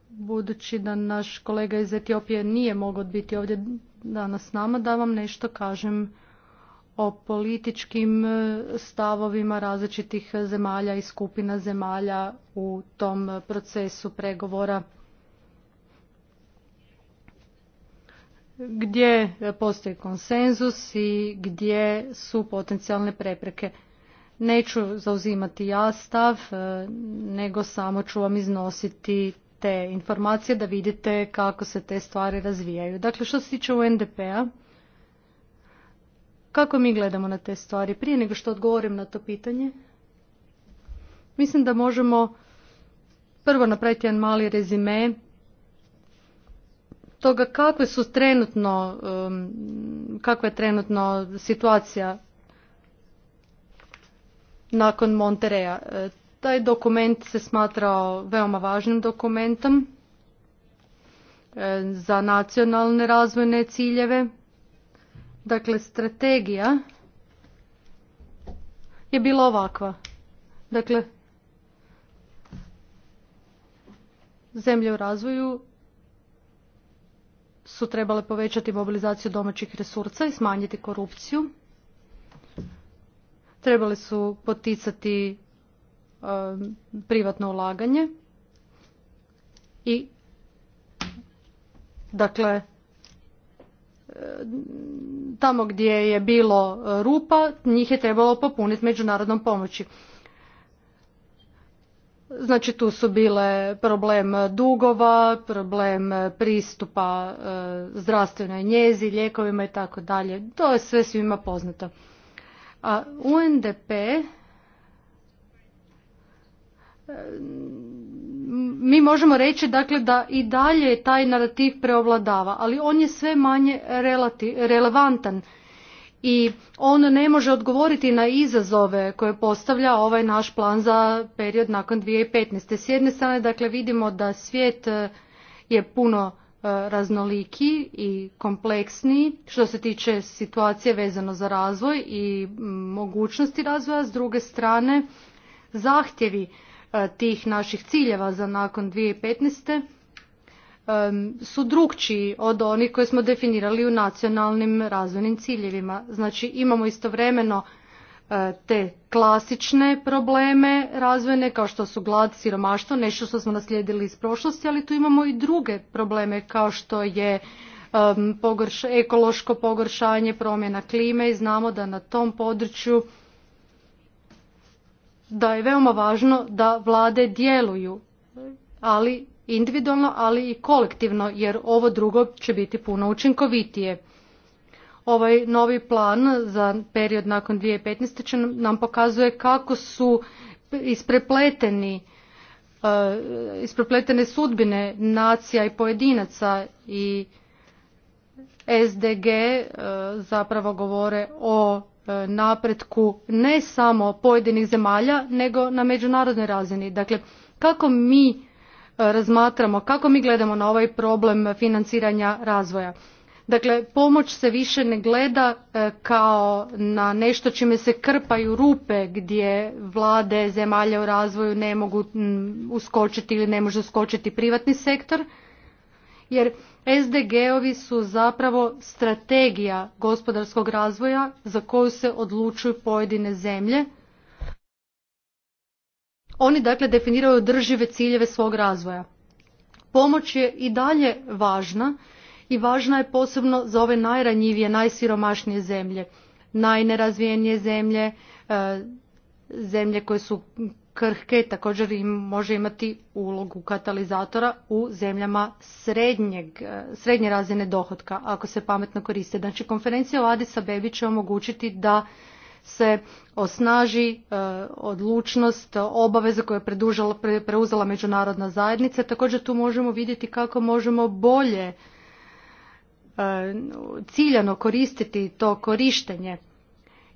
budući da naš kolega iz Etiopije nije mogao biti ovdje danas s nama, da vam nešto kažem o političkim e, stavovima različitih zemalja i skupina zemalja u tom procesu pregovora gdje postoji konsenzus i gdje su potencijalne prepreke. Neću zauzimati ja stav, e, nego samo ću vam iznositi te informacije da vidite kako se te stvari razvijaju. Dakle, što se tiče UNDP-a, kako mi gledamo na te stvari? Prije nego što odgovorim na to pitanje, mislim da možemo prvo napraviti jedan mali rezime toga kakve su trenutno, kakva je trenutno situacija nakon Montereja. E, taj dokument se smatrao veoma važnim dokumentom e, za nacionalne razvojne ciljeve. Dakle, strategija je bila ovakva. Dakle, zemlje u razvoju su trebale povećati mobilizaciju domaćih resursa i smanjiti korupciju. Trebali su poticati um, privatno ulaganje i dakle tamo gdje je bilo rupa njih je trebalo popuniti međunarodnom pomoći. Znači tu su bile problem dugova, problem pristupa e, zdravstvenoj njezi, lijekovima i tako dalje. To je sve svima poznato. A UNDP e, mi možemo reći dakle da i dalje taj narativ preovladava, ali on je sve manje relevantan i on ne može odgovoriti na izazove koje postavlja ovaj naš plan za period nakon 2015. S jedne strane dakle vidimo da svijet e, je puno e, raznoliki i kompleksni što se tiče situacije vezano za razvoj i mogućnosti razvoja. S druge strane zahtjevi e, tih naših ciljeva za nakon 2015 su drukčiji od onih koje smo definirali u nacionalnim razvojnim ciljevima. Znači imamo istovremeno e, te klasične probleme razvojne kao što su glad, siromaštvo, nešto što smo naslijedili iz prošlosti, ali tu imamo i druge probleme kao što je ekološko pogoršanje, promjena klime i znamo da na tom području da je veoma važno da vlade djeluju, ali individualno, ali i kolektivno, jer ovo drugo će biti puno učinkovitije. Ovaj novi plan za period nakon 2015. nam pokazuje kako su isprepleteni eh, isprepletene sudbine nacija i pojedinaca i SDG eh, zapravo govore o eh, napretku ne samo pojedinih zemalja nego na međunarodnoj razini. Dakle, kako mi E, razmatramo kako mi gledamo na ovaj problem financiranja razvoja dakle pomoć se više ne gleda e, kao na nešto čime se krpaju rupe gdje vlade zemalja u razvoju ne mogu uskočiti ili ne može uskočiti privatni sektor jer SDG-ovi su zapravo strategija gospodarskog razvoja za koju se odlučuju pojedine zemlje oni dakle definiraju održive ciljeve svog razvoja. Pomoć je i dalje važna i važna je posebno za ove najranjivije, najsiromašnije zemlje, najnerazvijenije zemlje, e, zemlje koje su krhke također im može imati ulogu katalizatora u zemljama srednjeg, e, srednje razine dohotka ako se pametno koriste. Znači konferencija o Adisa Bebi će omogućiti da se osnaži e, odlučnost obaveza koje je preuzela međunarodna zajednica. Također tu možemo vidjeti kako možemo bolje e, ciljano koristiti to korištenje.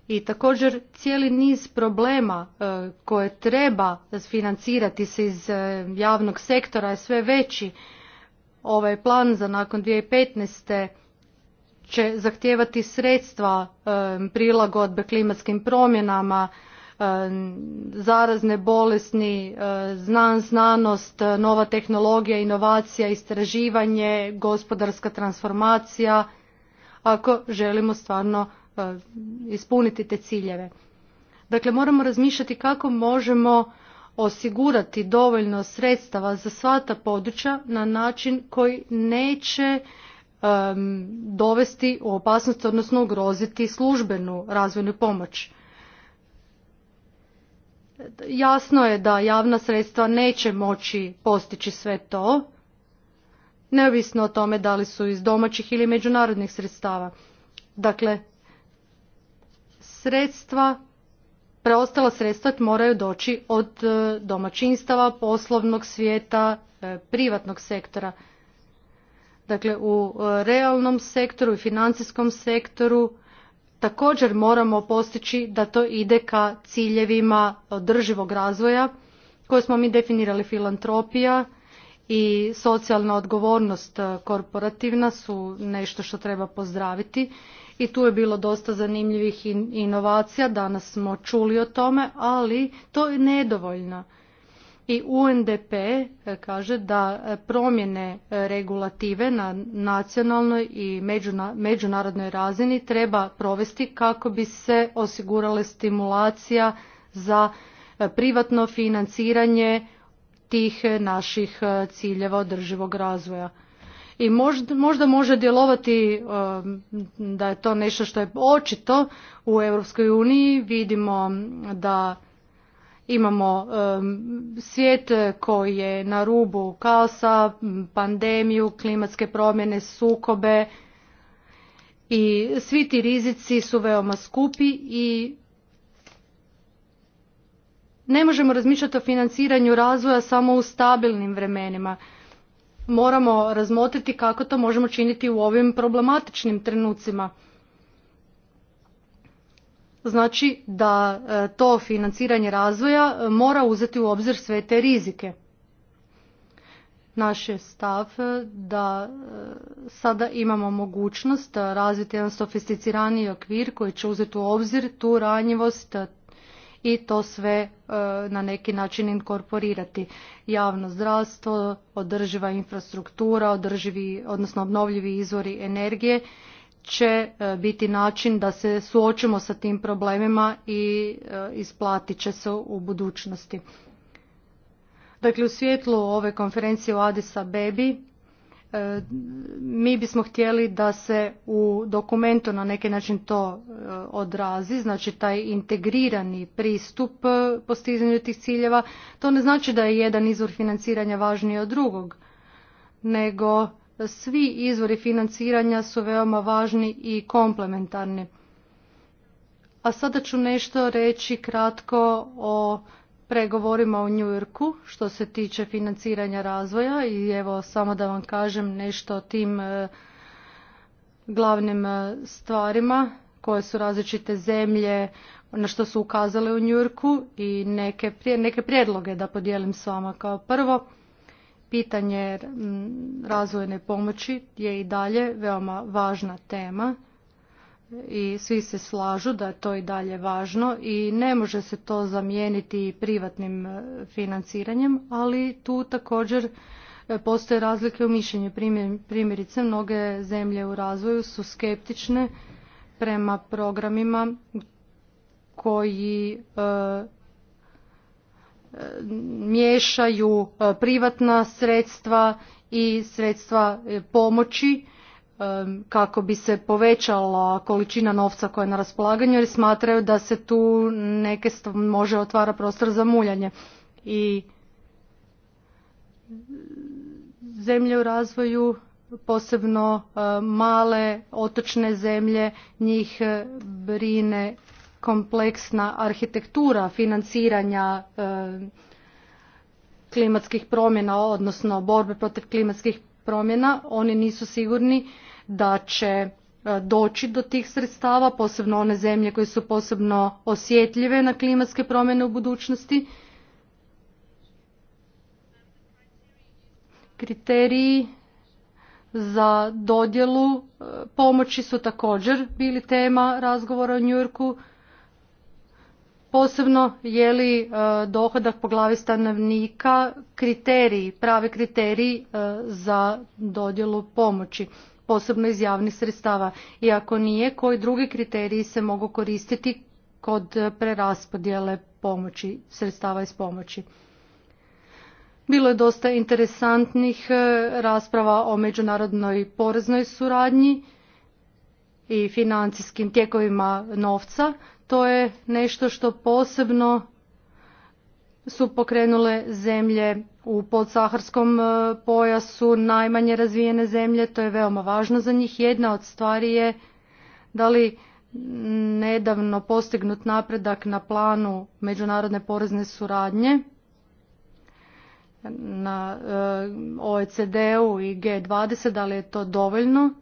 I također cijeli niz problema e, koje treba financirati se iz javnog sektora je sve veći. Ovaj plan za nakon 2015 će zahtijevati sredstva prilagodbe klimatskim promjenama, zarazne bolesni, znan, znanost, nova tehnologija, inovacija, istraživanje, gospodarska transformacija, ako želimo stvarno ispuniti te ciljeve. Dakle, moramo razmišljati kako možemo osigurati dovoljno sredstava za sva ta područja na način koji neće dovesti u opasnost, odnosno ugroziti službenu razvojnu pomoć. Jasno je da javna sredstva neće moći postići sve to, neovisno o tome da li su iz domaćih ili međunarodnih sredstava. Dakle, sredstva, preostala sredstva moraju doći od e, domaćinstava, poslovnog svijeta, e, privatnog sektora. Dakle, u e, realnom sektoru i financijskom sektoru također moramo postići da to ide ka ciljevima održivog razvoja koje smo mi definirali filantropija i socijalna odgovornost e, korporativna su nešto što treba pozdraviti i tu je bilo dosta zanimljivih inovacija, danas smo čuli o tome, ali to je nedovoljno i UNDP e, kaže da e, promjene e, regulative na nacionalnoj i međunarodnoj razini treba provesti kako bi se osigurala stimulacija za privatno financiranje tih naših ciljeva održivog razvoja. I možda, možda može djelovati da je to nešto što je očito u Europskoj uniji. Vidimo da Imamo svijet koji je na rubu kaosa, pandemiju, klimatske promjene, sukobe i svi ti rizici su veoma skupi i ne možemo razmišljati o financiranju razvoja samo u stabilnim vremenima. Moramo razmotriti kako to možemo činiti u ovim problematičnim trenucima znači da e, to financiranje razvoja e, mora uzeti u obzir sve te rizike. Naš je stav e, da sada imamo mogućnost razviti jedan sofisticiraniji okvir koji će uzeti u obzir tu ranjivost i to sve na neki način inkorporirati. Javno zdravstvo, održiva infrastruktura, održivi, odnosno obnovljivi izvori energije će e, biti način da se suočimo sa tim problemima i e, isplatit će se u budućnosti. Dakle, u svjetlu ove konferencije u Adisa Bebi, e, mi bismo htjeli da se u dokumentu na neki način to odrazi, znači taj integrirani pristup postizanju tih ciljeva. To ne znači da je jedan izvor financiranja važniji od drugog, nego svi izvori financiranja su veoma važni i komplementarni. A sada ću nešto reći kratko o pregovorima u Njujorku što se tiče financiranja razvoja i evo samo da vam kažem nešto o tim e, glavnim e, stvarima koje su različite zemlje na što su ukazale u Njujorku i neke, neke prijedloge da podijelim s vama. Kao prvo, pitanje mm, razvojne pomoći je i dalje veoma važna tema i svi se slažu da je to i dalje važno i ne može se to zamijeniti privatnim e, financiranjem, ali tu također e, postoje razlike u mišljenju. Primjerice, mnoge zemlje u razvoju su skeptične prema programima koji e, miješaju e, privatna sredstva i sredstva e, pomoći e, kako bi se povećala količina novca koja je na raspolaganju jer smatraju da se tu neke može otvara prostor za muljanje i zemlje u razvoju posebno male otočne zemlje njih brine kompleksna arhitektura financiranja e, klimatskih promjena odnosno borbe protiv klimatskih promjena oni nisu sigurni da će e, doći do tih sredstava posebno one zemlje koje su posebno osjetljive na klimatske promjene u budućnosti kriteriji za dodjelu e, pomoći su također bili tema razgovora u Njurku. Posebno je li e, dohodak po glavi stanovnika kriteriji, pravi kriteriji e, za dodjelu pomoći, posebno iz javnih sredstava. I ako nije, koji drugi kriteriji se mogu koristiti kod preraspodjele pomoći, sredstava iz pomoći. Bilo je dosta interesantnih e, rasprava o međunarodnoj poreznoj suradnji i financijskim tijekovima novca to je nešto što posebno su pokrenule zemlje u podsaharskom e, pojasu, najmanje razvijene zemlje, to je veoma važno za njih. Jedna od stvari je da li nedavno postignut napredak na planu međunarodne porezne suradnje na e, OECD-u i G20, da li je to dovoljno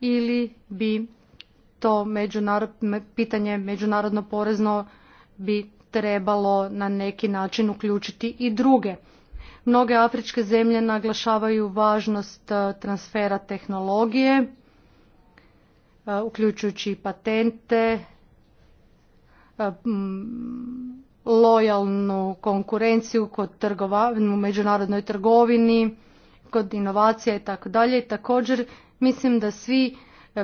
ili bi to pitanje međunarodno porezno bi trebalo na neki način uključiti i druge. Mnoge afričke zemlje naglašavaju važnost e, transfera tehnologije, e, uključujući i patente, e, lojalnu konkurenciju kod u međunarodnoj trgovini, kod inovacija i dalje. Također mislim da svi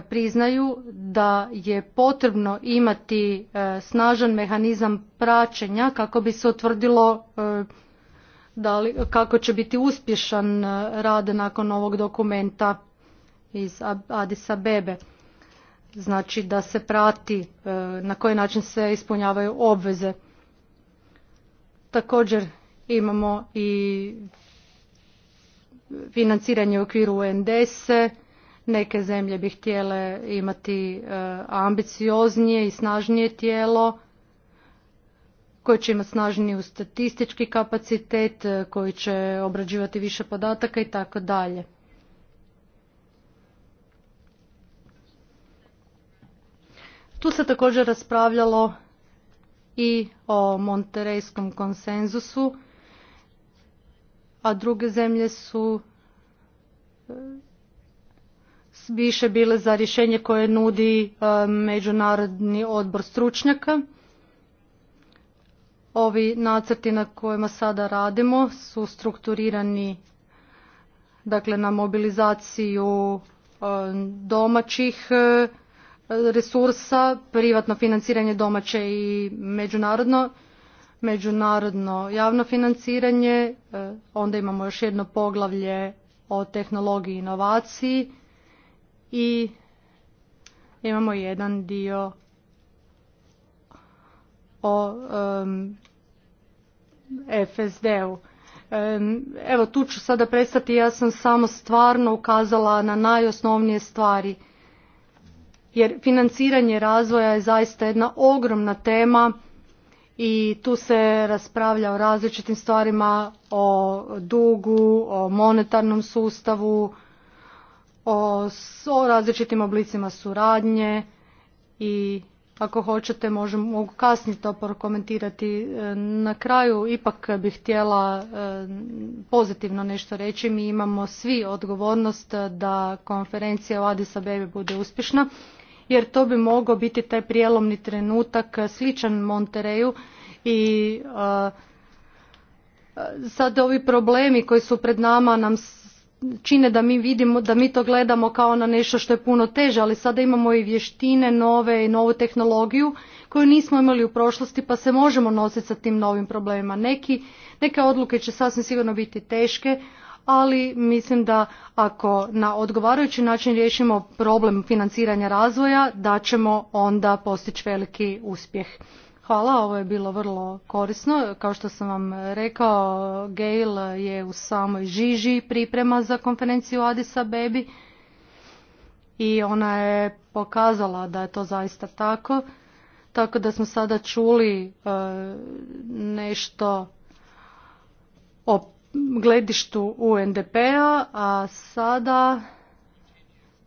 priznaju da je potrebno imati e, snažan mehanizam praćenja kako bi se utvrdilo e, kako će biti uspješan e, rad nakon ovog dokumenta iz Addis Abebe. Znači da se prati na koji način se ispunjavaju obveze. Također imamo i financiranje u okviru UNDS-e Neke zemlje bi htjele imati e, ambicioznije i snažnije tijelo koje će imati snažniju statistički kapacitet, e, koji će obrađivati više podataka i tako dalje. Tu se također raspravljalo i o Monterejskom konsenzusu, a druge zemlje su e, više bile za rješenje koje nudi e, Međunarodni odbor stručnjaka. Ovi nacrti na kojima sada radimo su strukturirani dakle, na mobilizaciju e, domaćih e, resursa, privatno financiranje domaće i međunarodno, međunarodno javno financiranje, onda imamo još jedno poglavlje o tehnologiji i inovaciji i imamo jedan dio o FSD-u. Evo tu ću sada prestati, ja sam samo stvarno ukazala na najosnovnije stvari. Jer financiranje razvoja je zaista jedna ogromna tema i tu se raspravlja o različitim stvarima, o dugu, o monetarnom sustavu, o, o različitim oblicima suradnje i ako hoćete možem, mogu kasnije to prokomentirati. E, na kraju ipak bih htjela e, pozitivno nešto reći. Mi imamo svi odgovornost da konferencija o Addis Abebe bude uspješna jer to bi mogao biti taj prijelomni trenutak sličan Montereju i e, sad ovi problemi koji su pred nama nam čine da mi vidimo, da mi to gledamo kao na nešto što je puno teže, ali sada imamo i vještine nove i novu tehnologiju koju nismo imali u prošlosti pa se možemo nositi sa tim novim problemima. Neki, neke odluke će sasvim sigurno biti teške, ali mislim da ako na odgovarajući način riješimo problem financiranja razvoja, da ćemo onda postići veliki uspjeh. Hvala, ovo je bilo vrlo korisno. Kao što sam vam rekao, Gail je u samoj žiži priprema za konferenciju Adisa Bebi i ona je pokazala da je to zaista tako. Tako da smo sada čuli e, nešto o gledištu UNDP-a, a sada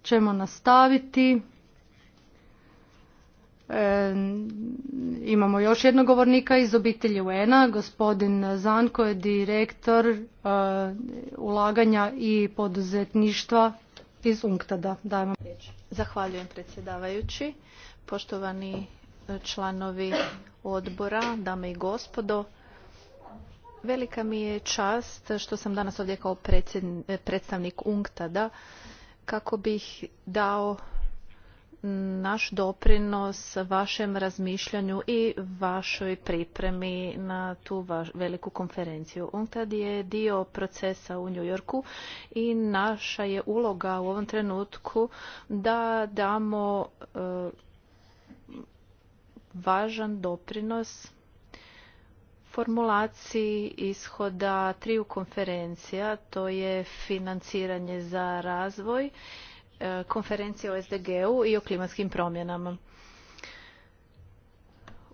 ćemo nastaviti imamo još jednog govornika iz obitelji un gospodin Zanko je direktor e, ulaganja i poduzetništva iz UNCTAD-a. riječ. Zahvaljujem predsjedavajući, poštovani članovi odbora, dame i gospodo. Velika mi je čast što sam danas ovdje kao predstavnik UNCTAD-a kako bih dao naš doprinos vašem razmišljanju i vašoj pripremi na tu veliku konferenciju. UNCTAD je dio procesa u New Yorku i naša je uloga u ovom trenutku da damo e, važan doprinos formulaciji ishoda triju konferencija, to je financiranje za razvoj, E, konferencije o SDG-u i o klimatskim promjenama.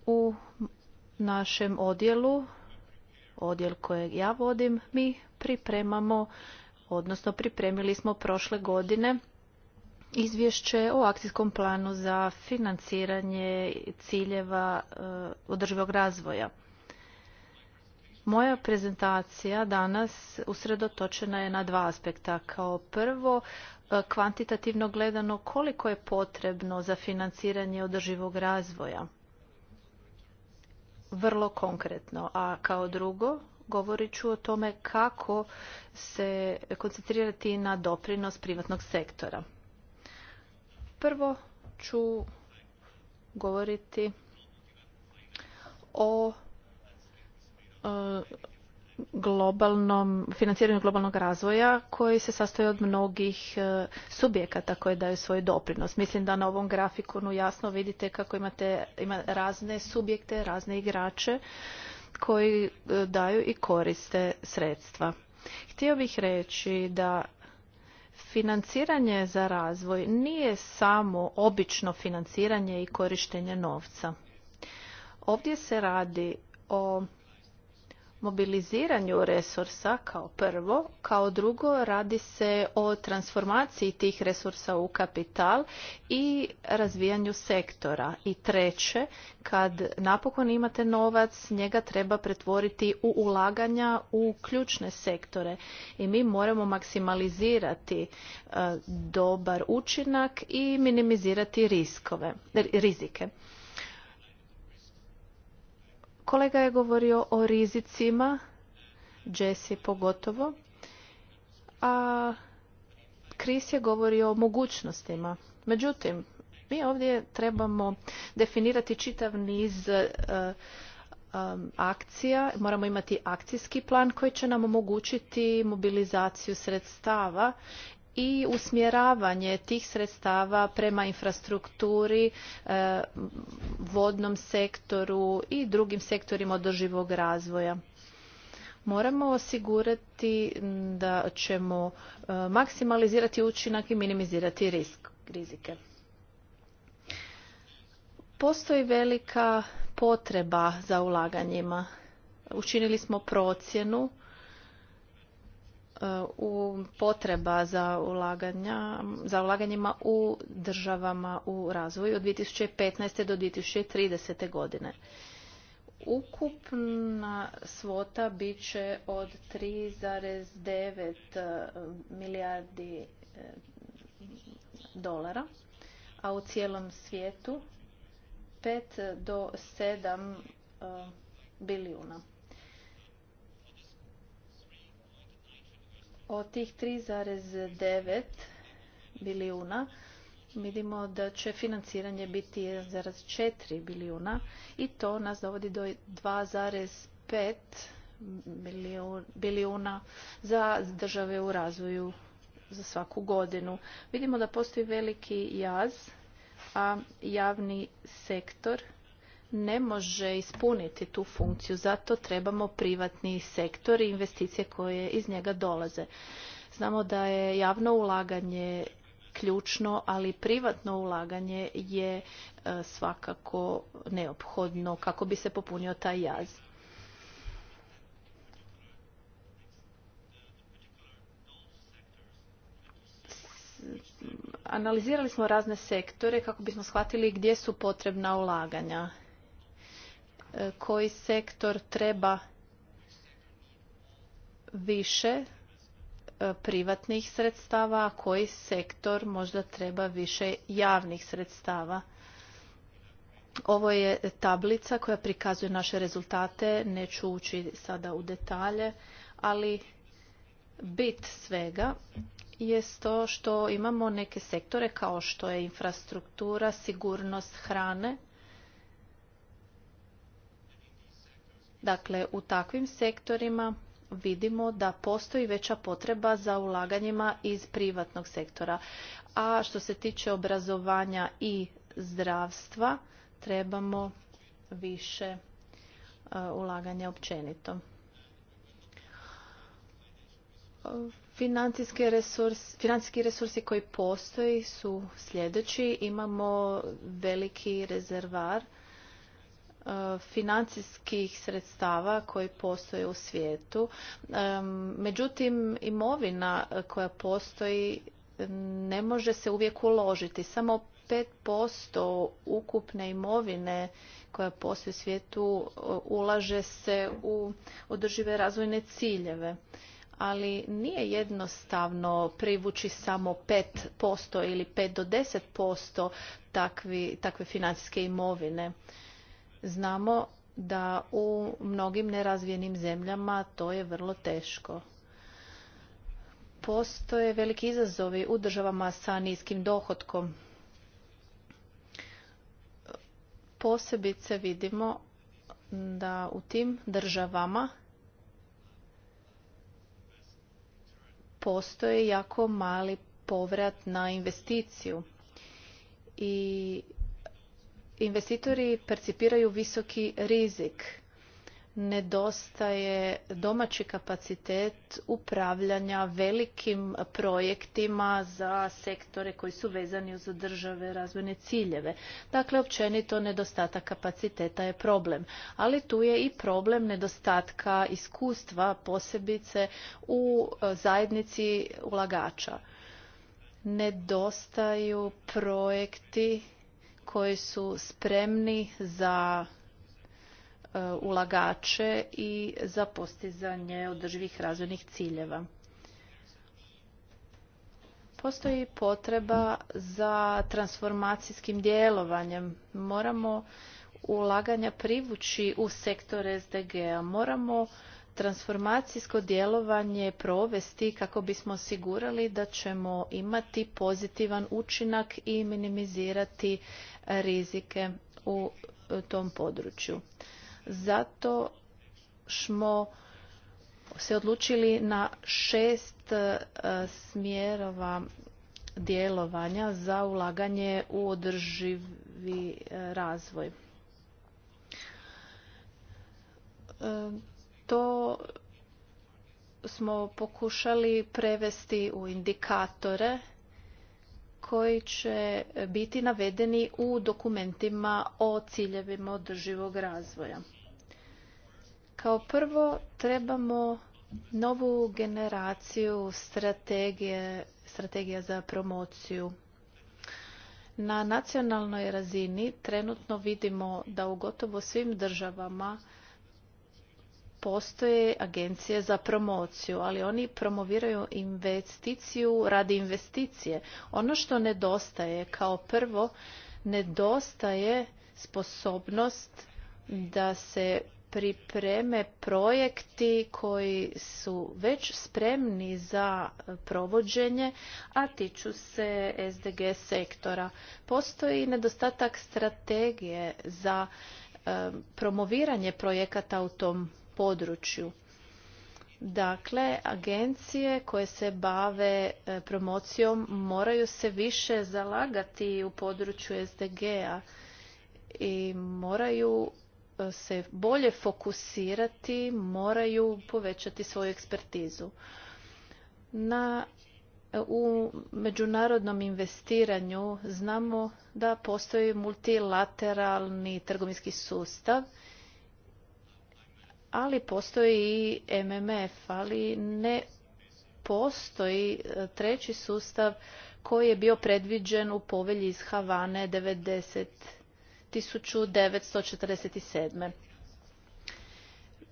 U našem odjelu, odjel kojeg ja vodim, mi pripremamo, odnosno pripremili smo prošle godine izvješće o akcijskom planu za financiranje ciljeva e, održivog razvoja. Moja prezentacija danas usredotočena je na dva aspekta. Kao prvo, e, kvantitativno gledano koliko je potrebno za financiranje održivog razvoja. Vrlo konkretno. A kao drugo, govorit ću o tome kako se koncentrirati na doprinos privatnog sektora. Prvo ću govoriti o E, globalnom, financiranju globalnog razvoja koji se sastoji od mnogih e, subjekata koji daju svoj doprinos. Mislim da na ovom grafikonu jasno vidite kako imate ima razne subjekte, razne igrače koji e, daju i koriste sredstva. Htio bih reći da financiranje za razvoj nije samo obično financiranje i korištenje novca. Ovdje se radi o mobiliziranju resursa kao prvo, kao drugo radi se o transformaciji tih resursa u kapital i razvijanju sektora. I treće, kad napokon imate novac, njega treba pretvoriti u ulaganja u ključne sektore i mi moramo maksimalizirati e, dobar učinak i minimizirati rizike. Kolega je govorio o rizicima, Jesse pogotovo, a Chris je govorio o mogućnostima. Međutim, mi ovdje trebamo definirati čitav niz e, akcija, moramo imati akcijski plan koji će nam omogućiti mobilizaciju sredstava i usmjeravanje tih sredstava prema infrastrukturi, e, vodnom sektoru i drugim sektorima održivog razvoja. Moramo osigurati da ćemo e, maksimalizirati učinak i minimizirati risk, rizike. Postoji velika potreba za ulaganjima. Učinili smo procjenu u potreba za, ulaganja, za ulaganjima u državama u razvoju od 2015. do 2030. godine. Ukupna svota bit će od 3,9 eh, milijardi eh, dolara, a u cijelom svijetu 5 do 7 eh, bilijuna. Od tih 3,9 bilijuna vidimo da će financiranje biti 1,4 bilijuna i to nas dovodi do 2,5 bilijuna za države u razvoju za svaku godinu. Vidimo da postoji veliki jaz, a javni sektor ne može ispuniti tu funkciju. Zato trebamo privatni sektor i investicije koje iz njega dolaze. Znamo da je javno ulaganje ključno, ali privatno ulaganje je e, svakako neophodno kako bi se popunio taj jaz. Analizirali smo razne sektore kako bismo shvatili gdje su potrebna ulaganja E, koji sektor treba više e, privatnih sredstava, a koji sektor možda treba više javnih sredstava. Ovo je tablica koja prikazuje naše rezultate, neću ući sada u detalje, ali bit svega je to što imamo neke sektore kao što je infrastruktura, sigurnost hrane, Dakle, u takvim sektorima vidimo da postoji veća potreba za ulaganjima iz privatnog sektora. A što se tiče obrazovanja i zdravstva, trebamo više e, ulaganja općenito. Financijski resursi koji postoji su sljedeći. Imamo veliki rezervar E, financijskih sredstava koji postoje u svijetu. E, međutim, imovina koja postoji ne može se uvijek uložiti. Samo 5% ukupne imovine koja postoji u svijetu e, ulaže se u održive razvojne ciljeve ali nije jednostavno privući samo 5% ili 5 do 10% posto takve financijske imovine. Znamo da u mnogim nerazvijenim zemljama to je vrlo teško. Postoje veliki izazovi u državama sa niskim dohotkom. Posebice vidimo da u tim državama postoji jako mali povrat na investiciju i investitori percipiraju visoki rizik. Nedostaje domaći kapacitet upravljanja velikim projektima za sektore koji su vezani uz države razvojne ciljeve. Dakle, općenito nedostatak kapaciteta je problem. Ali tu je i problem nedostatka iskustva posebice u zajednici ulagača. Nedostaju projekti koji su spremni za e, ulagače i za postizanje održivih razvojnih ciljeva. Postoji potreba za transformacijskim djelovanjem. Moramo ulaganja privući u sektor SDG-a. Moramo transformacijsko djelovanje provesti kako bismo osigurali da ćemo imati pozitivan učinak i minimizirati rizike u tom području. Zato smo se odlučili na šest e, smjerova djelovanja za ulaganje u održivi e, razvoj e, to smo pokušali prevesti u indikatore koji će biti navedeni u dokumentima o ciljevima održivog razvoja. Kao prvo trebamo novu generaciju strategije, strategija za promociju. Na nacionalnoj razini trenutno vidimo da u gotovo svim državama postoje agencije za promociju, ali oni promoviraju investiciju radi investicije. Ono što nedostaje kao prvo, nedostaje sposobnost da se pripreme projekti koji su već spremni za provođenje, a tiču se SDG sektora. Postoji nedostatak strategije za e, promoviranje projekata u tom području. Dakle, agencije koje se bave e, promocijom moraju se više zalagati u području SDG-a i moraju e, se bolje fokusirati, moraju povećati svoju ekspertizu. Na, e, u međunarodnom investiranju znamo da postoji multilateralni trgovinski sustav ali postoji i MMF, ali ne postoji e, treći sustav koji je bio predviđen u povelji iz Havane 90, 1947.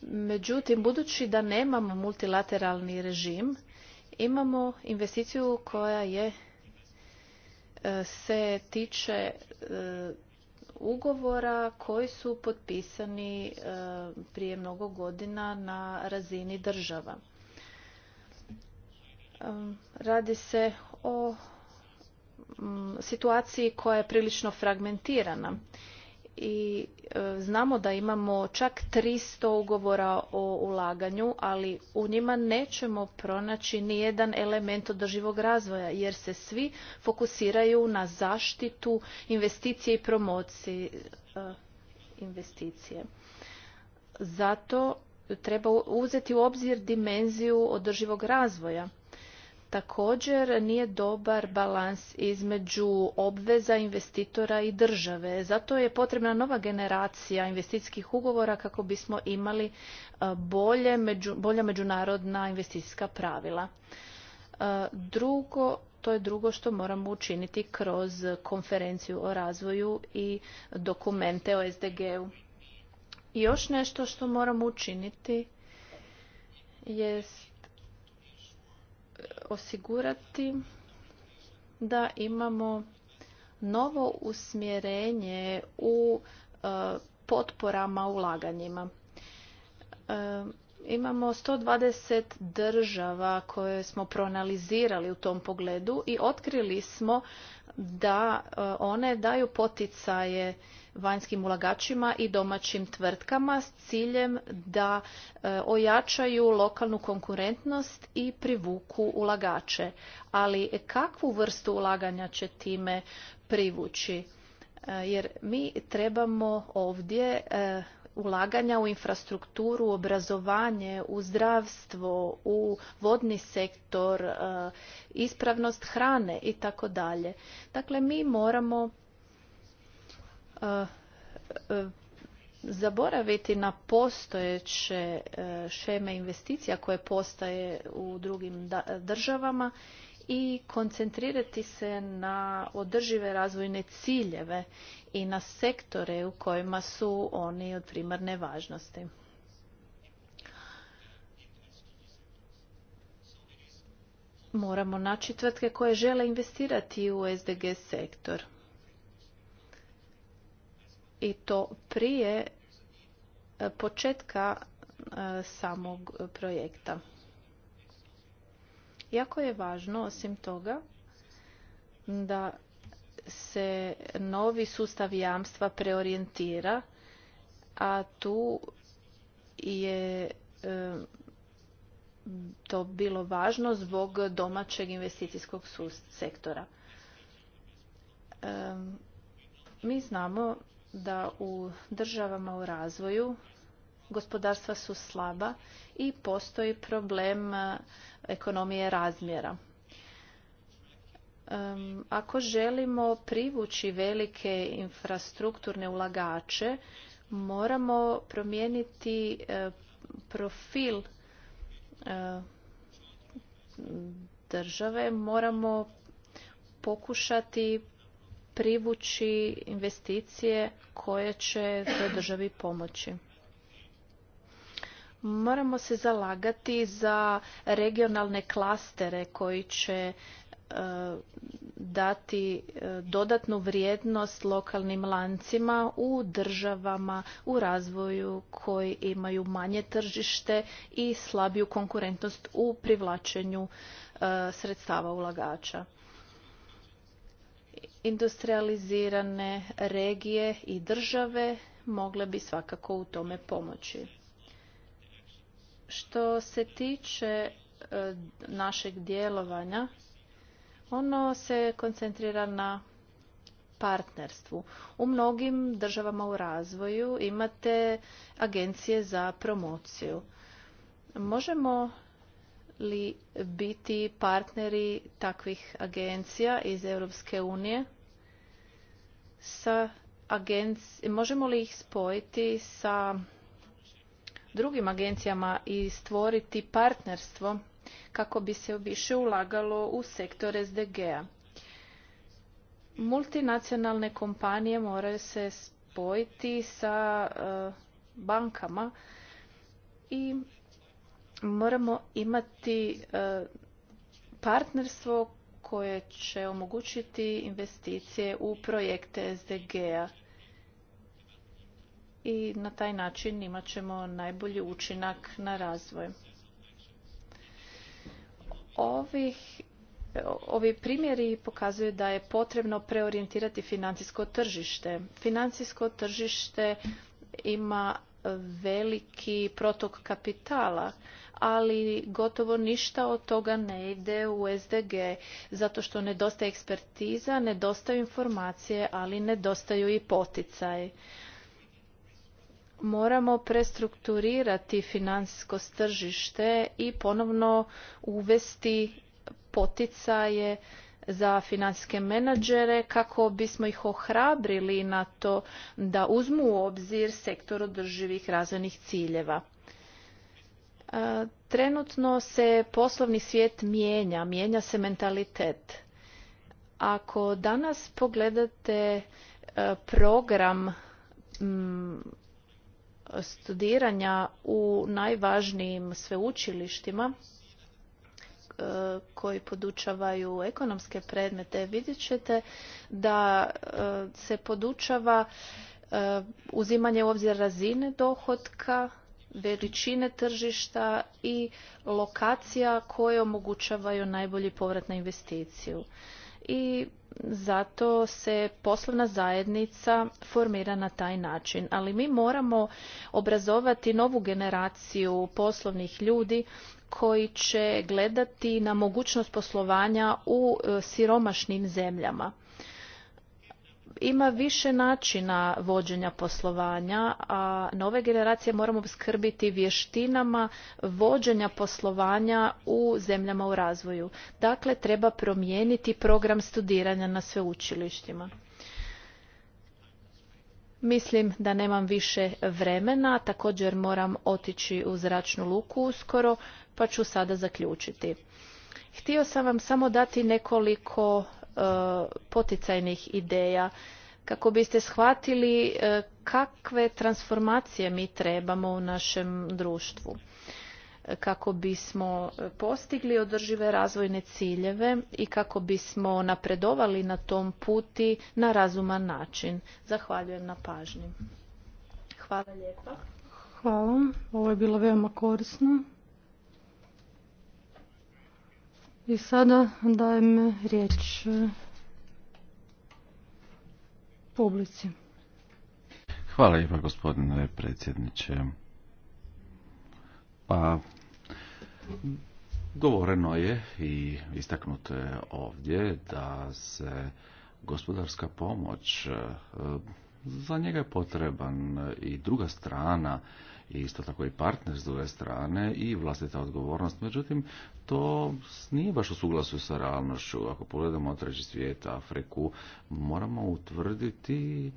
Međutim, budući da nemamo multilateralni režim, imamo investiciju koja je e, se tiče e, ugovora koji su potpisani e, prije mnogo godina na razini država. E, radi se o situaciji koja je prilično fragmentirana i e, znamo da imamo čak 300 ugovora o ulaganju, ali u njima nećemo pronaći nijedan element održivog razvoja, jer se svi fokusiraju na zaštitu investicije i promociji e, investicije. Zato treba uzeti u obzir dimenziju održivog razvoja Također nije dobar balans između obveza investitora i države. Zato je potrebna nova generacija investicijskih ugovora kako bismo imali e, bolje, bolja međunarodna investicijska pravila. E, drugo, to je drugo što moramo učiniti kroz konferenciju o razvoju i dokumente o SDG-u. Još nešto što moramo učiniti jest osigurati da imamo novo usmjerenje u e, potporama ulaganjima. E, imamo 120 država koje smo proanalizirali u tom pogledu i otkrili smo da e, one daju poticaje vanjskim ulagačima i domaćim tvrtkama s ciljem da e, ojačaju lokalnu konkurentnost i privuku ulagače. Ali kakvu vrstu ulaganja će time privući? E, jer mi trebamo ovdje e, ulaganja u infrastrukturu, obrazovanje, u zdravstvo, u vodni sektor, ispravnost hrane i tako dalje. Dakle mi moramo Eh, eh, zaboraviti na postojeće eh, šeme investicija koje postaje u drugim državama i koncentrirati se na održive razvojne ciljeve i na sektore u kojima su oni od primarne važnosti. Moramo naći tvrtke koje žele investirati u SDG sektor i to prije e, početka e, samog projekta. Jako je važno, osim toga, da se novi sustav jamstva preorijentira, a tu je e, to bilo važno zbog domaćeg investicijskog sektora. Mi znamo da u državama u razvoju gospodarstva su slaba i postoji problem e, ekonomije razmjera. Ako želimo privući velike infrastrukturne ulagače, moramo promijeniti e, profil e, države, moramo pokušati privući investicije koje će toj državi pomoći. Moramo se zalagati za regionalne klastere koji će e, dati e, dodatnu vrijednost lokalnim lancima u državama u razvoju koji imaju manje tržište i slabiju konkurentnost u privlačenju e, sredstava ulagača industrializirane regije i države mogle bi svakako u tome pomoći. Što se tiče e, našeg djelovanja, ono se koncentrira na partnerstvu. U mnogim državama u razvoju imate agencije za promociju. Možemo li biti partneri takvih agencija iz Europske unije sa možemo li ih spojiti sa drugim agencijama i stvoriti partnerstvo kako bi se više ulagalo u sektor SDG-a. Multinacionalne kompanije moraju se spojiti sa e, bankama i moramo imati e, partnerstvo koje će omogućiti investicije u projekte SDG-a i na taj način imat ćemo najbolji učinak na razvoj. Ovih, ovi primjeri pokazuju da je potrebno preorijentirati financijsko tržište. Financijsko tržište ima veliki protok kapitala, ali gotovo ništa od toga ne ide u SDG, zato što nedostaje ekspertiza, nedostaju informacije, ali nedostaju i poticaje. Moramo prestrukturirati financijsko tržište i ponovno uvesti poticaje za financijske menadžere kako bismo ih ohrabrili na to da uzmu u obzir sektor održivih razvojnih ciljeva. E, trenutno se poslovni svijet mijenja, mijenja se mentalitet. Ako danas pogledate e, program studiranja u najvažnijim sveučilištima E, koji podučavaju ekonomske predmete, vidjet ćete da e, se podučava e, uzimanje u obzir razine dohotka, veličine tržišta i lokacija koje omogućavaju najbolji povrat na investiciju. I zato se poslovna zajednica formira na taj način. Ali mi moramo obrazovati novu generaciju poslovnih ljudi koji će gledati na mogućnost poslovanja u e, siromašnim zemljama ima više načina vođenja poslovanja, a nove generacije moramo skrbiti vještinama vođenja poslovanja u zemljama u razvoju. Dakle, treba promijeniti program studiranja na sveučilištima. Mislim da nemam više vremena, također moram otići u zračnu luku uskoro, pa ću sada zaključiti. Htio sam vam samo dati nekoliko e, poticajnih ideja kako biste shvatili e, kakve transformacije mi trebamo u našem društvu kako bismo postigli održive razvojne ciljeve i kako bismo napredovali na tom puti na razuman način. Zahvaljujem na pažnji. Hvala lijepa. Hvala. Ovo je bilo veoma korisno. I sada dajem riječ e, publici. Hvala lijepa gospodine predsjedniče. Pa, govoreno je i istaknuto je ovdje da se gospodarska pomoć, e, za njega je potreban i druga strana i isto tako i partner s druge strane i vlastita odgovornost. Međutim, to nije baš u suglasu sa realnošću. Ako pogledamo treći svijet, Afriku, moramo utvrditi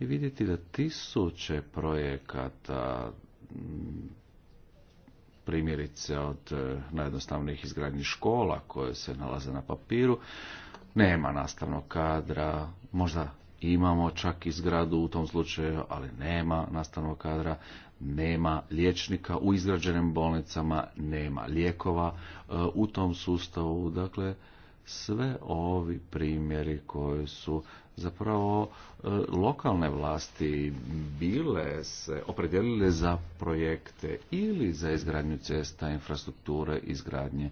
i vidjeti da tisuće projekata mm, primjerice od e, najjednostavnijih izgradnjih škola koje se nalaze na papiru, nema nastavnog kadra, možda imamo čak i zgradu u tom slučaju, ali nema nastavnog kadra, nema liječnika u izgrađenim bolnicama, nema lijekova e, u tom sustavu. Dakle, sve ovi primjeri koji su zapravo e, lokalne vlasti bile se opredijelile za projekte ili za izgradnju cesta, infrastrukture, izgradnje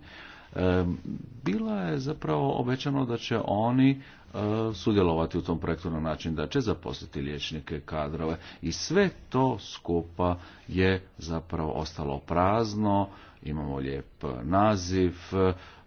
bila je zapravo obećano da će oni e, sudjelovati u tom projektu na način da će zaposliti liječnike, kadrove i sve to skupa je zapravo ostalo prazno imamo lijep naziv,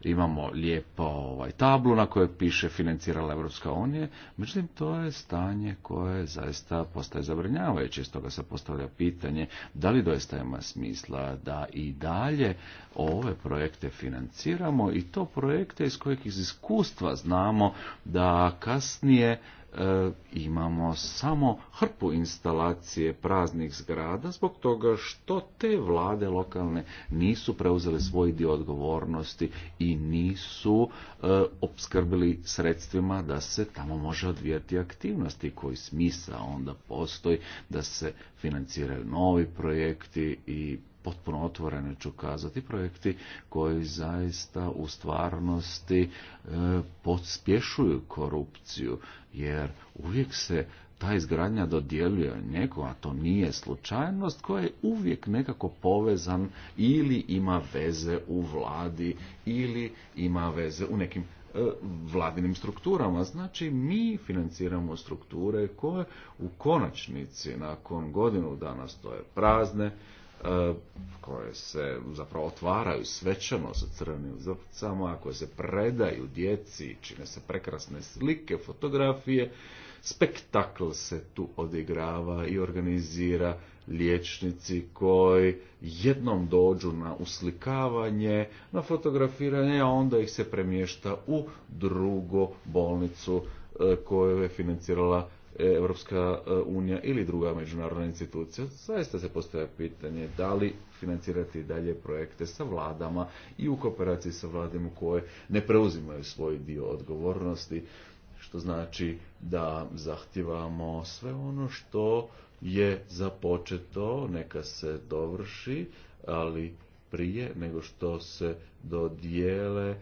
imamo lijepo ovaj, tablu na kojoj piše financirala Europska unija, međutim to je stanje koje zaista postaje zabrinjavajuće, stoga se postavlja pitanje da li doista ima smisla da i dalje ove projekte financiramo i to projekte iz kojih iz iskustva znamo da kasnije E, imamo samo hrpu instalacije praznih zgrada zbog toga što te vlade lokalne nisu preuzele svoj dio odgovornosti i nisu e, opskrbili sredstvima da se tamo može odvijati aktivnosti koji smisa onda postoji da se financiraju novi projekti i potpuno otvorene, ću kazati, projekti koji zaista u stvarnosti e, podspješuju korupciju, jer uvijek se ta izgradnja dodjeljuje nekom, a to nije slučajnost, koja je uvijek nekako povezan ili ima veze u vladi, ili ima veze u nekim e, vladinim strukturama. Znači, mi financiramo strukture koje u konačnici nakon godinu dana stoje prazne, E, koje se zapravo otvaraju svečano sa crvenim zrcama, koje se predaju djeci, čine se prekrasne slike, fotografije. Spektakl se tu odigrava i organizira liječnici koji jednom dođu na uslikavanje, na fotografiranje, a onda ih se premješta u drugu bolnicu e, koju je financirala E, Europska e, unija ili druga međunarodna institucija, zaista se postavlja pitanje da li financirati dalje projekte sa vladama i u kooperaciji sa vladima koje ne preuzimaju svoj dio odgovornosti, što znači da zahtjevamo sve ono što je započeto, neka se dovrši, ali prije nego što se dodijele e,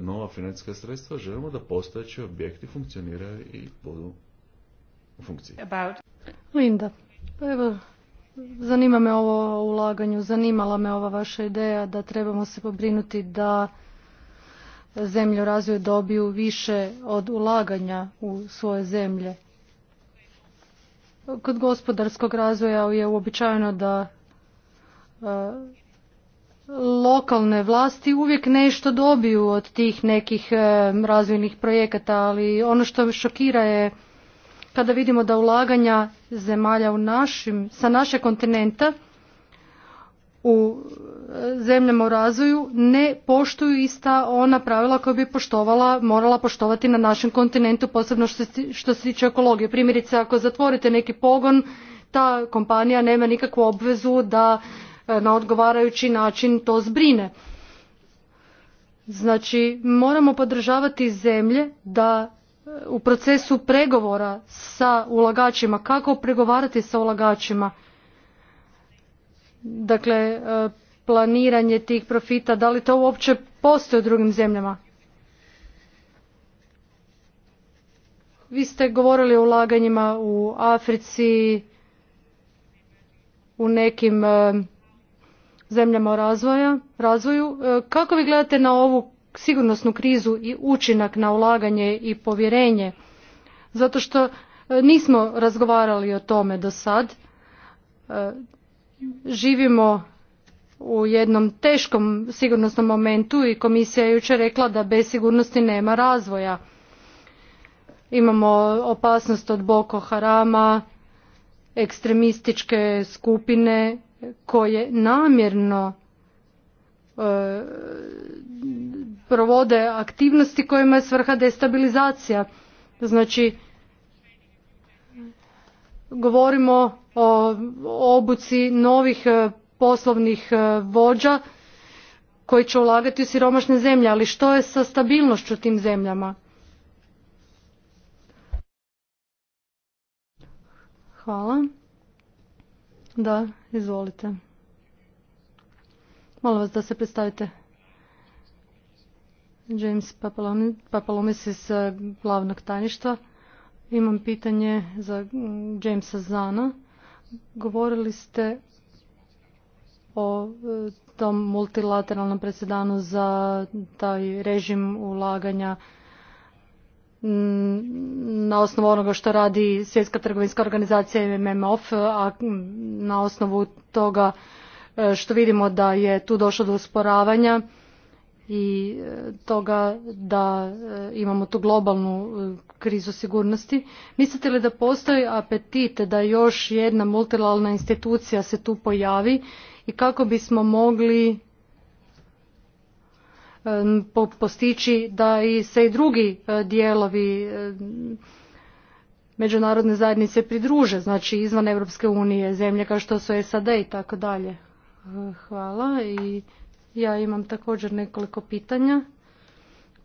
nova financijska sredstva, želimo da postojeći objekti funkcioniraju i budu Linda, pa evo, zanima me ovo ulaganju, zanimala me ova vaša ideja da trebamo se pobrinuti da zemlje u razvoju dobiju više od ulaganja u svoje zemlje. Kod gospodarskog razvoja je uobičajeno da e, lokalne vlasti uvijek nešto dobiju od tih nekih e, razvojnih projekata, ali ono što šokira je kada vidimo da ulaganja zemalja u našim, sa našeg kontinenta u e, zemljama u razvoju ne poštuju ista ona pravila koja bi poštovala, morala poštovati na našem kontinentu, posebno što se tiče ekologije. Primjerice, ako zatvorite neki pogon, ta kompanija nema nikakvu obvezu da e, na odgovarajući način to zbrine. Znači, moramo podržavati zemlje da u procesu pregovora sa ulagačima, kako pregovarati sa ulagačima, dakle e, planiranje tih profita, da li to uopće postoji u drugim zemljama? Vi ste govorili o ulaganjima u Africi, u nekim e, zemljama razvoja, razvoju. E, kako vi gledate na ovu sigurnosnu krizu i učinak na ulaganje i povjerenje zato što e, nismo razgovarali o tome do sad e, živimo u jednom teškom sigurnosnom momentu i komisija je jučer rekla da bez sigurnosti nema razvoja imamo opasnost od Boko Harama ekstremističke skupine koje namjerno e, provode aktivnosti kojima je svrha destabilizacija. Znači, govorimo o obuci novih e, poslovnih e, vođa koji će ulagati u siromašne zemlje, ali što je sa stabilnošću tim zemljama? Hvala. Da, izvolite. Molim vas da se predstavite. James Papalomis iz eh, glavnog tajništva. Imam pitanje za mm, Jamesa Zana. Govorili ste o eh, tom multilateralnom predsjedanu za taj režim ulaganja mm, na osnovu onoga što radi Svjetska trgovinska organizacija MMOF, a mm, na osnovu toga eh, što vidimo da je tu došlo do usporavanja i e, toga da e, imamo tu globalnu e, krizu sigurnosti. Mislite li da postoji apetit da još jedna multilalna institucija se tu pojavi i kako bismo mogli postići da i se i drugi dijelovi međunarodne zajednice pridruže, znači izvan Europske unije, zemlje kao što su SAD i tako dalje. Hvala i ja imam također nekoliko pitanja.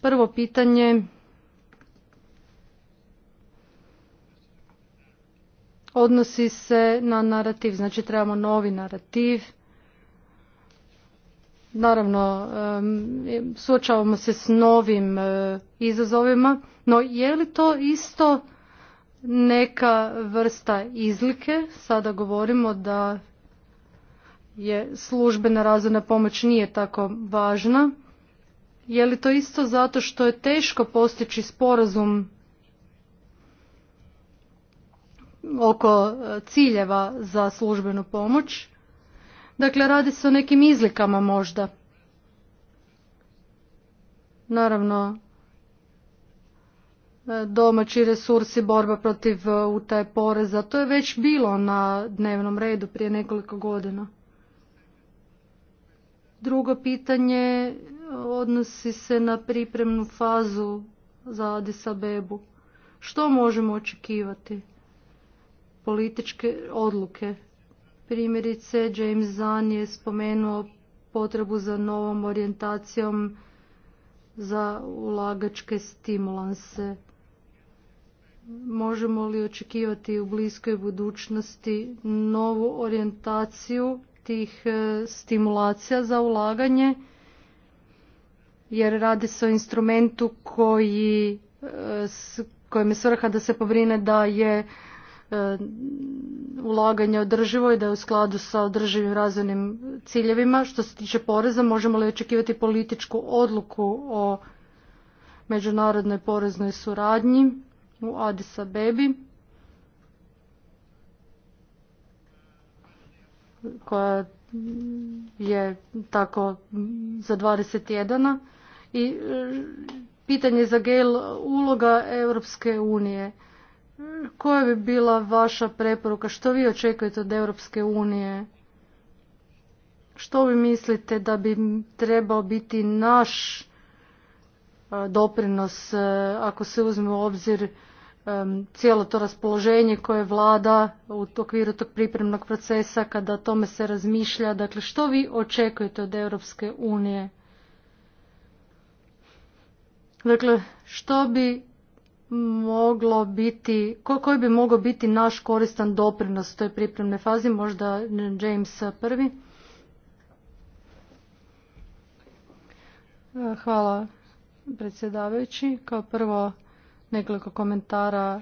Prvo pitanje odnosi se na narativ, znači trebamo novi narativ. Naravno, suočavamo se s novim e, izazovima, no je li to isto neka vrsta izlike? Sada govorimo da je službena razvojna pomoć nije tako važna. Je li to isto zato što je teško postići sporazum oko e, ciljeva za službenu pomoć? Dakle, radi se o nekim izlikama možda. Naravno, e, domaći resursi, borba protiv e, utaje poreza, to je već bilo na dnevnom redu prije nekoliko godina. Drugo pitanje odnosi se na pripremnu fazu za Addis Abebu. Što možemo očekivati? Političke odluke. Primjerice, James Zan je spomenuo potrebu za novom orijentacijom za ulagačke stimulanse. Možemo li očekivati u bliskoj budućnosti novu orijentaciju tih e, stimulacija za ulaganje jer radi se o instrumentu koji e, kojem je svrha da se pobrine da je e, ulaganje održivo i da je u skladu sa održivim razvojnim ciljevima. Što se tiče poreza, možemo li očekivati političku odluku o međunarodnoj poreznoj suradnji u Adisa Bebi? koja je tako za 21 i e, pitanje za gel uloga Europske unije. Koja bi bila vaša preporuka? Što vi očekujete od Europske unije? Što vi mislite da bi trebao biti naš e, doprinos e, ako se uzme u obzir cijelo to raspoloženje koje vlada u okviru tog pripremnog procesa kada o tome se razmišlja. Dakle, što vi očekujete od Europske unije? Dakle, što bi moglo biti, koji bi mogao biti naš koristan doprinos toj pripremnoj fazi, možda James prvi? Hvala predsjedavajući. Kao prvo nekoliko komentara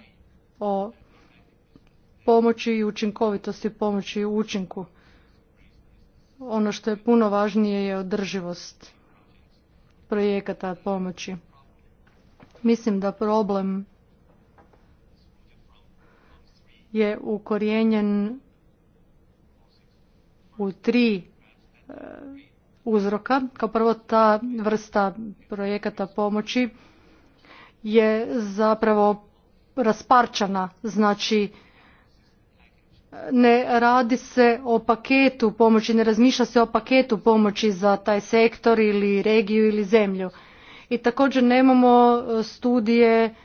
o pomoći i učinkovitosti pomoći i učinku. Ono što je puno važnije je održivost projekata pomoći. Mislim da problem je ukorijenjen u tri e, uzroka. Kao prvo ta vrsta projekata pomoći je zapravo rasparčana, znači ne radi se o paketu pomoći, ne razmišlja se o paketu pomoći za taj sektor ili regiju ili zemlju. I također nemamo e, studije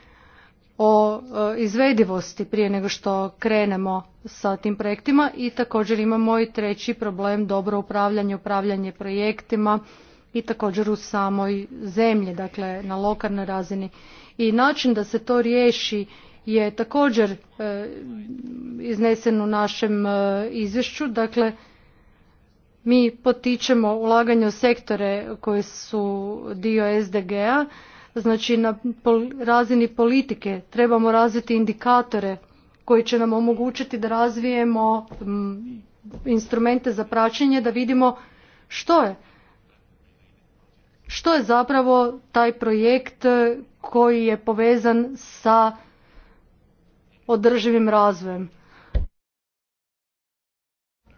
o e, izvedivosti prije nego što krenemo sa tim projektima i također imamo i treći problem dobro upravljanje, upravljanje projektima i također u samoj zemlji, dakle na lokalnoj razini i način da se to riješi je također e, iznesen u našem e, izvješću. Dakle, mi potičemo ulaganje u sektore koji su dio SDG-a, znači na razini politike trebamo razviti indikatore koji će nam omogućiti da razvijemo instrumente za praćenje da vidimo što je što je zapravo taj projekt eh, koji je povezan sa održivim razvojem.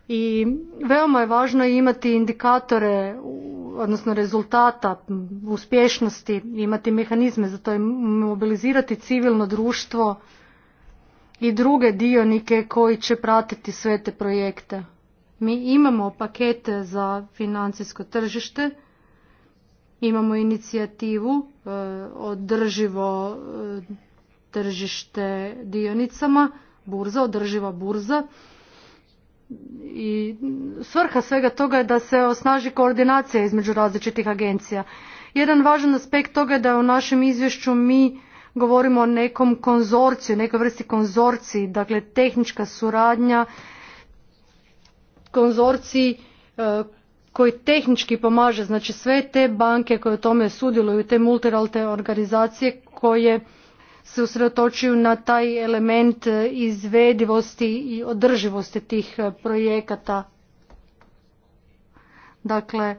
I veoma je važno imati indikatore, odnosno rezultata, uspješnosti, imati mehanizme za to i mobilizirati civilno društvo i druge dionike koji će pratiti sve te projekte. Mi imamo pakete za financijsko tržište, Imamo inicijativu e, održivo e, tržište dionicama, burza, održiva burza. I svrha svega toga je da se osnaži koordinacija između različitih agencija. Jedan važan aspekt toga je da u našem izvješću mi govorimo o nekom konzorciju, nekoj vrsti konzorciji, dakle tehnička suradnja, konzorciji e, koji tehnički pomaže, znači sve te banke koje u tome sudjeluju, te multilateralne organizacije koje se usredotočuju na taj element e, izvedivosti i održivosti tih e, projekata. Dakle,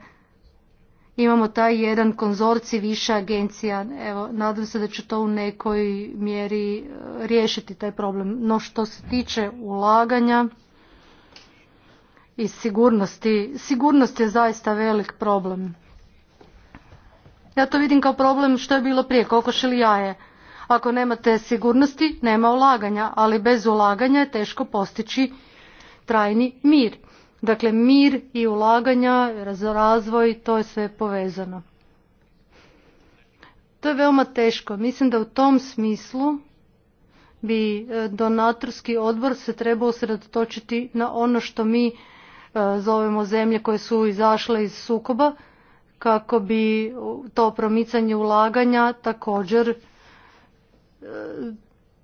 imamo taj jedan konzorci više agencija. Evo, nadam se da će to u nekoj mjeri e, riješiti taj problem. No što se tiče ulaganja, i sigurnosti. Sigurnost je zaista velik problem. Ja to vidim kao problem što je bilo prije, kokoš ili jaje. Ako nemate sigurnosti, nema ulaganja, ali bez ulaganja je teško postići trajni mir. Dakle, mir i ulaganja, razvoj, to je sve povezano. To je veoma teško. Mislim da u tom smislu bi e, donatorski odbor se trebao usredotočiti na ono što mi E, zovemo zemlje koje su izašle iz sukoba kako bi to promicanje ulaganja također e,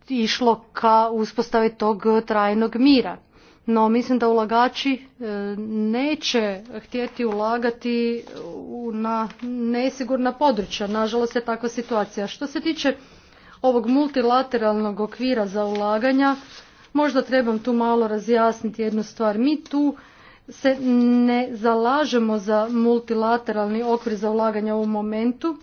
išlo ka uspostavi tog trajnog mira. No mislim da ulagači e, neće htjeti ulagati na nesigurna područja. Nažalost je takva situacija. Što se tiče ovog multilateralnog okvira za ulaganja, možda trebam tu malo razjasniti jednu stvar. Mi tu se ne zalažemo za multilateralni okvir za ulaganje u ovom momentu,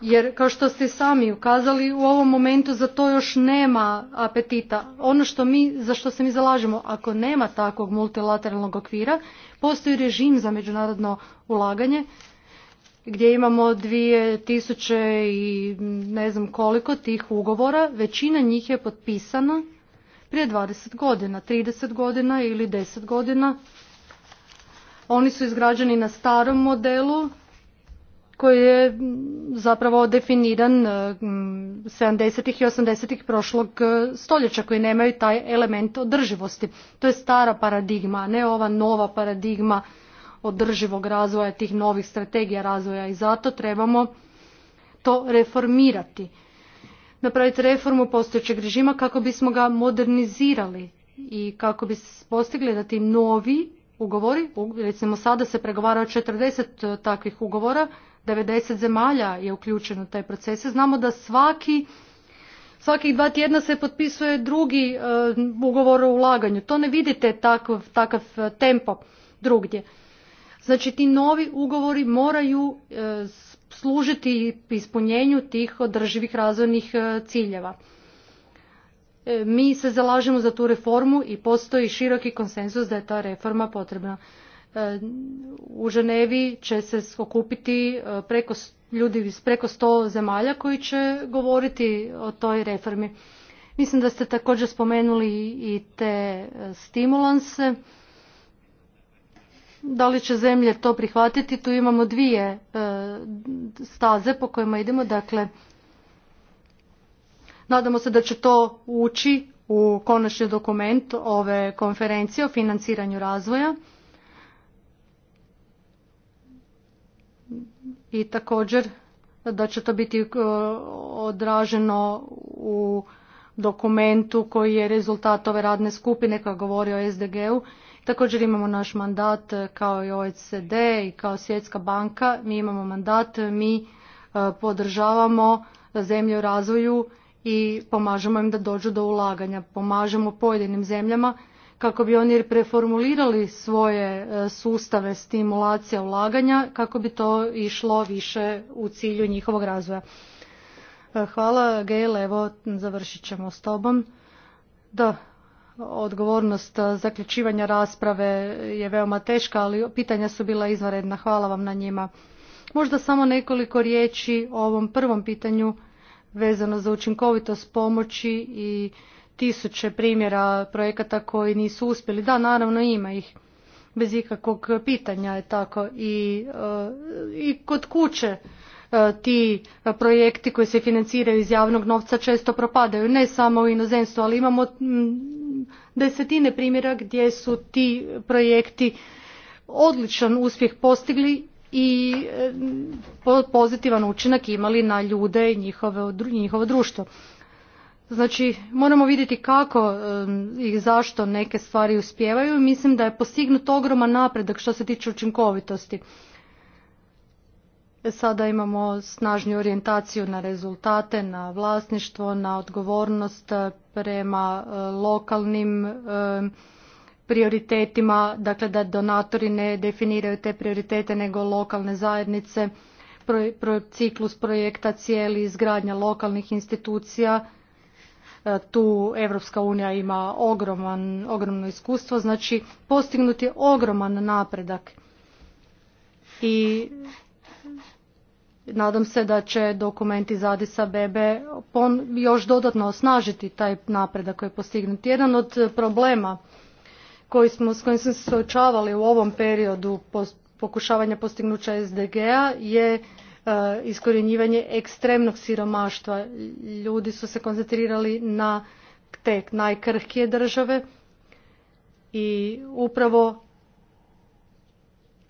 jer kao što ste sami ukazali u ovom momentu za to još nema apetita. Ono što mi, za što se mi zalažemo, ako nema takvog multilateralnog okvira, postoji režim za međunarodno ulaganje gdje imamo dvije tisuće i ne znam koliko tih ugovora, većina njih je potpisana prije 20 godina, 30 godina ili 10 godina. Oni su izgrađeni na starom modelu koji je zapravo definiran 70. E, i 80. prošlog e, stoljeća koji nemaju taj element održivosti. To je stara paradigma, a ne ova nova paradigma održivog razvoja tih novih strategija razvoja i zato trebamo to reformirati napraviti reformu postojećeg režima kako bismo ga modernizirali i kako bi postigli da ti novi ugovori, recimo sada se pregovara o 40 e, takvih ugovora, 90 zemalja je uključeno u taj proces. Znamo da svaki Svakih dva tjedna se potpisuje drugi e, ugovor o ulaganju. To ne vidite takav, e, tempo drugdje. Znači ti novi ugovori moraju e, služiti ispunjenju tih održivih razvojnih e, ciljeva. E, mi se zalažemo za tu reformu i postoji široki konsenzus da je ta reforma potrebna. E, u Ženevi će se okupiti preko, ljudi iz preko sto zemalja koji će govoriti o toj reformi. Mislim da ste također spomenuli i te stimulanse da li će zemlje to prihvatiti tu imamo dvije e, staze po kojima idemo dakle nadamo se da će to ući u konačni dokument ove konferencije o financiranju razvoja i također da će to biti e, odraženo u dokumentu koji je rezultat ove radne skupine koja govori o SDG-u Također imamo naš mandat e, kao i OECD i kao Svjetska banka. Mi imamo mandat, mi e, podržavamo zemlje u razvoju i pomažemo im da dođu do ulaganja. Pomažemo pojedinim zemljama kako bi oni preformulirali svoje e, sustave stimulacija ulaganja kako bi to išlo više u cilju njihovog razvoja. Hvala Gail, evo završit ćemo s tobom. Da, odgovornost zaključivanja rasprave je veoma teška, ali pitanja su bila izvanredna. Hvala vam na njima. Možda samo nekoliko riječi o ovom prvom pitanju vezano za učinkovitost pomoći i tisuće primjera projekata koji nisu uspjeli. Da, naravno ima ih. Bez ikakvog pitanja je tako. I, e, i kod kuće e, ti projekti koji se financiraju iz javnog novca često propadaju ne samo u inozemstvu ali imamo desetine primjera gdje su ti projekti odličan uspjeh postigli i e, pozitivan učinak imali na ljude i njihovo, društvo. Znači, moramo vidjeti kako e, i zašto neke stvari uspijevaju i mislim da je postignut ogroman napredak što se tiče učinkovitosti. Sada imamo snažnju orijentaciju na rezultate, na vlasništvo, na odgovornost e, prema e, lokalnim e, prioritetima, dakle da donatori ne definiraju te prioritete nego lokalne zajednice, ciklus projekta cijeli, izgradnja lokalnih institucija, tu Europska unija ima ogromno iskustvo, znači postignut je ogroman napredak. I Nadam se da će dokumenti iz Adisa Bebe još dodatno osnažiti taj napredak koji je postignut. Jedan od problema koji smo, s kojim smo se suočavali u ovom periodu pokušavanja postignuća SDG-a je e, iskorjenjivanje ekstremnog siromaštva. Ljudi su se koncentrirali na te najkrhkije države i upravo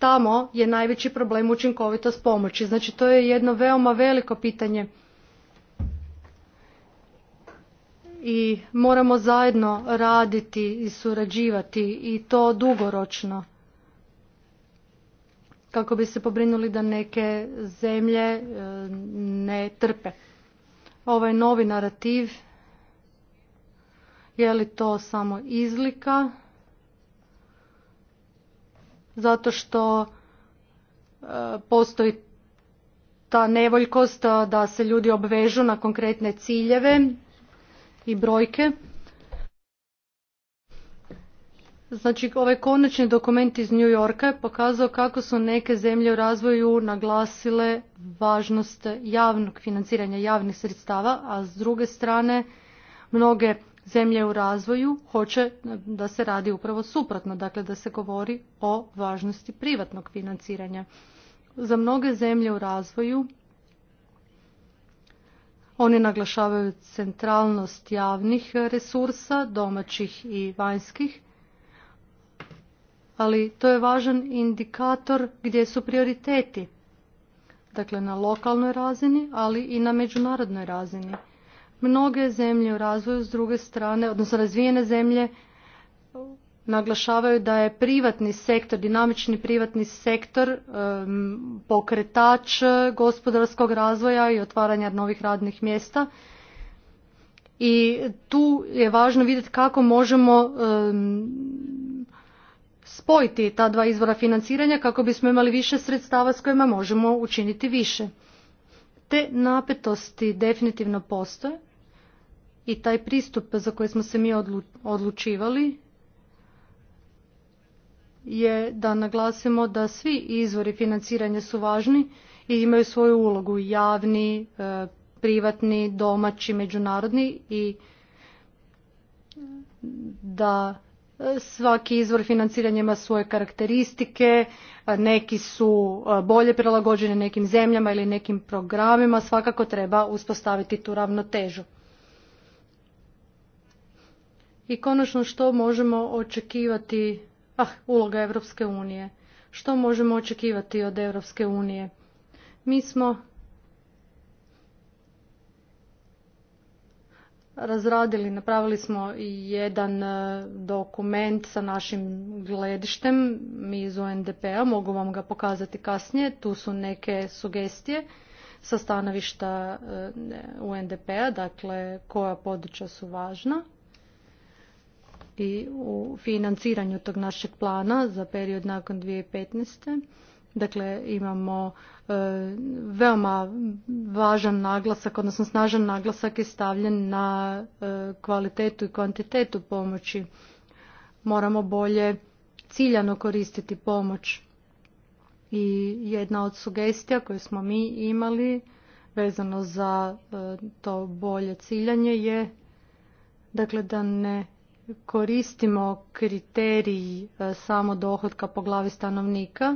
tamo je najveći problem učinkovitost pomoći. Znači to je jedno veoma veliko pitanje. I moramo zajedno raditi i surađivati i to dugoročno kako bi se pobrinuli da neke zemlje e, ne trpe. Ovaj novi narativ je li to samo izlika zato što e, postoji ta nevoljkost da se ljudi obvežu na konkretne ciljeve i brojke. Znači, ovaj konačni dokument iz New Yorka je pokazao kako su neke zemlje u razvoju naglasile važnost javnog financiranja javnih sredstava, a s druge strane mnoge zemlje u razvoju hoće da se radi upravo suprotno, dakle da se govori o važnosti privatnog financiranja. Za mnoge zemlje u razvoju oni naglašavaju centralnost javnih resursa, domaćih i vanjskih, ali to je važan indikator gdje su prioriteti, dakle na lokalnoj razini, ali i na međunarodnoj razini. Mnoge zemlje u razvoju s druge strane, odnosno razvijene zemlje, naglašavaju da je privatni sektor, dinamični privatni sektor pokretač gospodarskog razvoja i otvaranja novih radnih mjesta. I tu je važno vidjeti kako možemo spojiti ta dva izvora financiranja kako bismo imali više sredstava s kojima možemo učiniti više. Te napetosti definitivno postoje i taj pristup za koji smo se mi odlučivali je da naglasimo da svi izvori financiranja su važni i imaju svoju ulogu javni, e, privatni, domaći, međunarodni i da e, svaki izvor financiranja ima svoje karakteristike, neki su e, bolje prilagođeni nekim zemljama ili nekim programima, svakako treba uspostaviti tu ravnotežu. I konačno što možemo očekivati, ah, uloga Europske unije. Što možemo očekivati od Europske unije? Mi smo razradili, napravili smo jedan e, dokument sa našim gledištem, mi iz UNDP-a, mogu vam ga pokazati kasnije, tu su neke sugestije sa stanovišta e, UNDP-a, dakle koja područja su važna i u financiranju tog našeg plana za period nakon 2015. Dakle, imamo e, veoma važan naglasak, odnosno snažan naglasak je stavljen na e, kvalitetu i kvantitetu pomoći. Moramo bolje ciljano koristiti pomoć. I jedna od sugestija koju smo mi imali vezano za e, to bolje ciljanje je dakle da ne koristimo kriterij e, samo dohodka po glavi stanovnika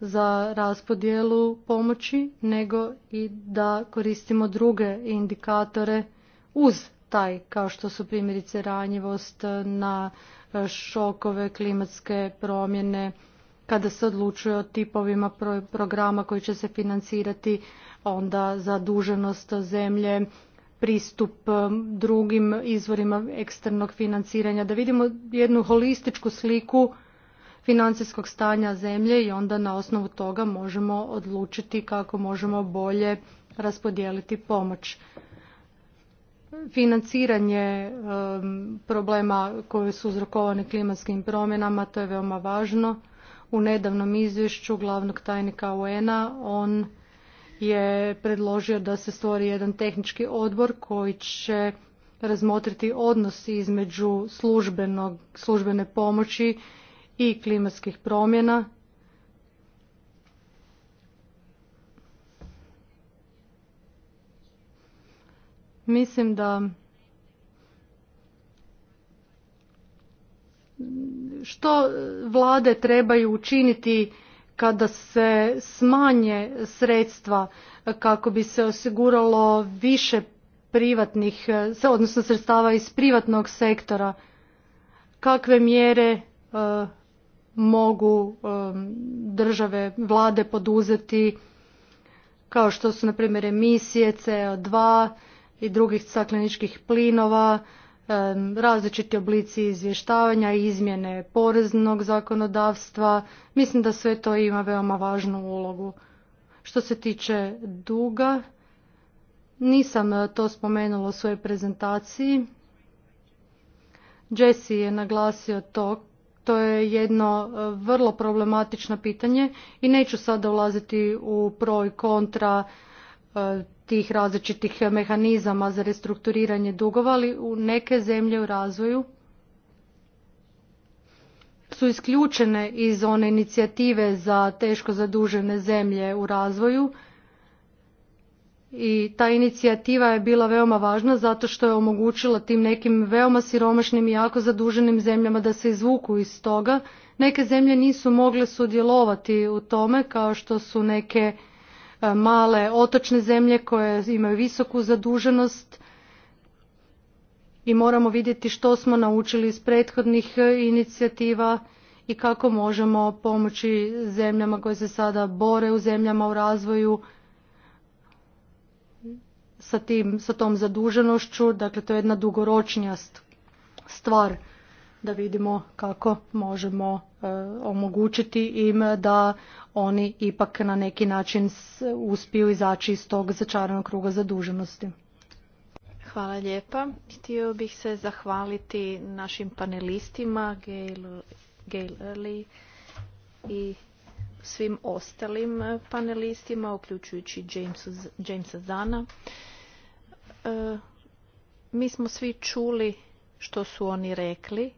za raspodjelu pomoći, nego i da koristimo druge indikatore uz taj, kao što su primjerice ranjivost e, na e, šokove, klimatske promjene, kada se odlučuje o tipovima programa koji će se financirati, onda zaduženost zemlje, pristup um, drugim izvorima eksternog financiranja, da vidimo jednu holističku sliku financijskog stanja zemlje i onda na osnovu toga možemo odlučiti kako možemo bolje raspodijeliti pomoć. Financiranje um, problema koje su uzrokovane klimatskim promjenama, to je veoma važno. U nedavnom izvješću glavnog tajnika UN-a on je predložio da se stvori jedan tehnički odbor koji će razmotriti odnos između službene pomoći i klimatskih promjena. Mislim da što vlade trebaju učiniti kada se smanje sredstva kako bi se osiguralo više privatnih, odnosno sredstava iz privatnog sektora, kakve mjere e, mogu e, države, vlade poduzeti, kao što su na primjer emisije CO2 i drugih stakleničkih plinova, različiti oblici izvještavanja, i izmjene poreznog zakonodavstva. Mislim da sve to ima veoma važnu ulogu. Što se tiče duga, nisam to spomenula u svojoj prezentaciji. Jesse je naglasio to. To je jedno e, vrlo problematično pitanje i neću sada ulaziti u pro i kontra e, tih različitih mehanizama za restrukturiranje dugova, ali u neke zemlje u razvoju su isključene iz one inicijative za teško zadužene zemlje u razvoju i ta inicijativa je bila veoma važna zato što je omogućila tim nekim veoma siromašnim i jako zaduženim zemljama da se izvuku iz toga. Neke zemlje nisu mogle sudjelovati u tome kao što su neke E, male otočne zemlje koje imaju visoku zaduženost i moramo vidjeti što smo naučili iz prethodnih e, inicijativa i kako možemo pomoći zemljama koje se sada bore u zemljama u razvoju sa, tim, sa tom zaduženošću. Dakle, to je jedna dugoročnija stvar da vidimo kako možemo e, omogućiti im da oni ipak na neki način uspiju izaći iz tog začaranog kruga zaduženosti. Hvala lijepa. Htio bih se zahvaliti našim panelistima, Gail, Gail Early i svim ostalim panelistima, uključujući Jamesa, Jamesa Zana. E, mi smo svi čuli što su oni rekli.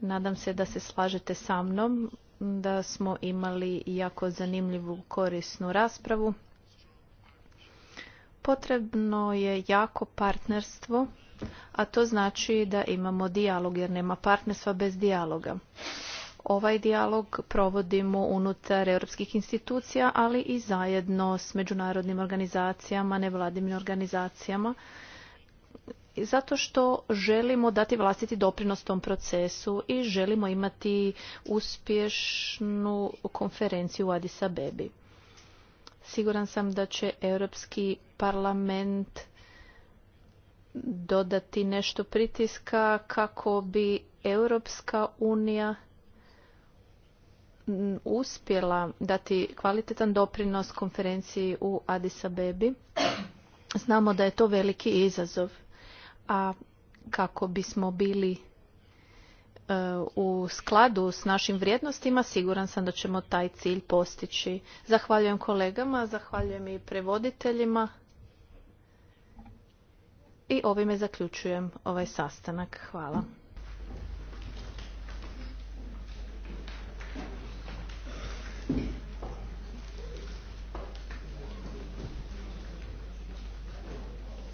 Nadam se da se slažete sa mnom da smo imali jako zanimljivu korisnu raspravu. Potrebno je jako partnerstvo, a to znači da imamo dijalog jer nema partnerstva bez dijaloga. Ovaj dijalog provodimo unutar europskih institucija, ali i zajedno s međunarodnim organizacijama, nevladinim organizacijama zato što želimo dati vlastiti doprinos tom procesu i želimo imati uspješnu konferenciju u Addis Abebi. Siguran sam da će Europski parlament dodati nešto pritiska kako bi Europska unija uspjela dati kvalitetan doprinos konferenciji u Addis Abebi. Znamo da je to veliki izazov a kako bismo bili e, u skladu s našim vrijednostima, siguran sam da ćemo taj cilj postići. Zahvaljujem kolegama, zahvaljujem i prevoditeljima i ovime zaključujem ovaj sastanak. Hvala.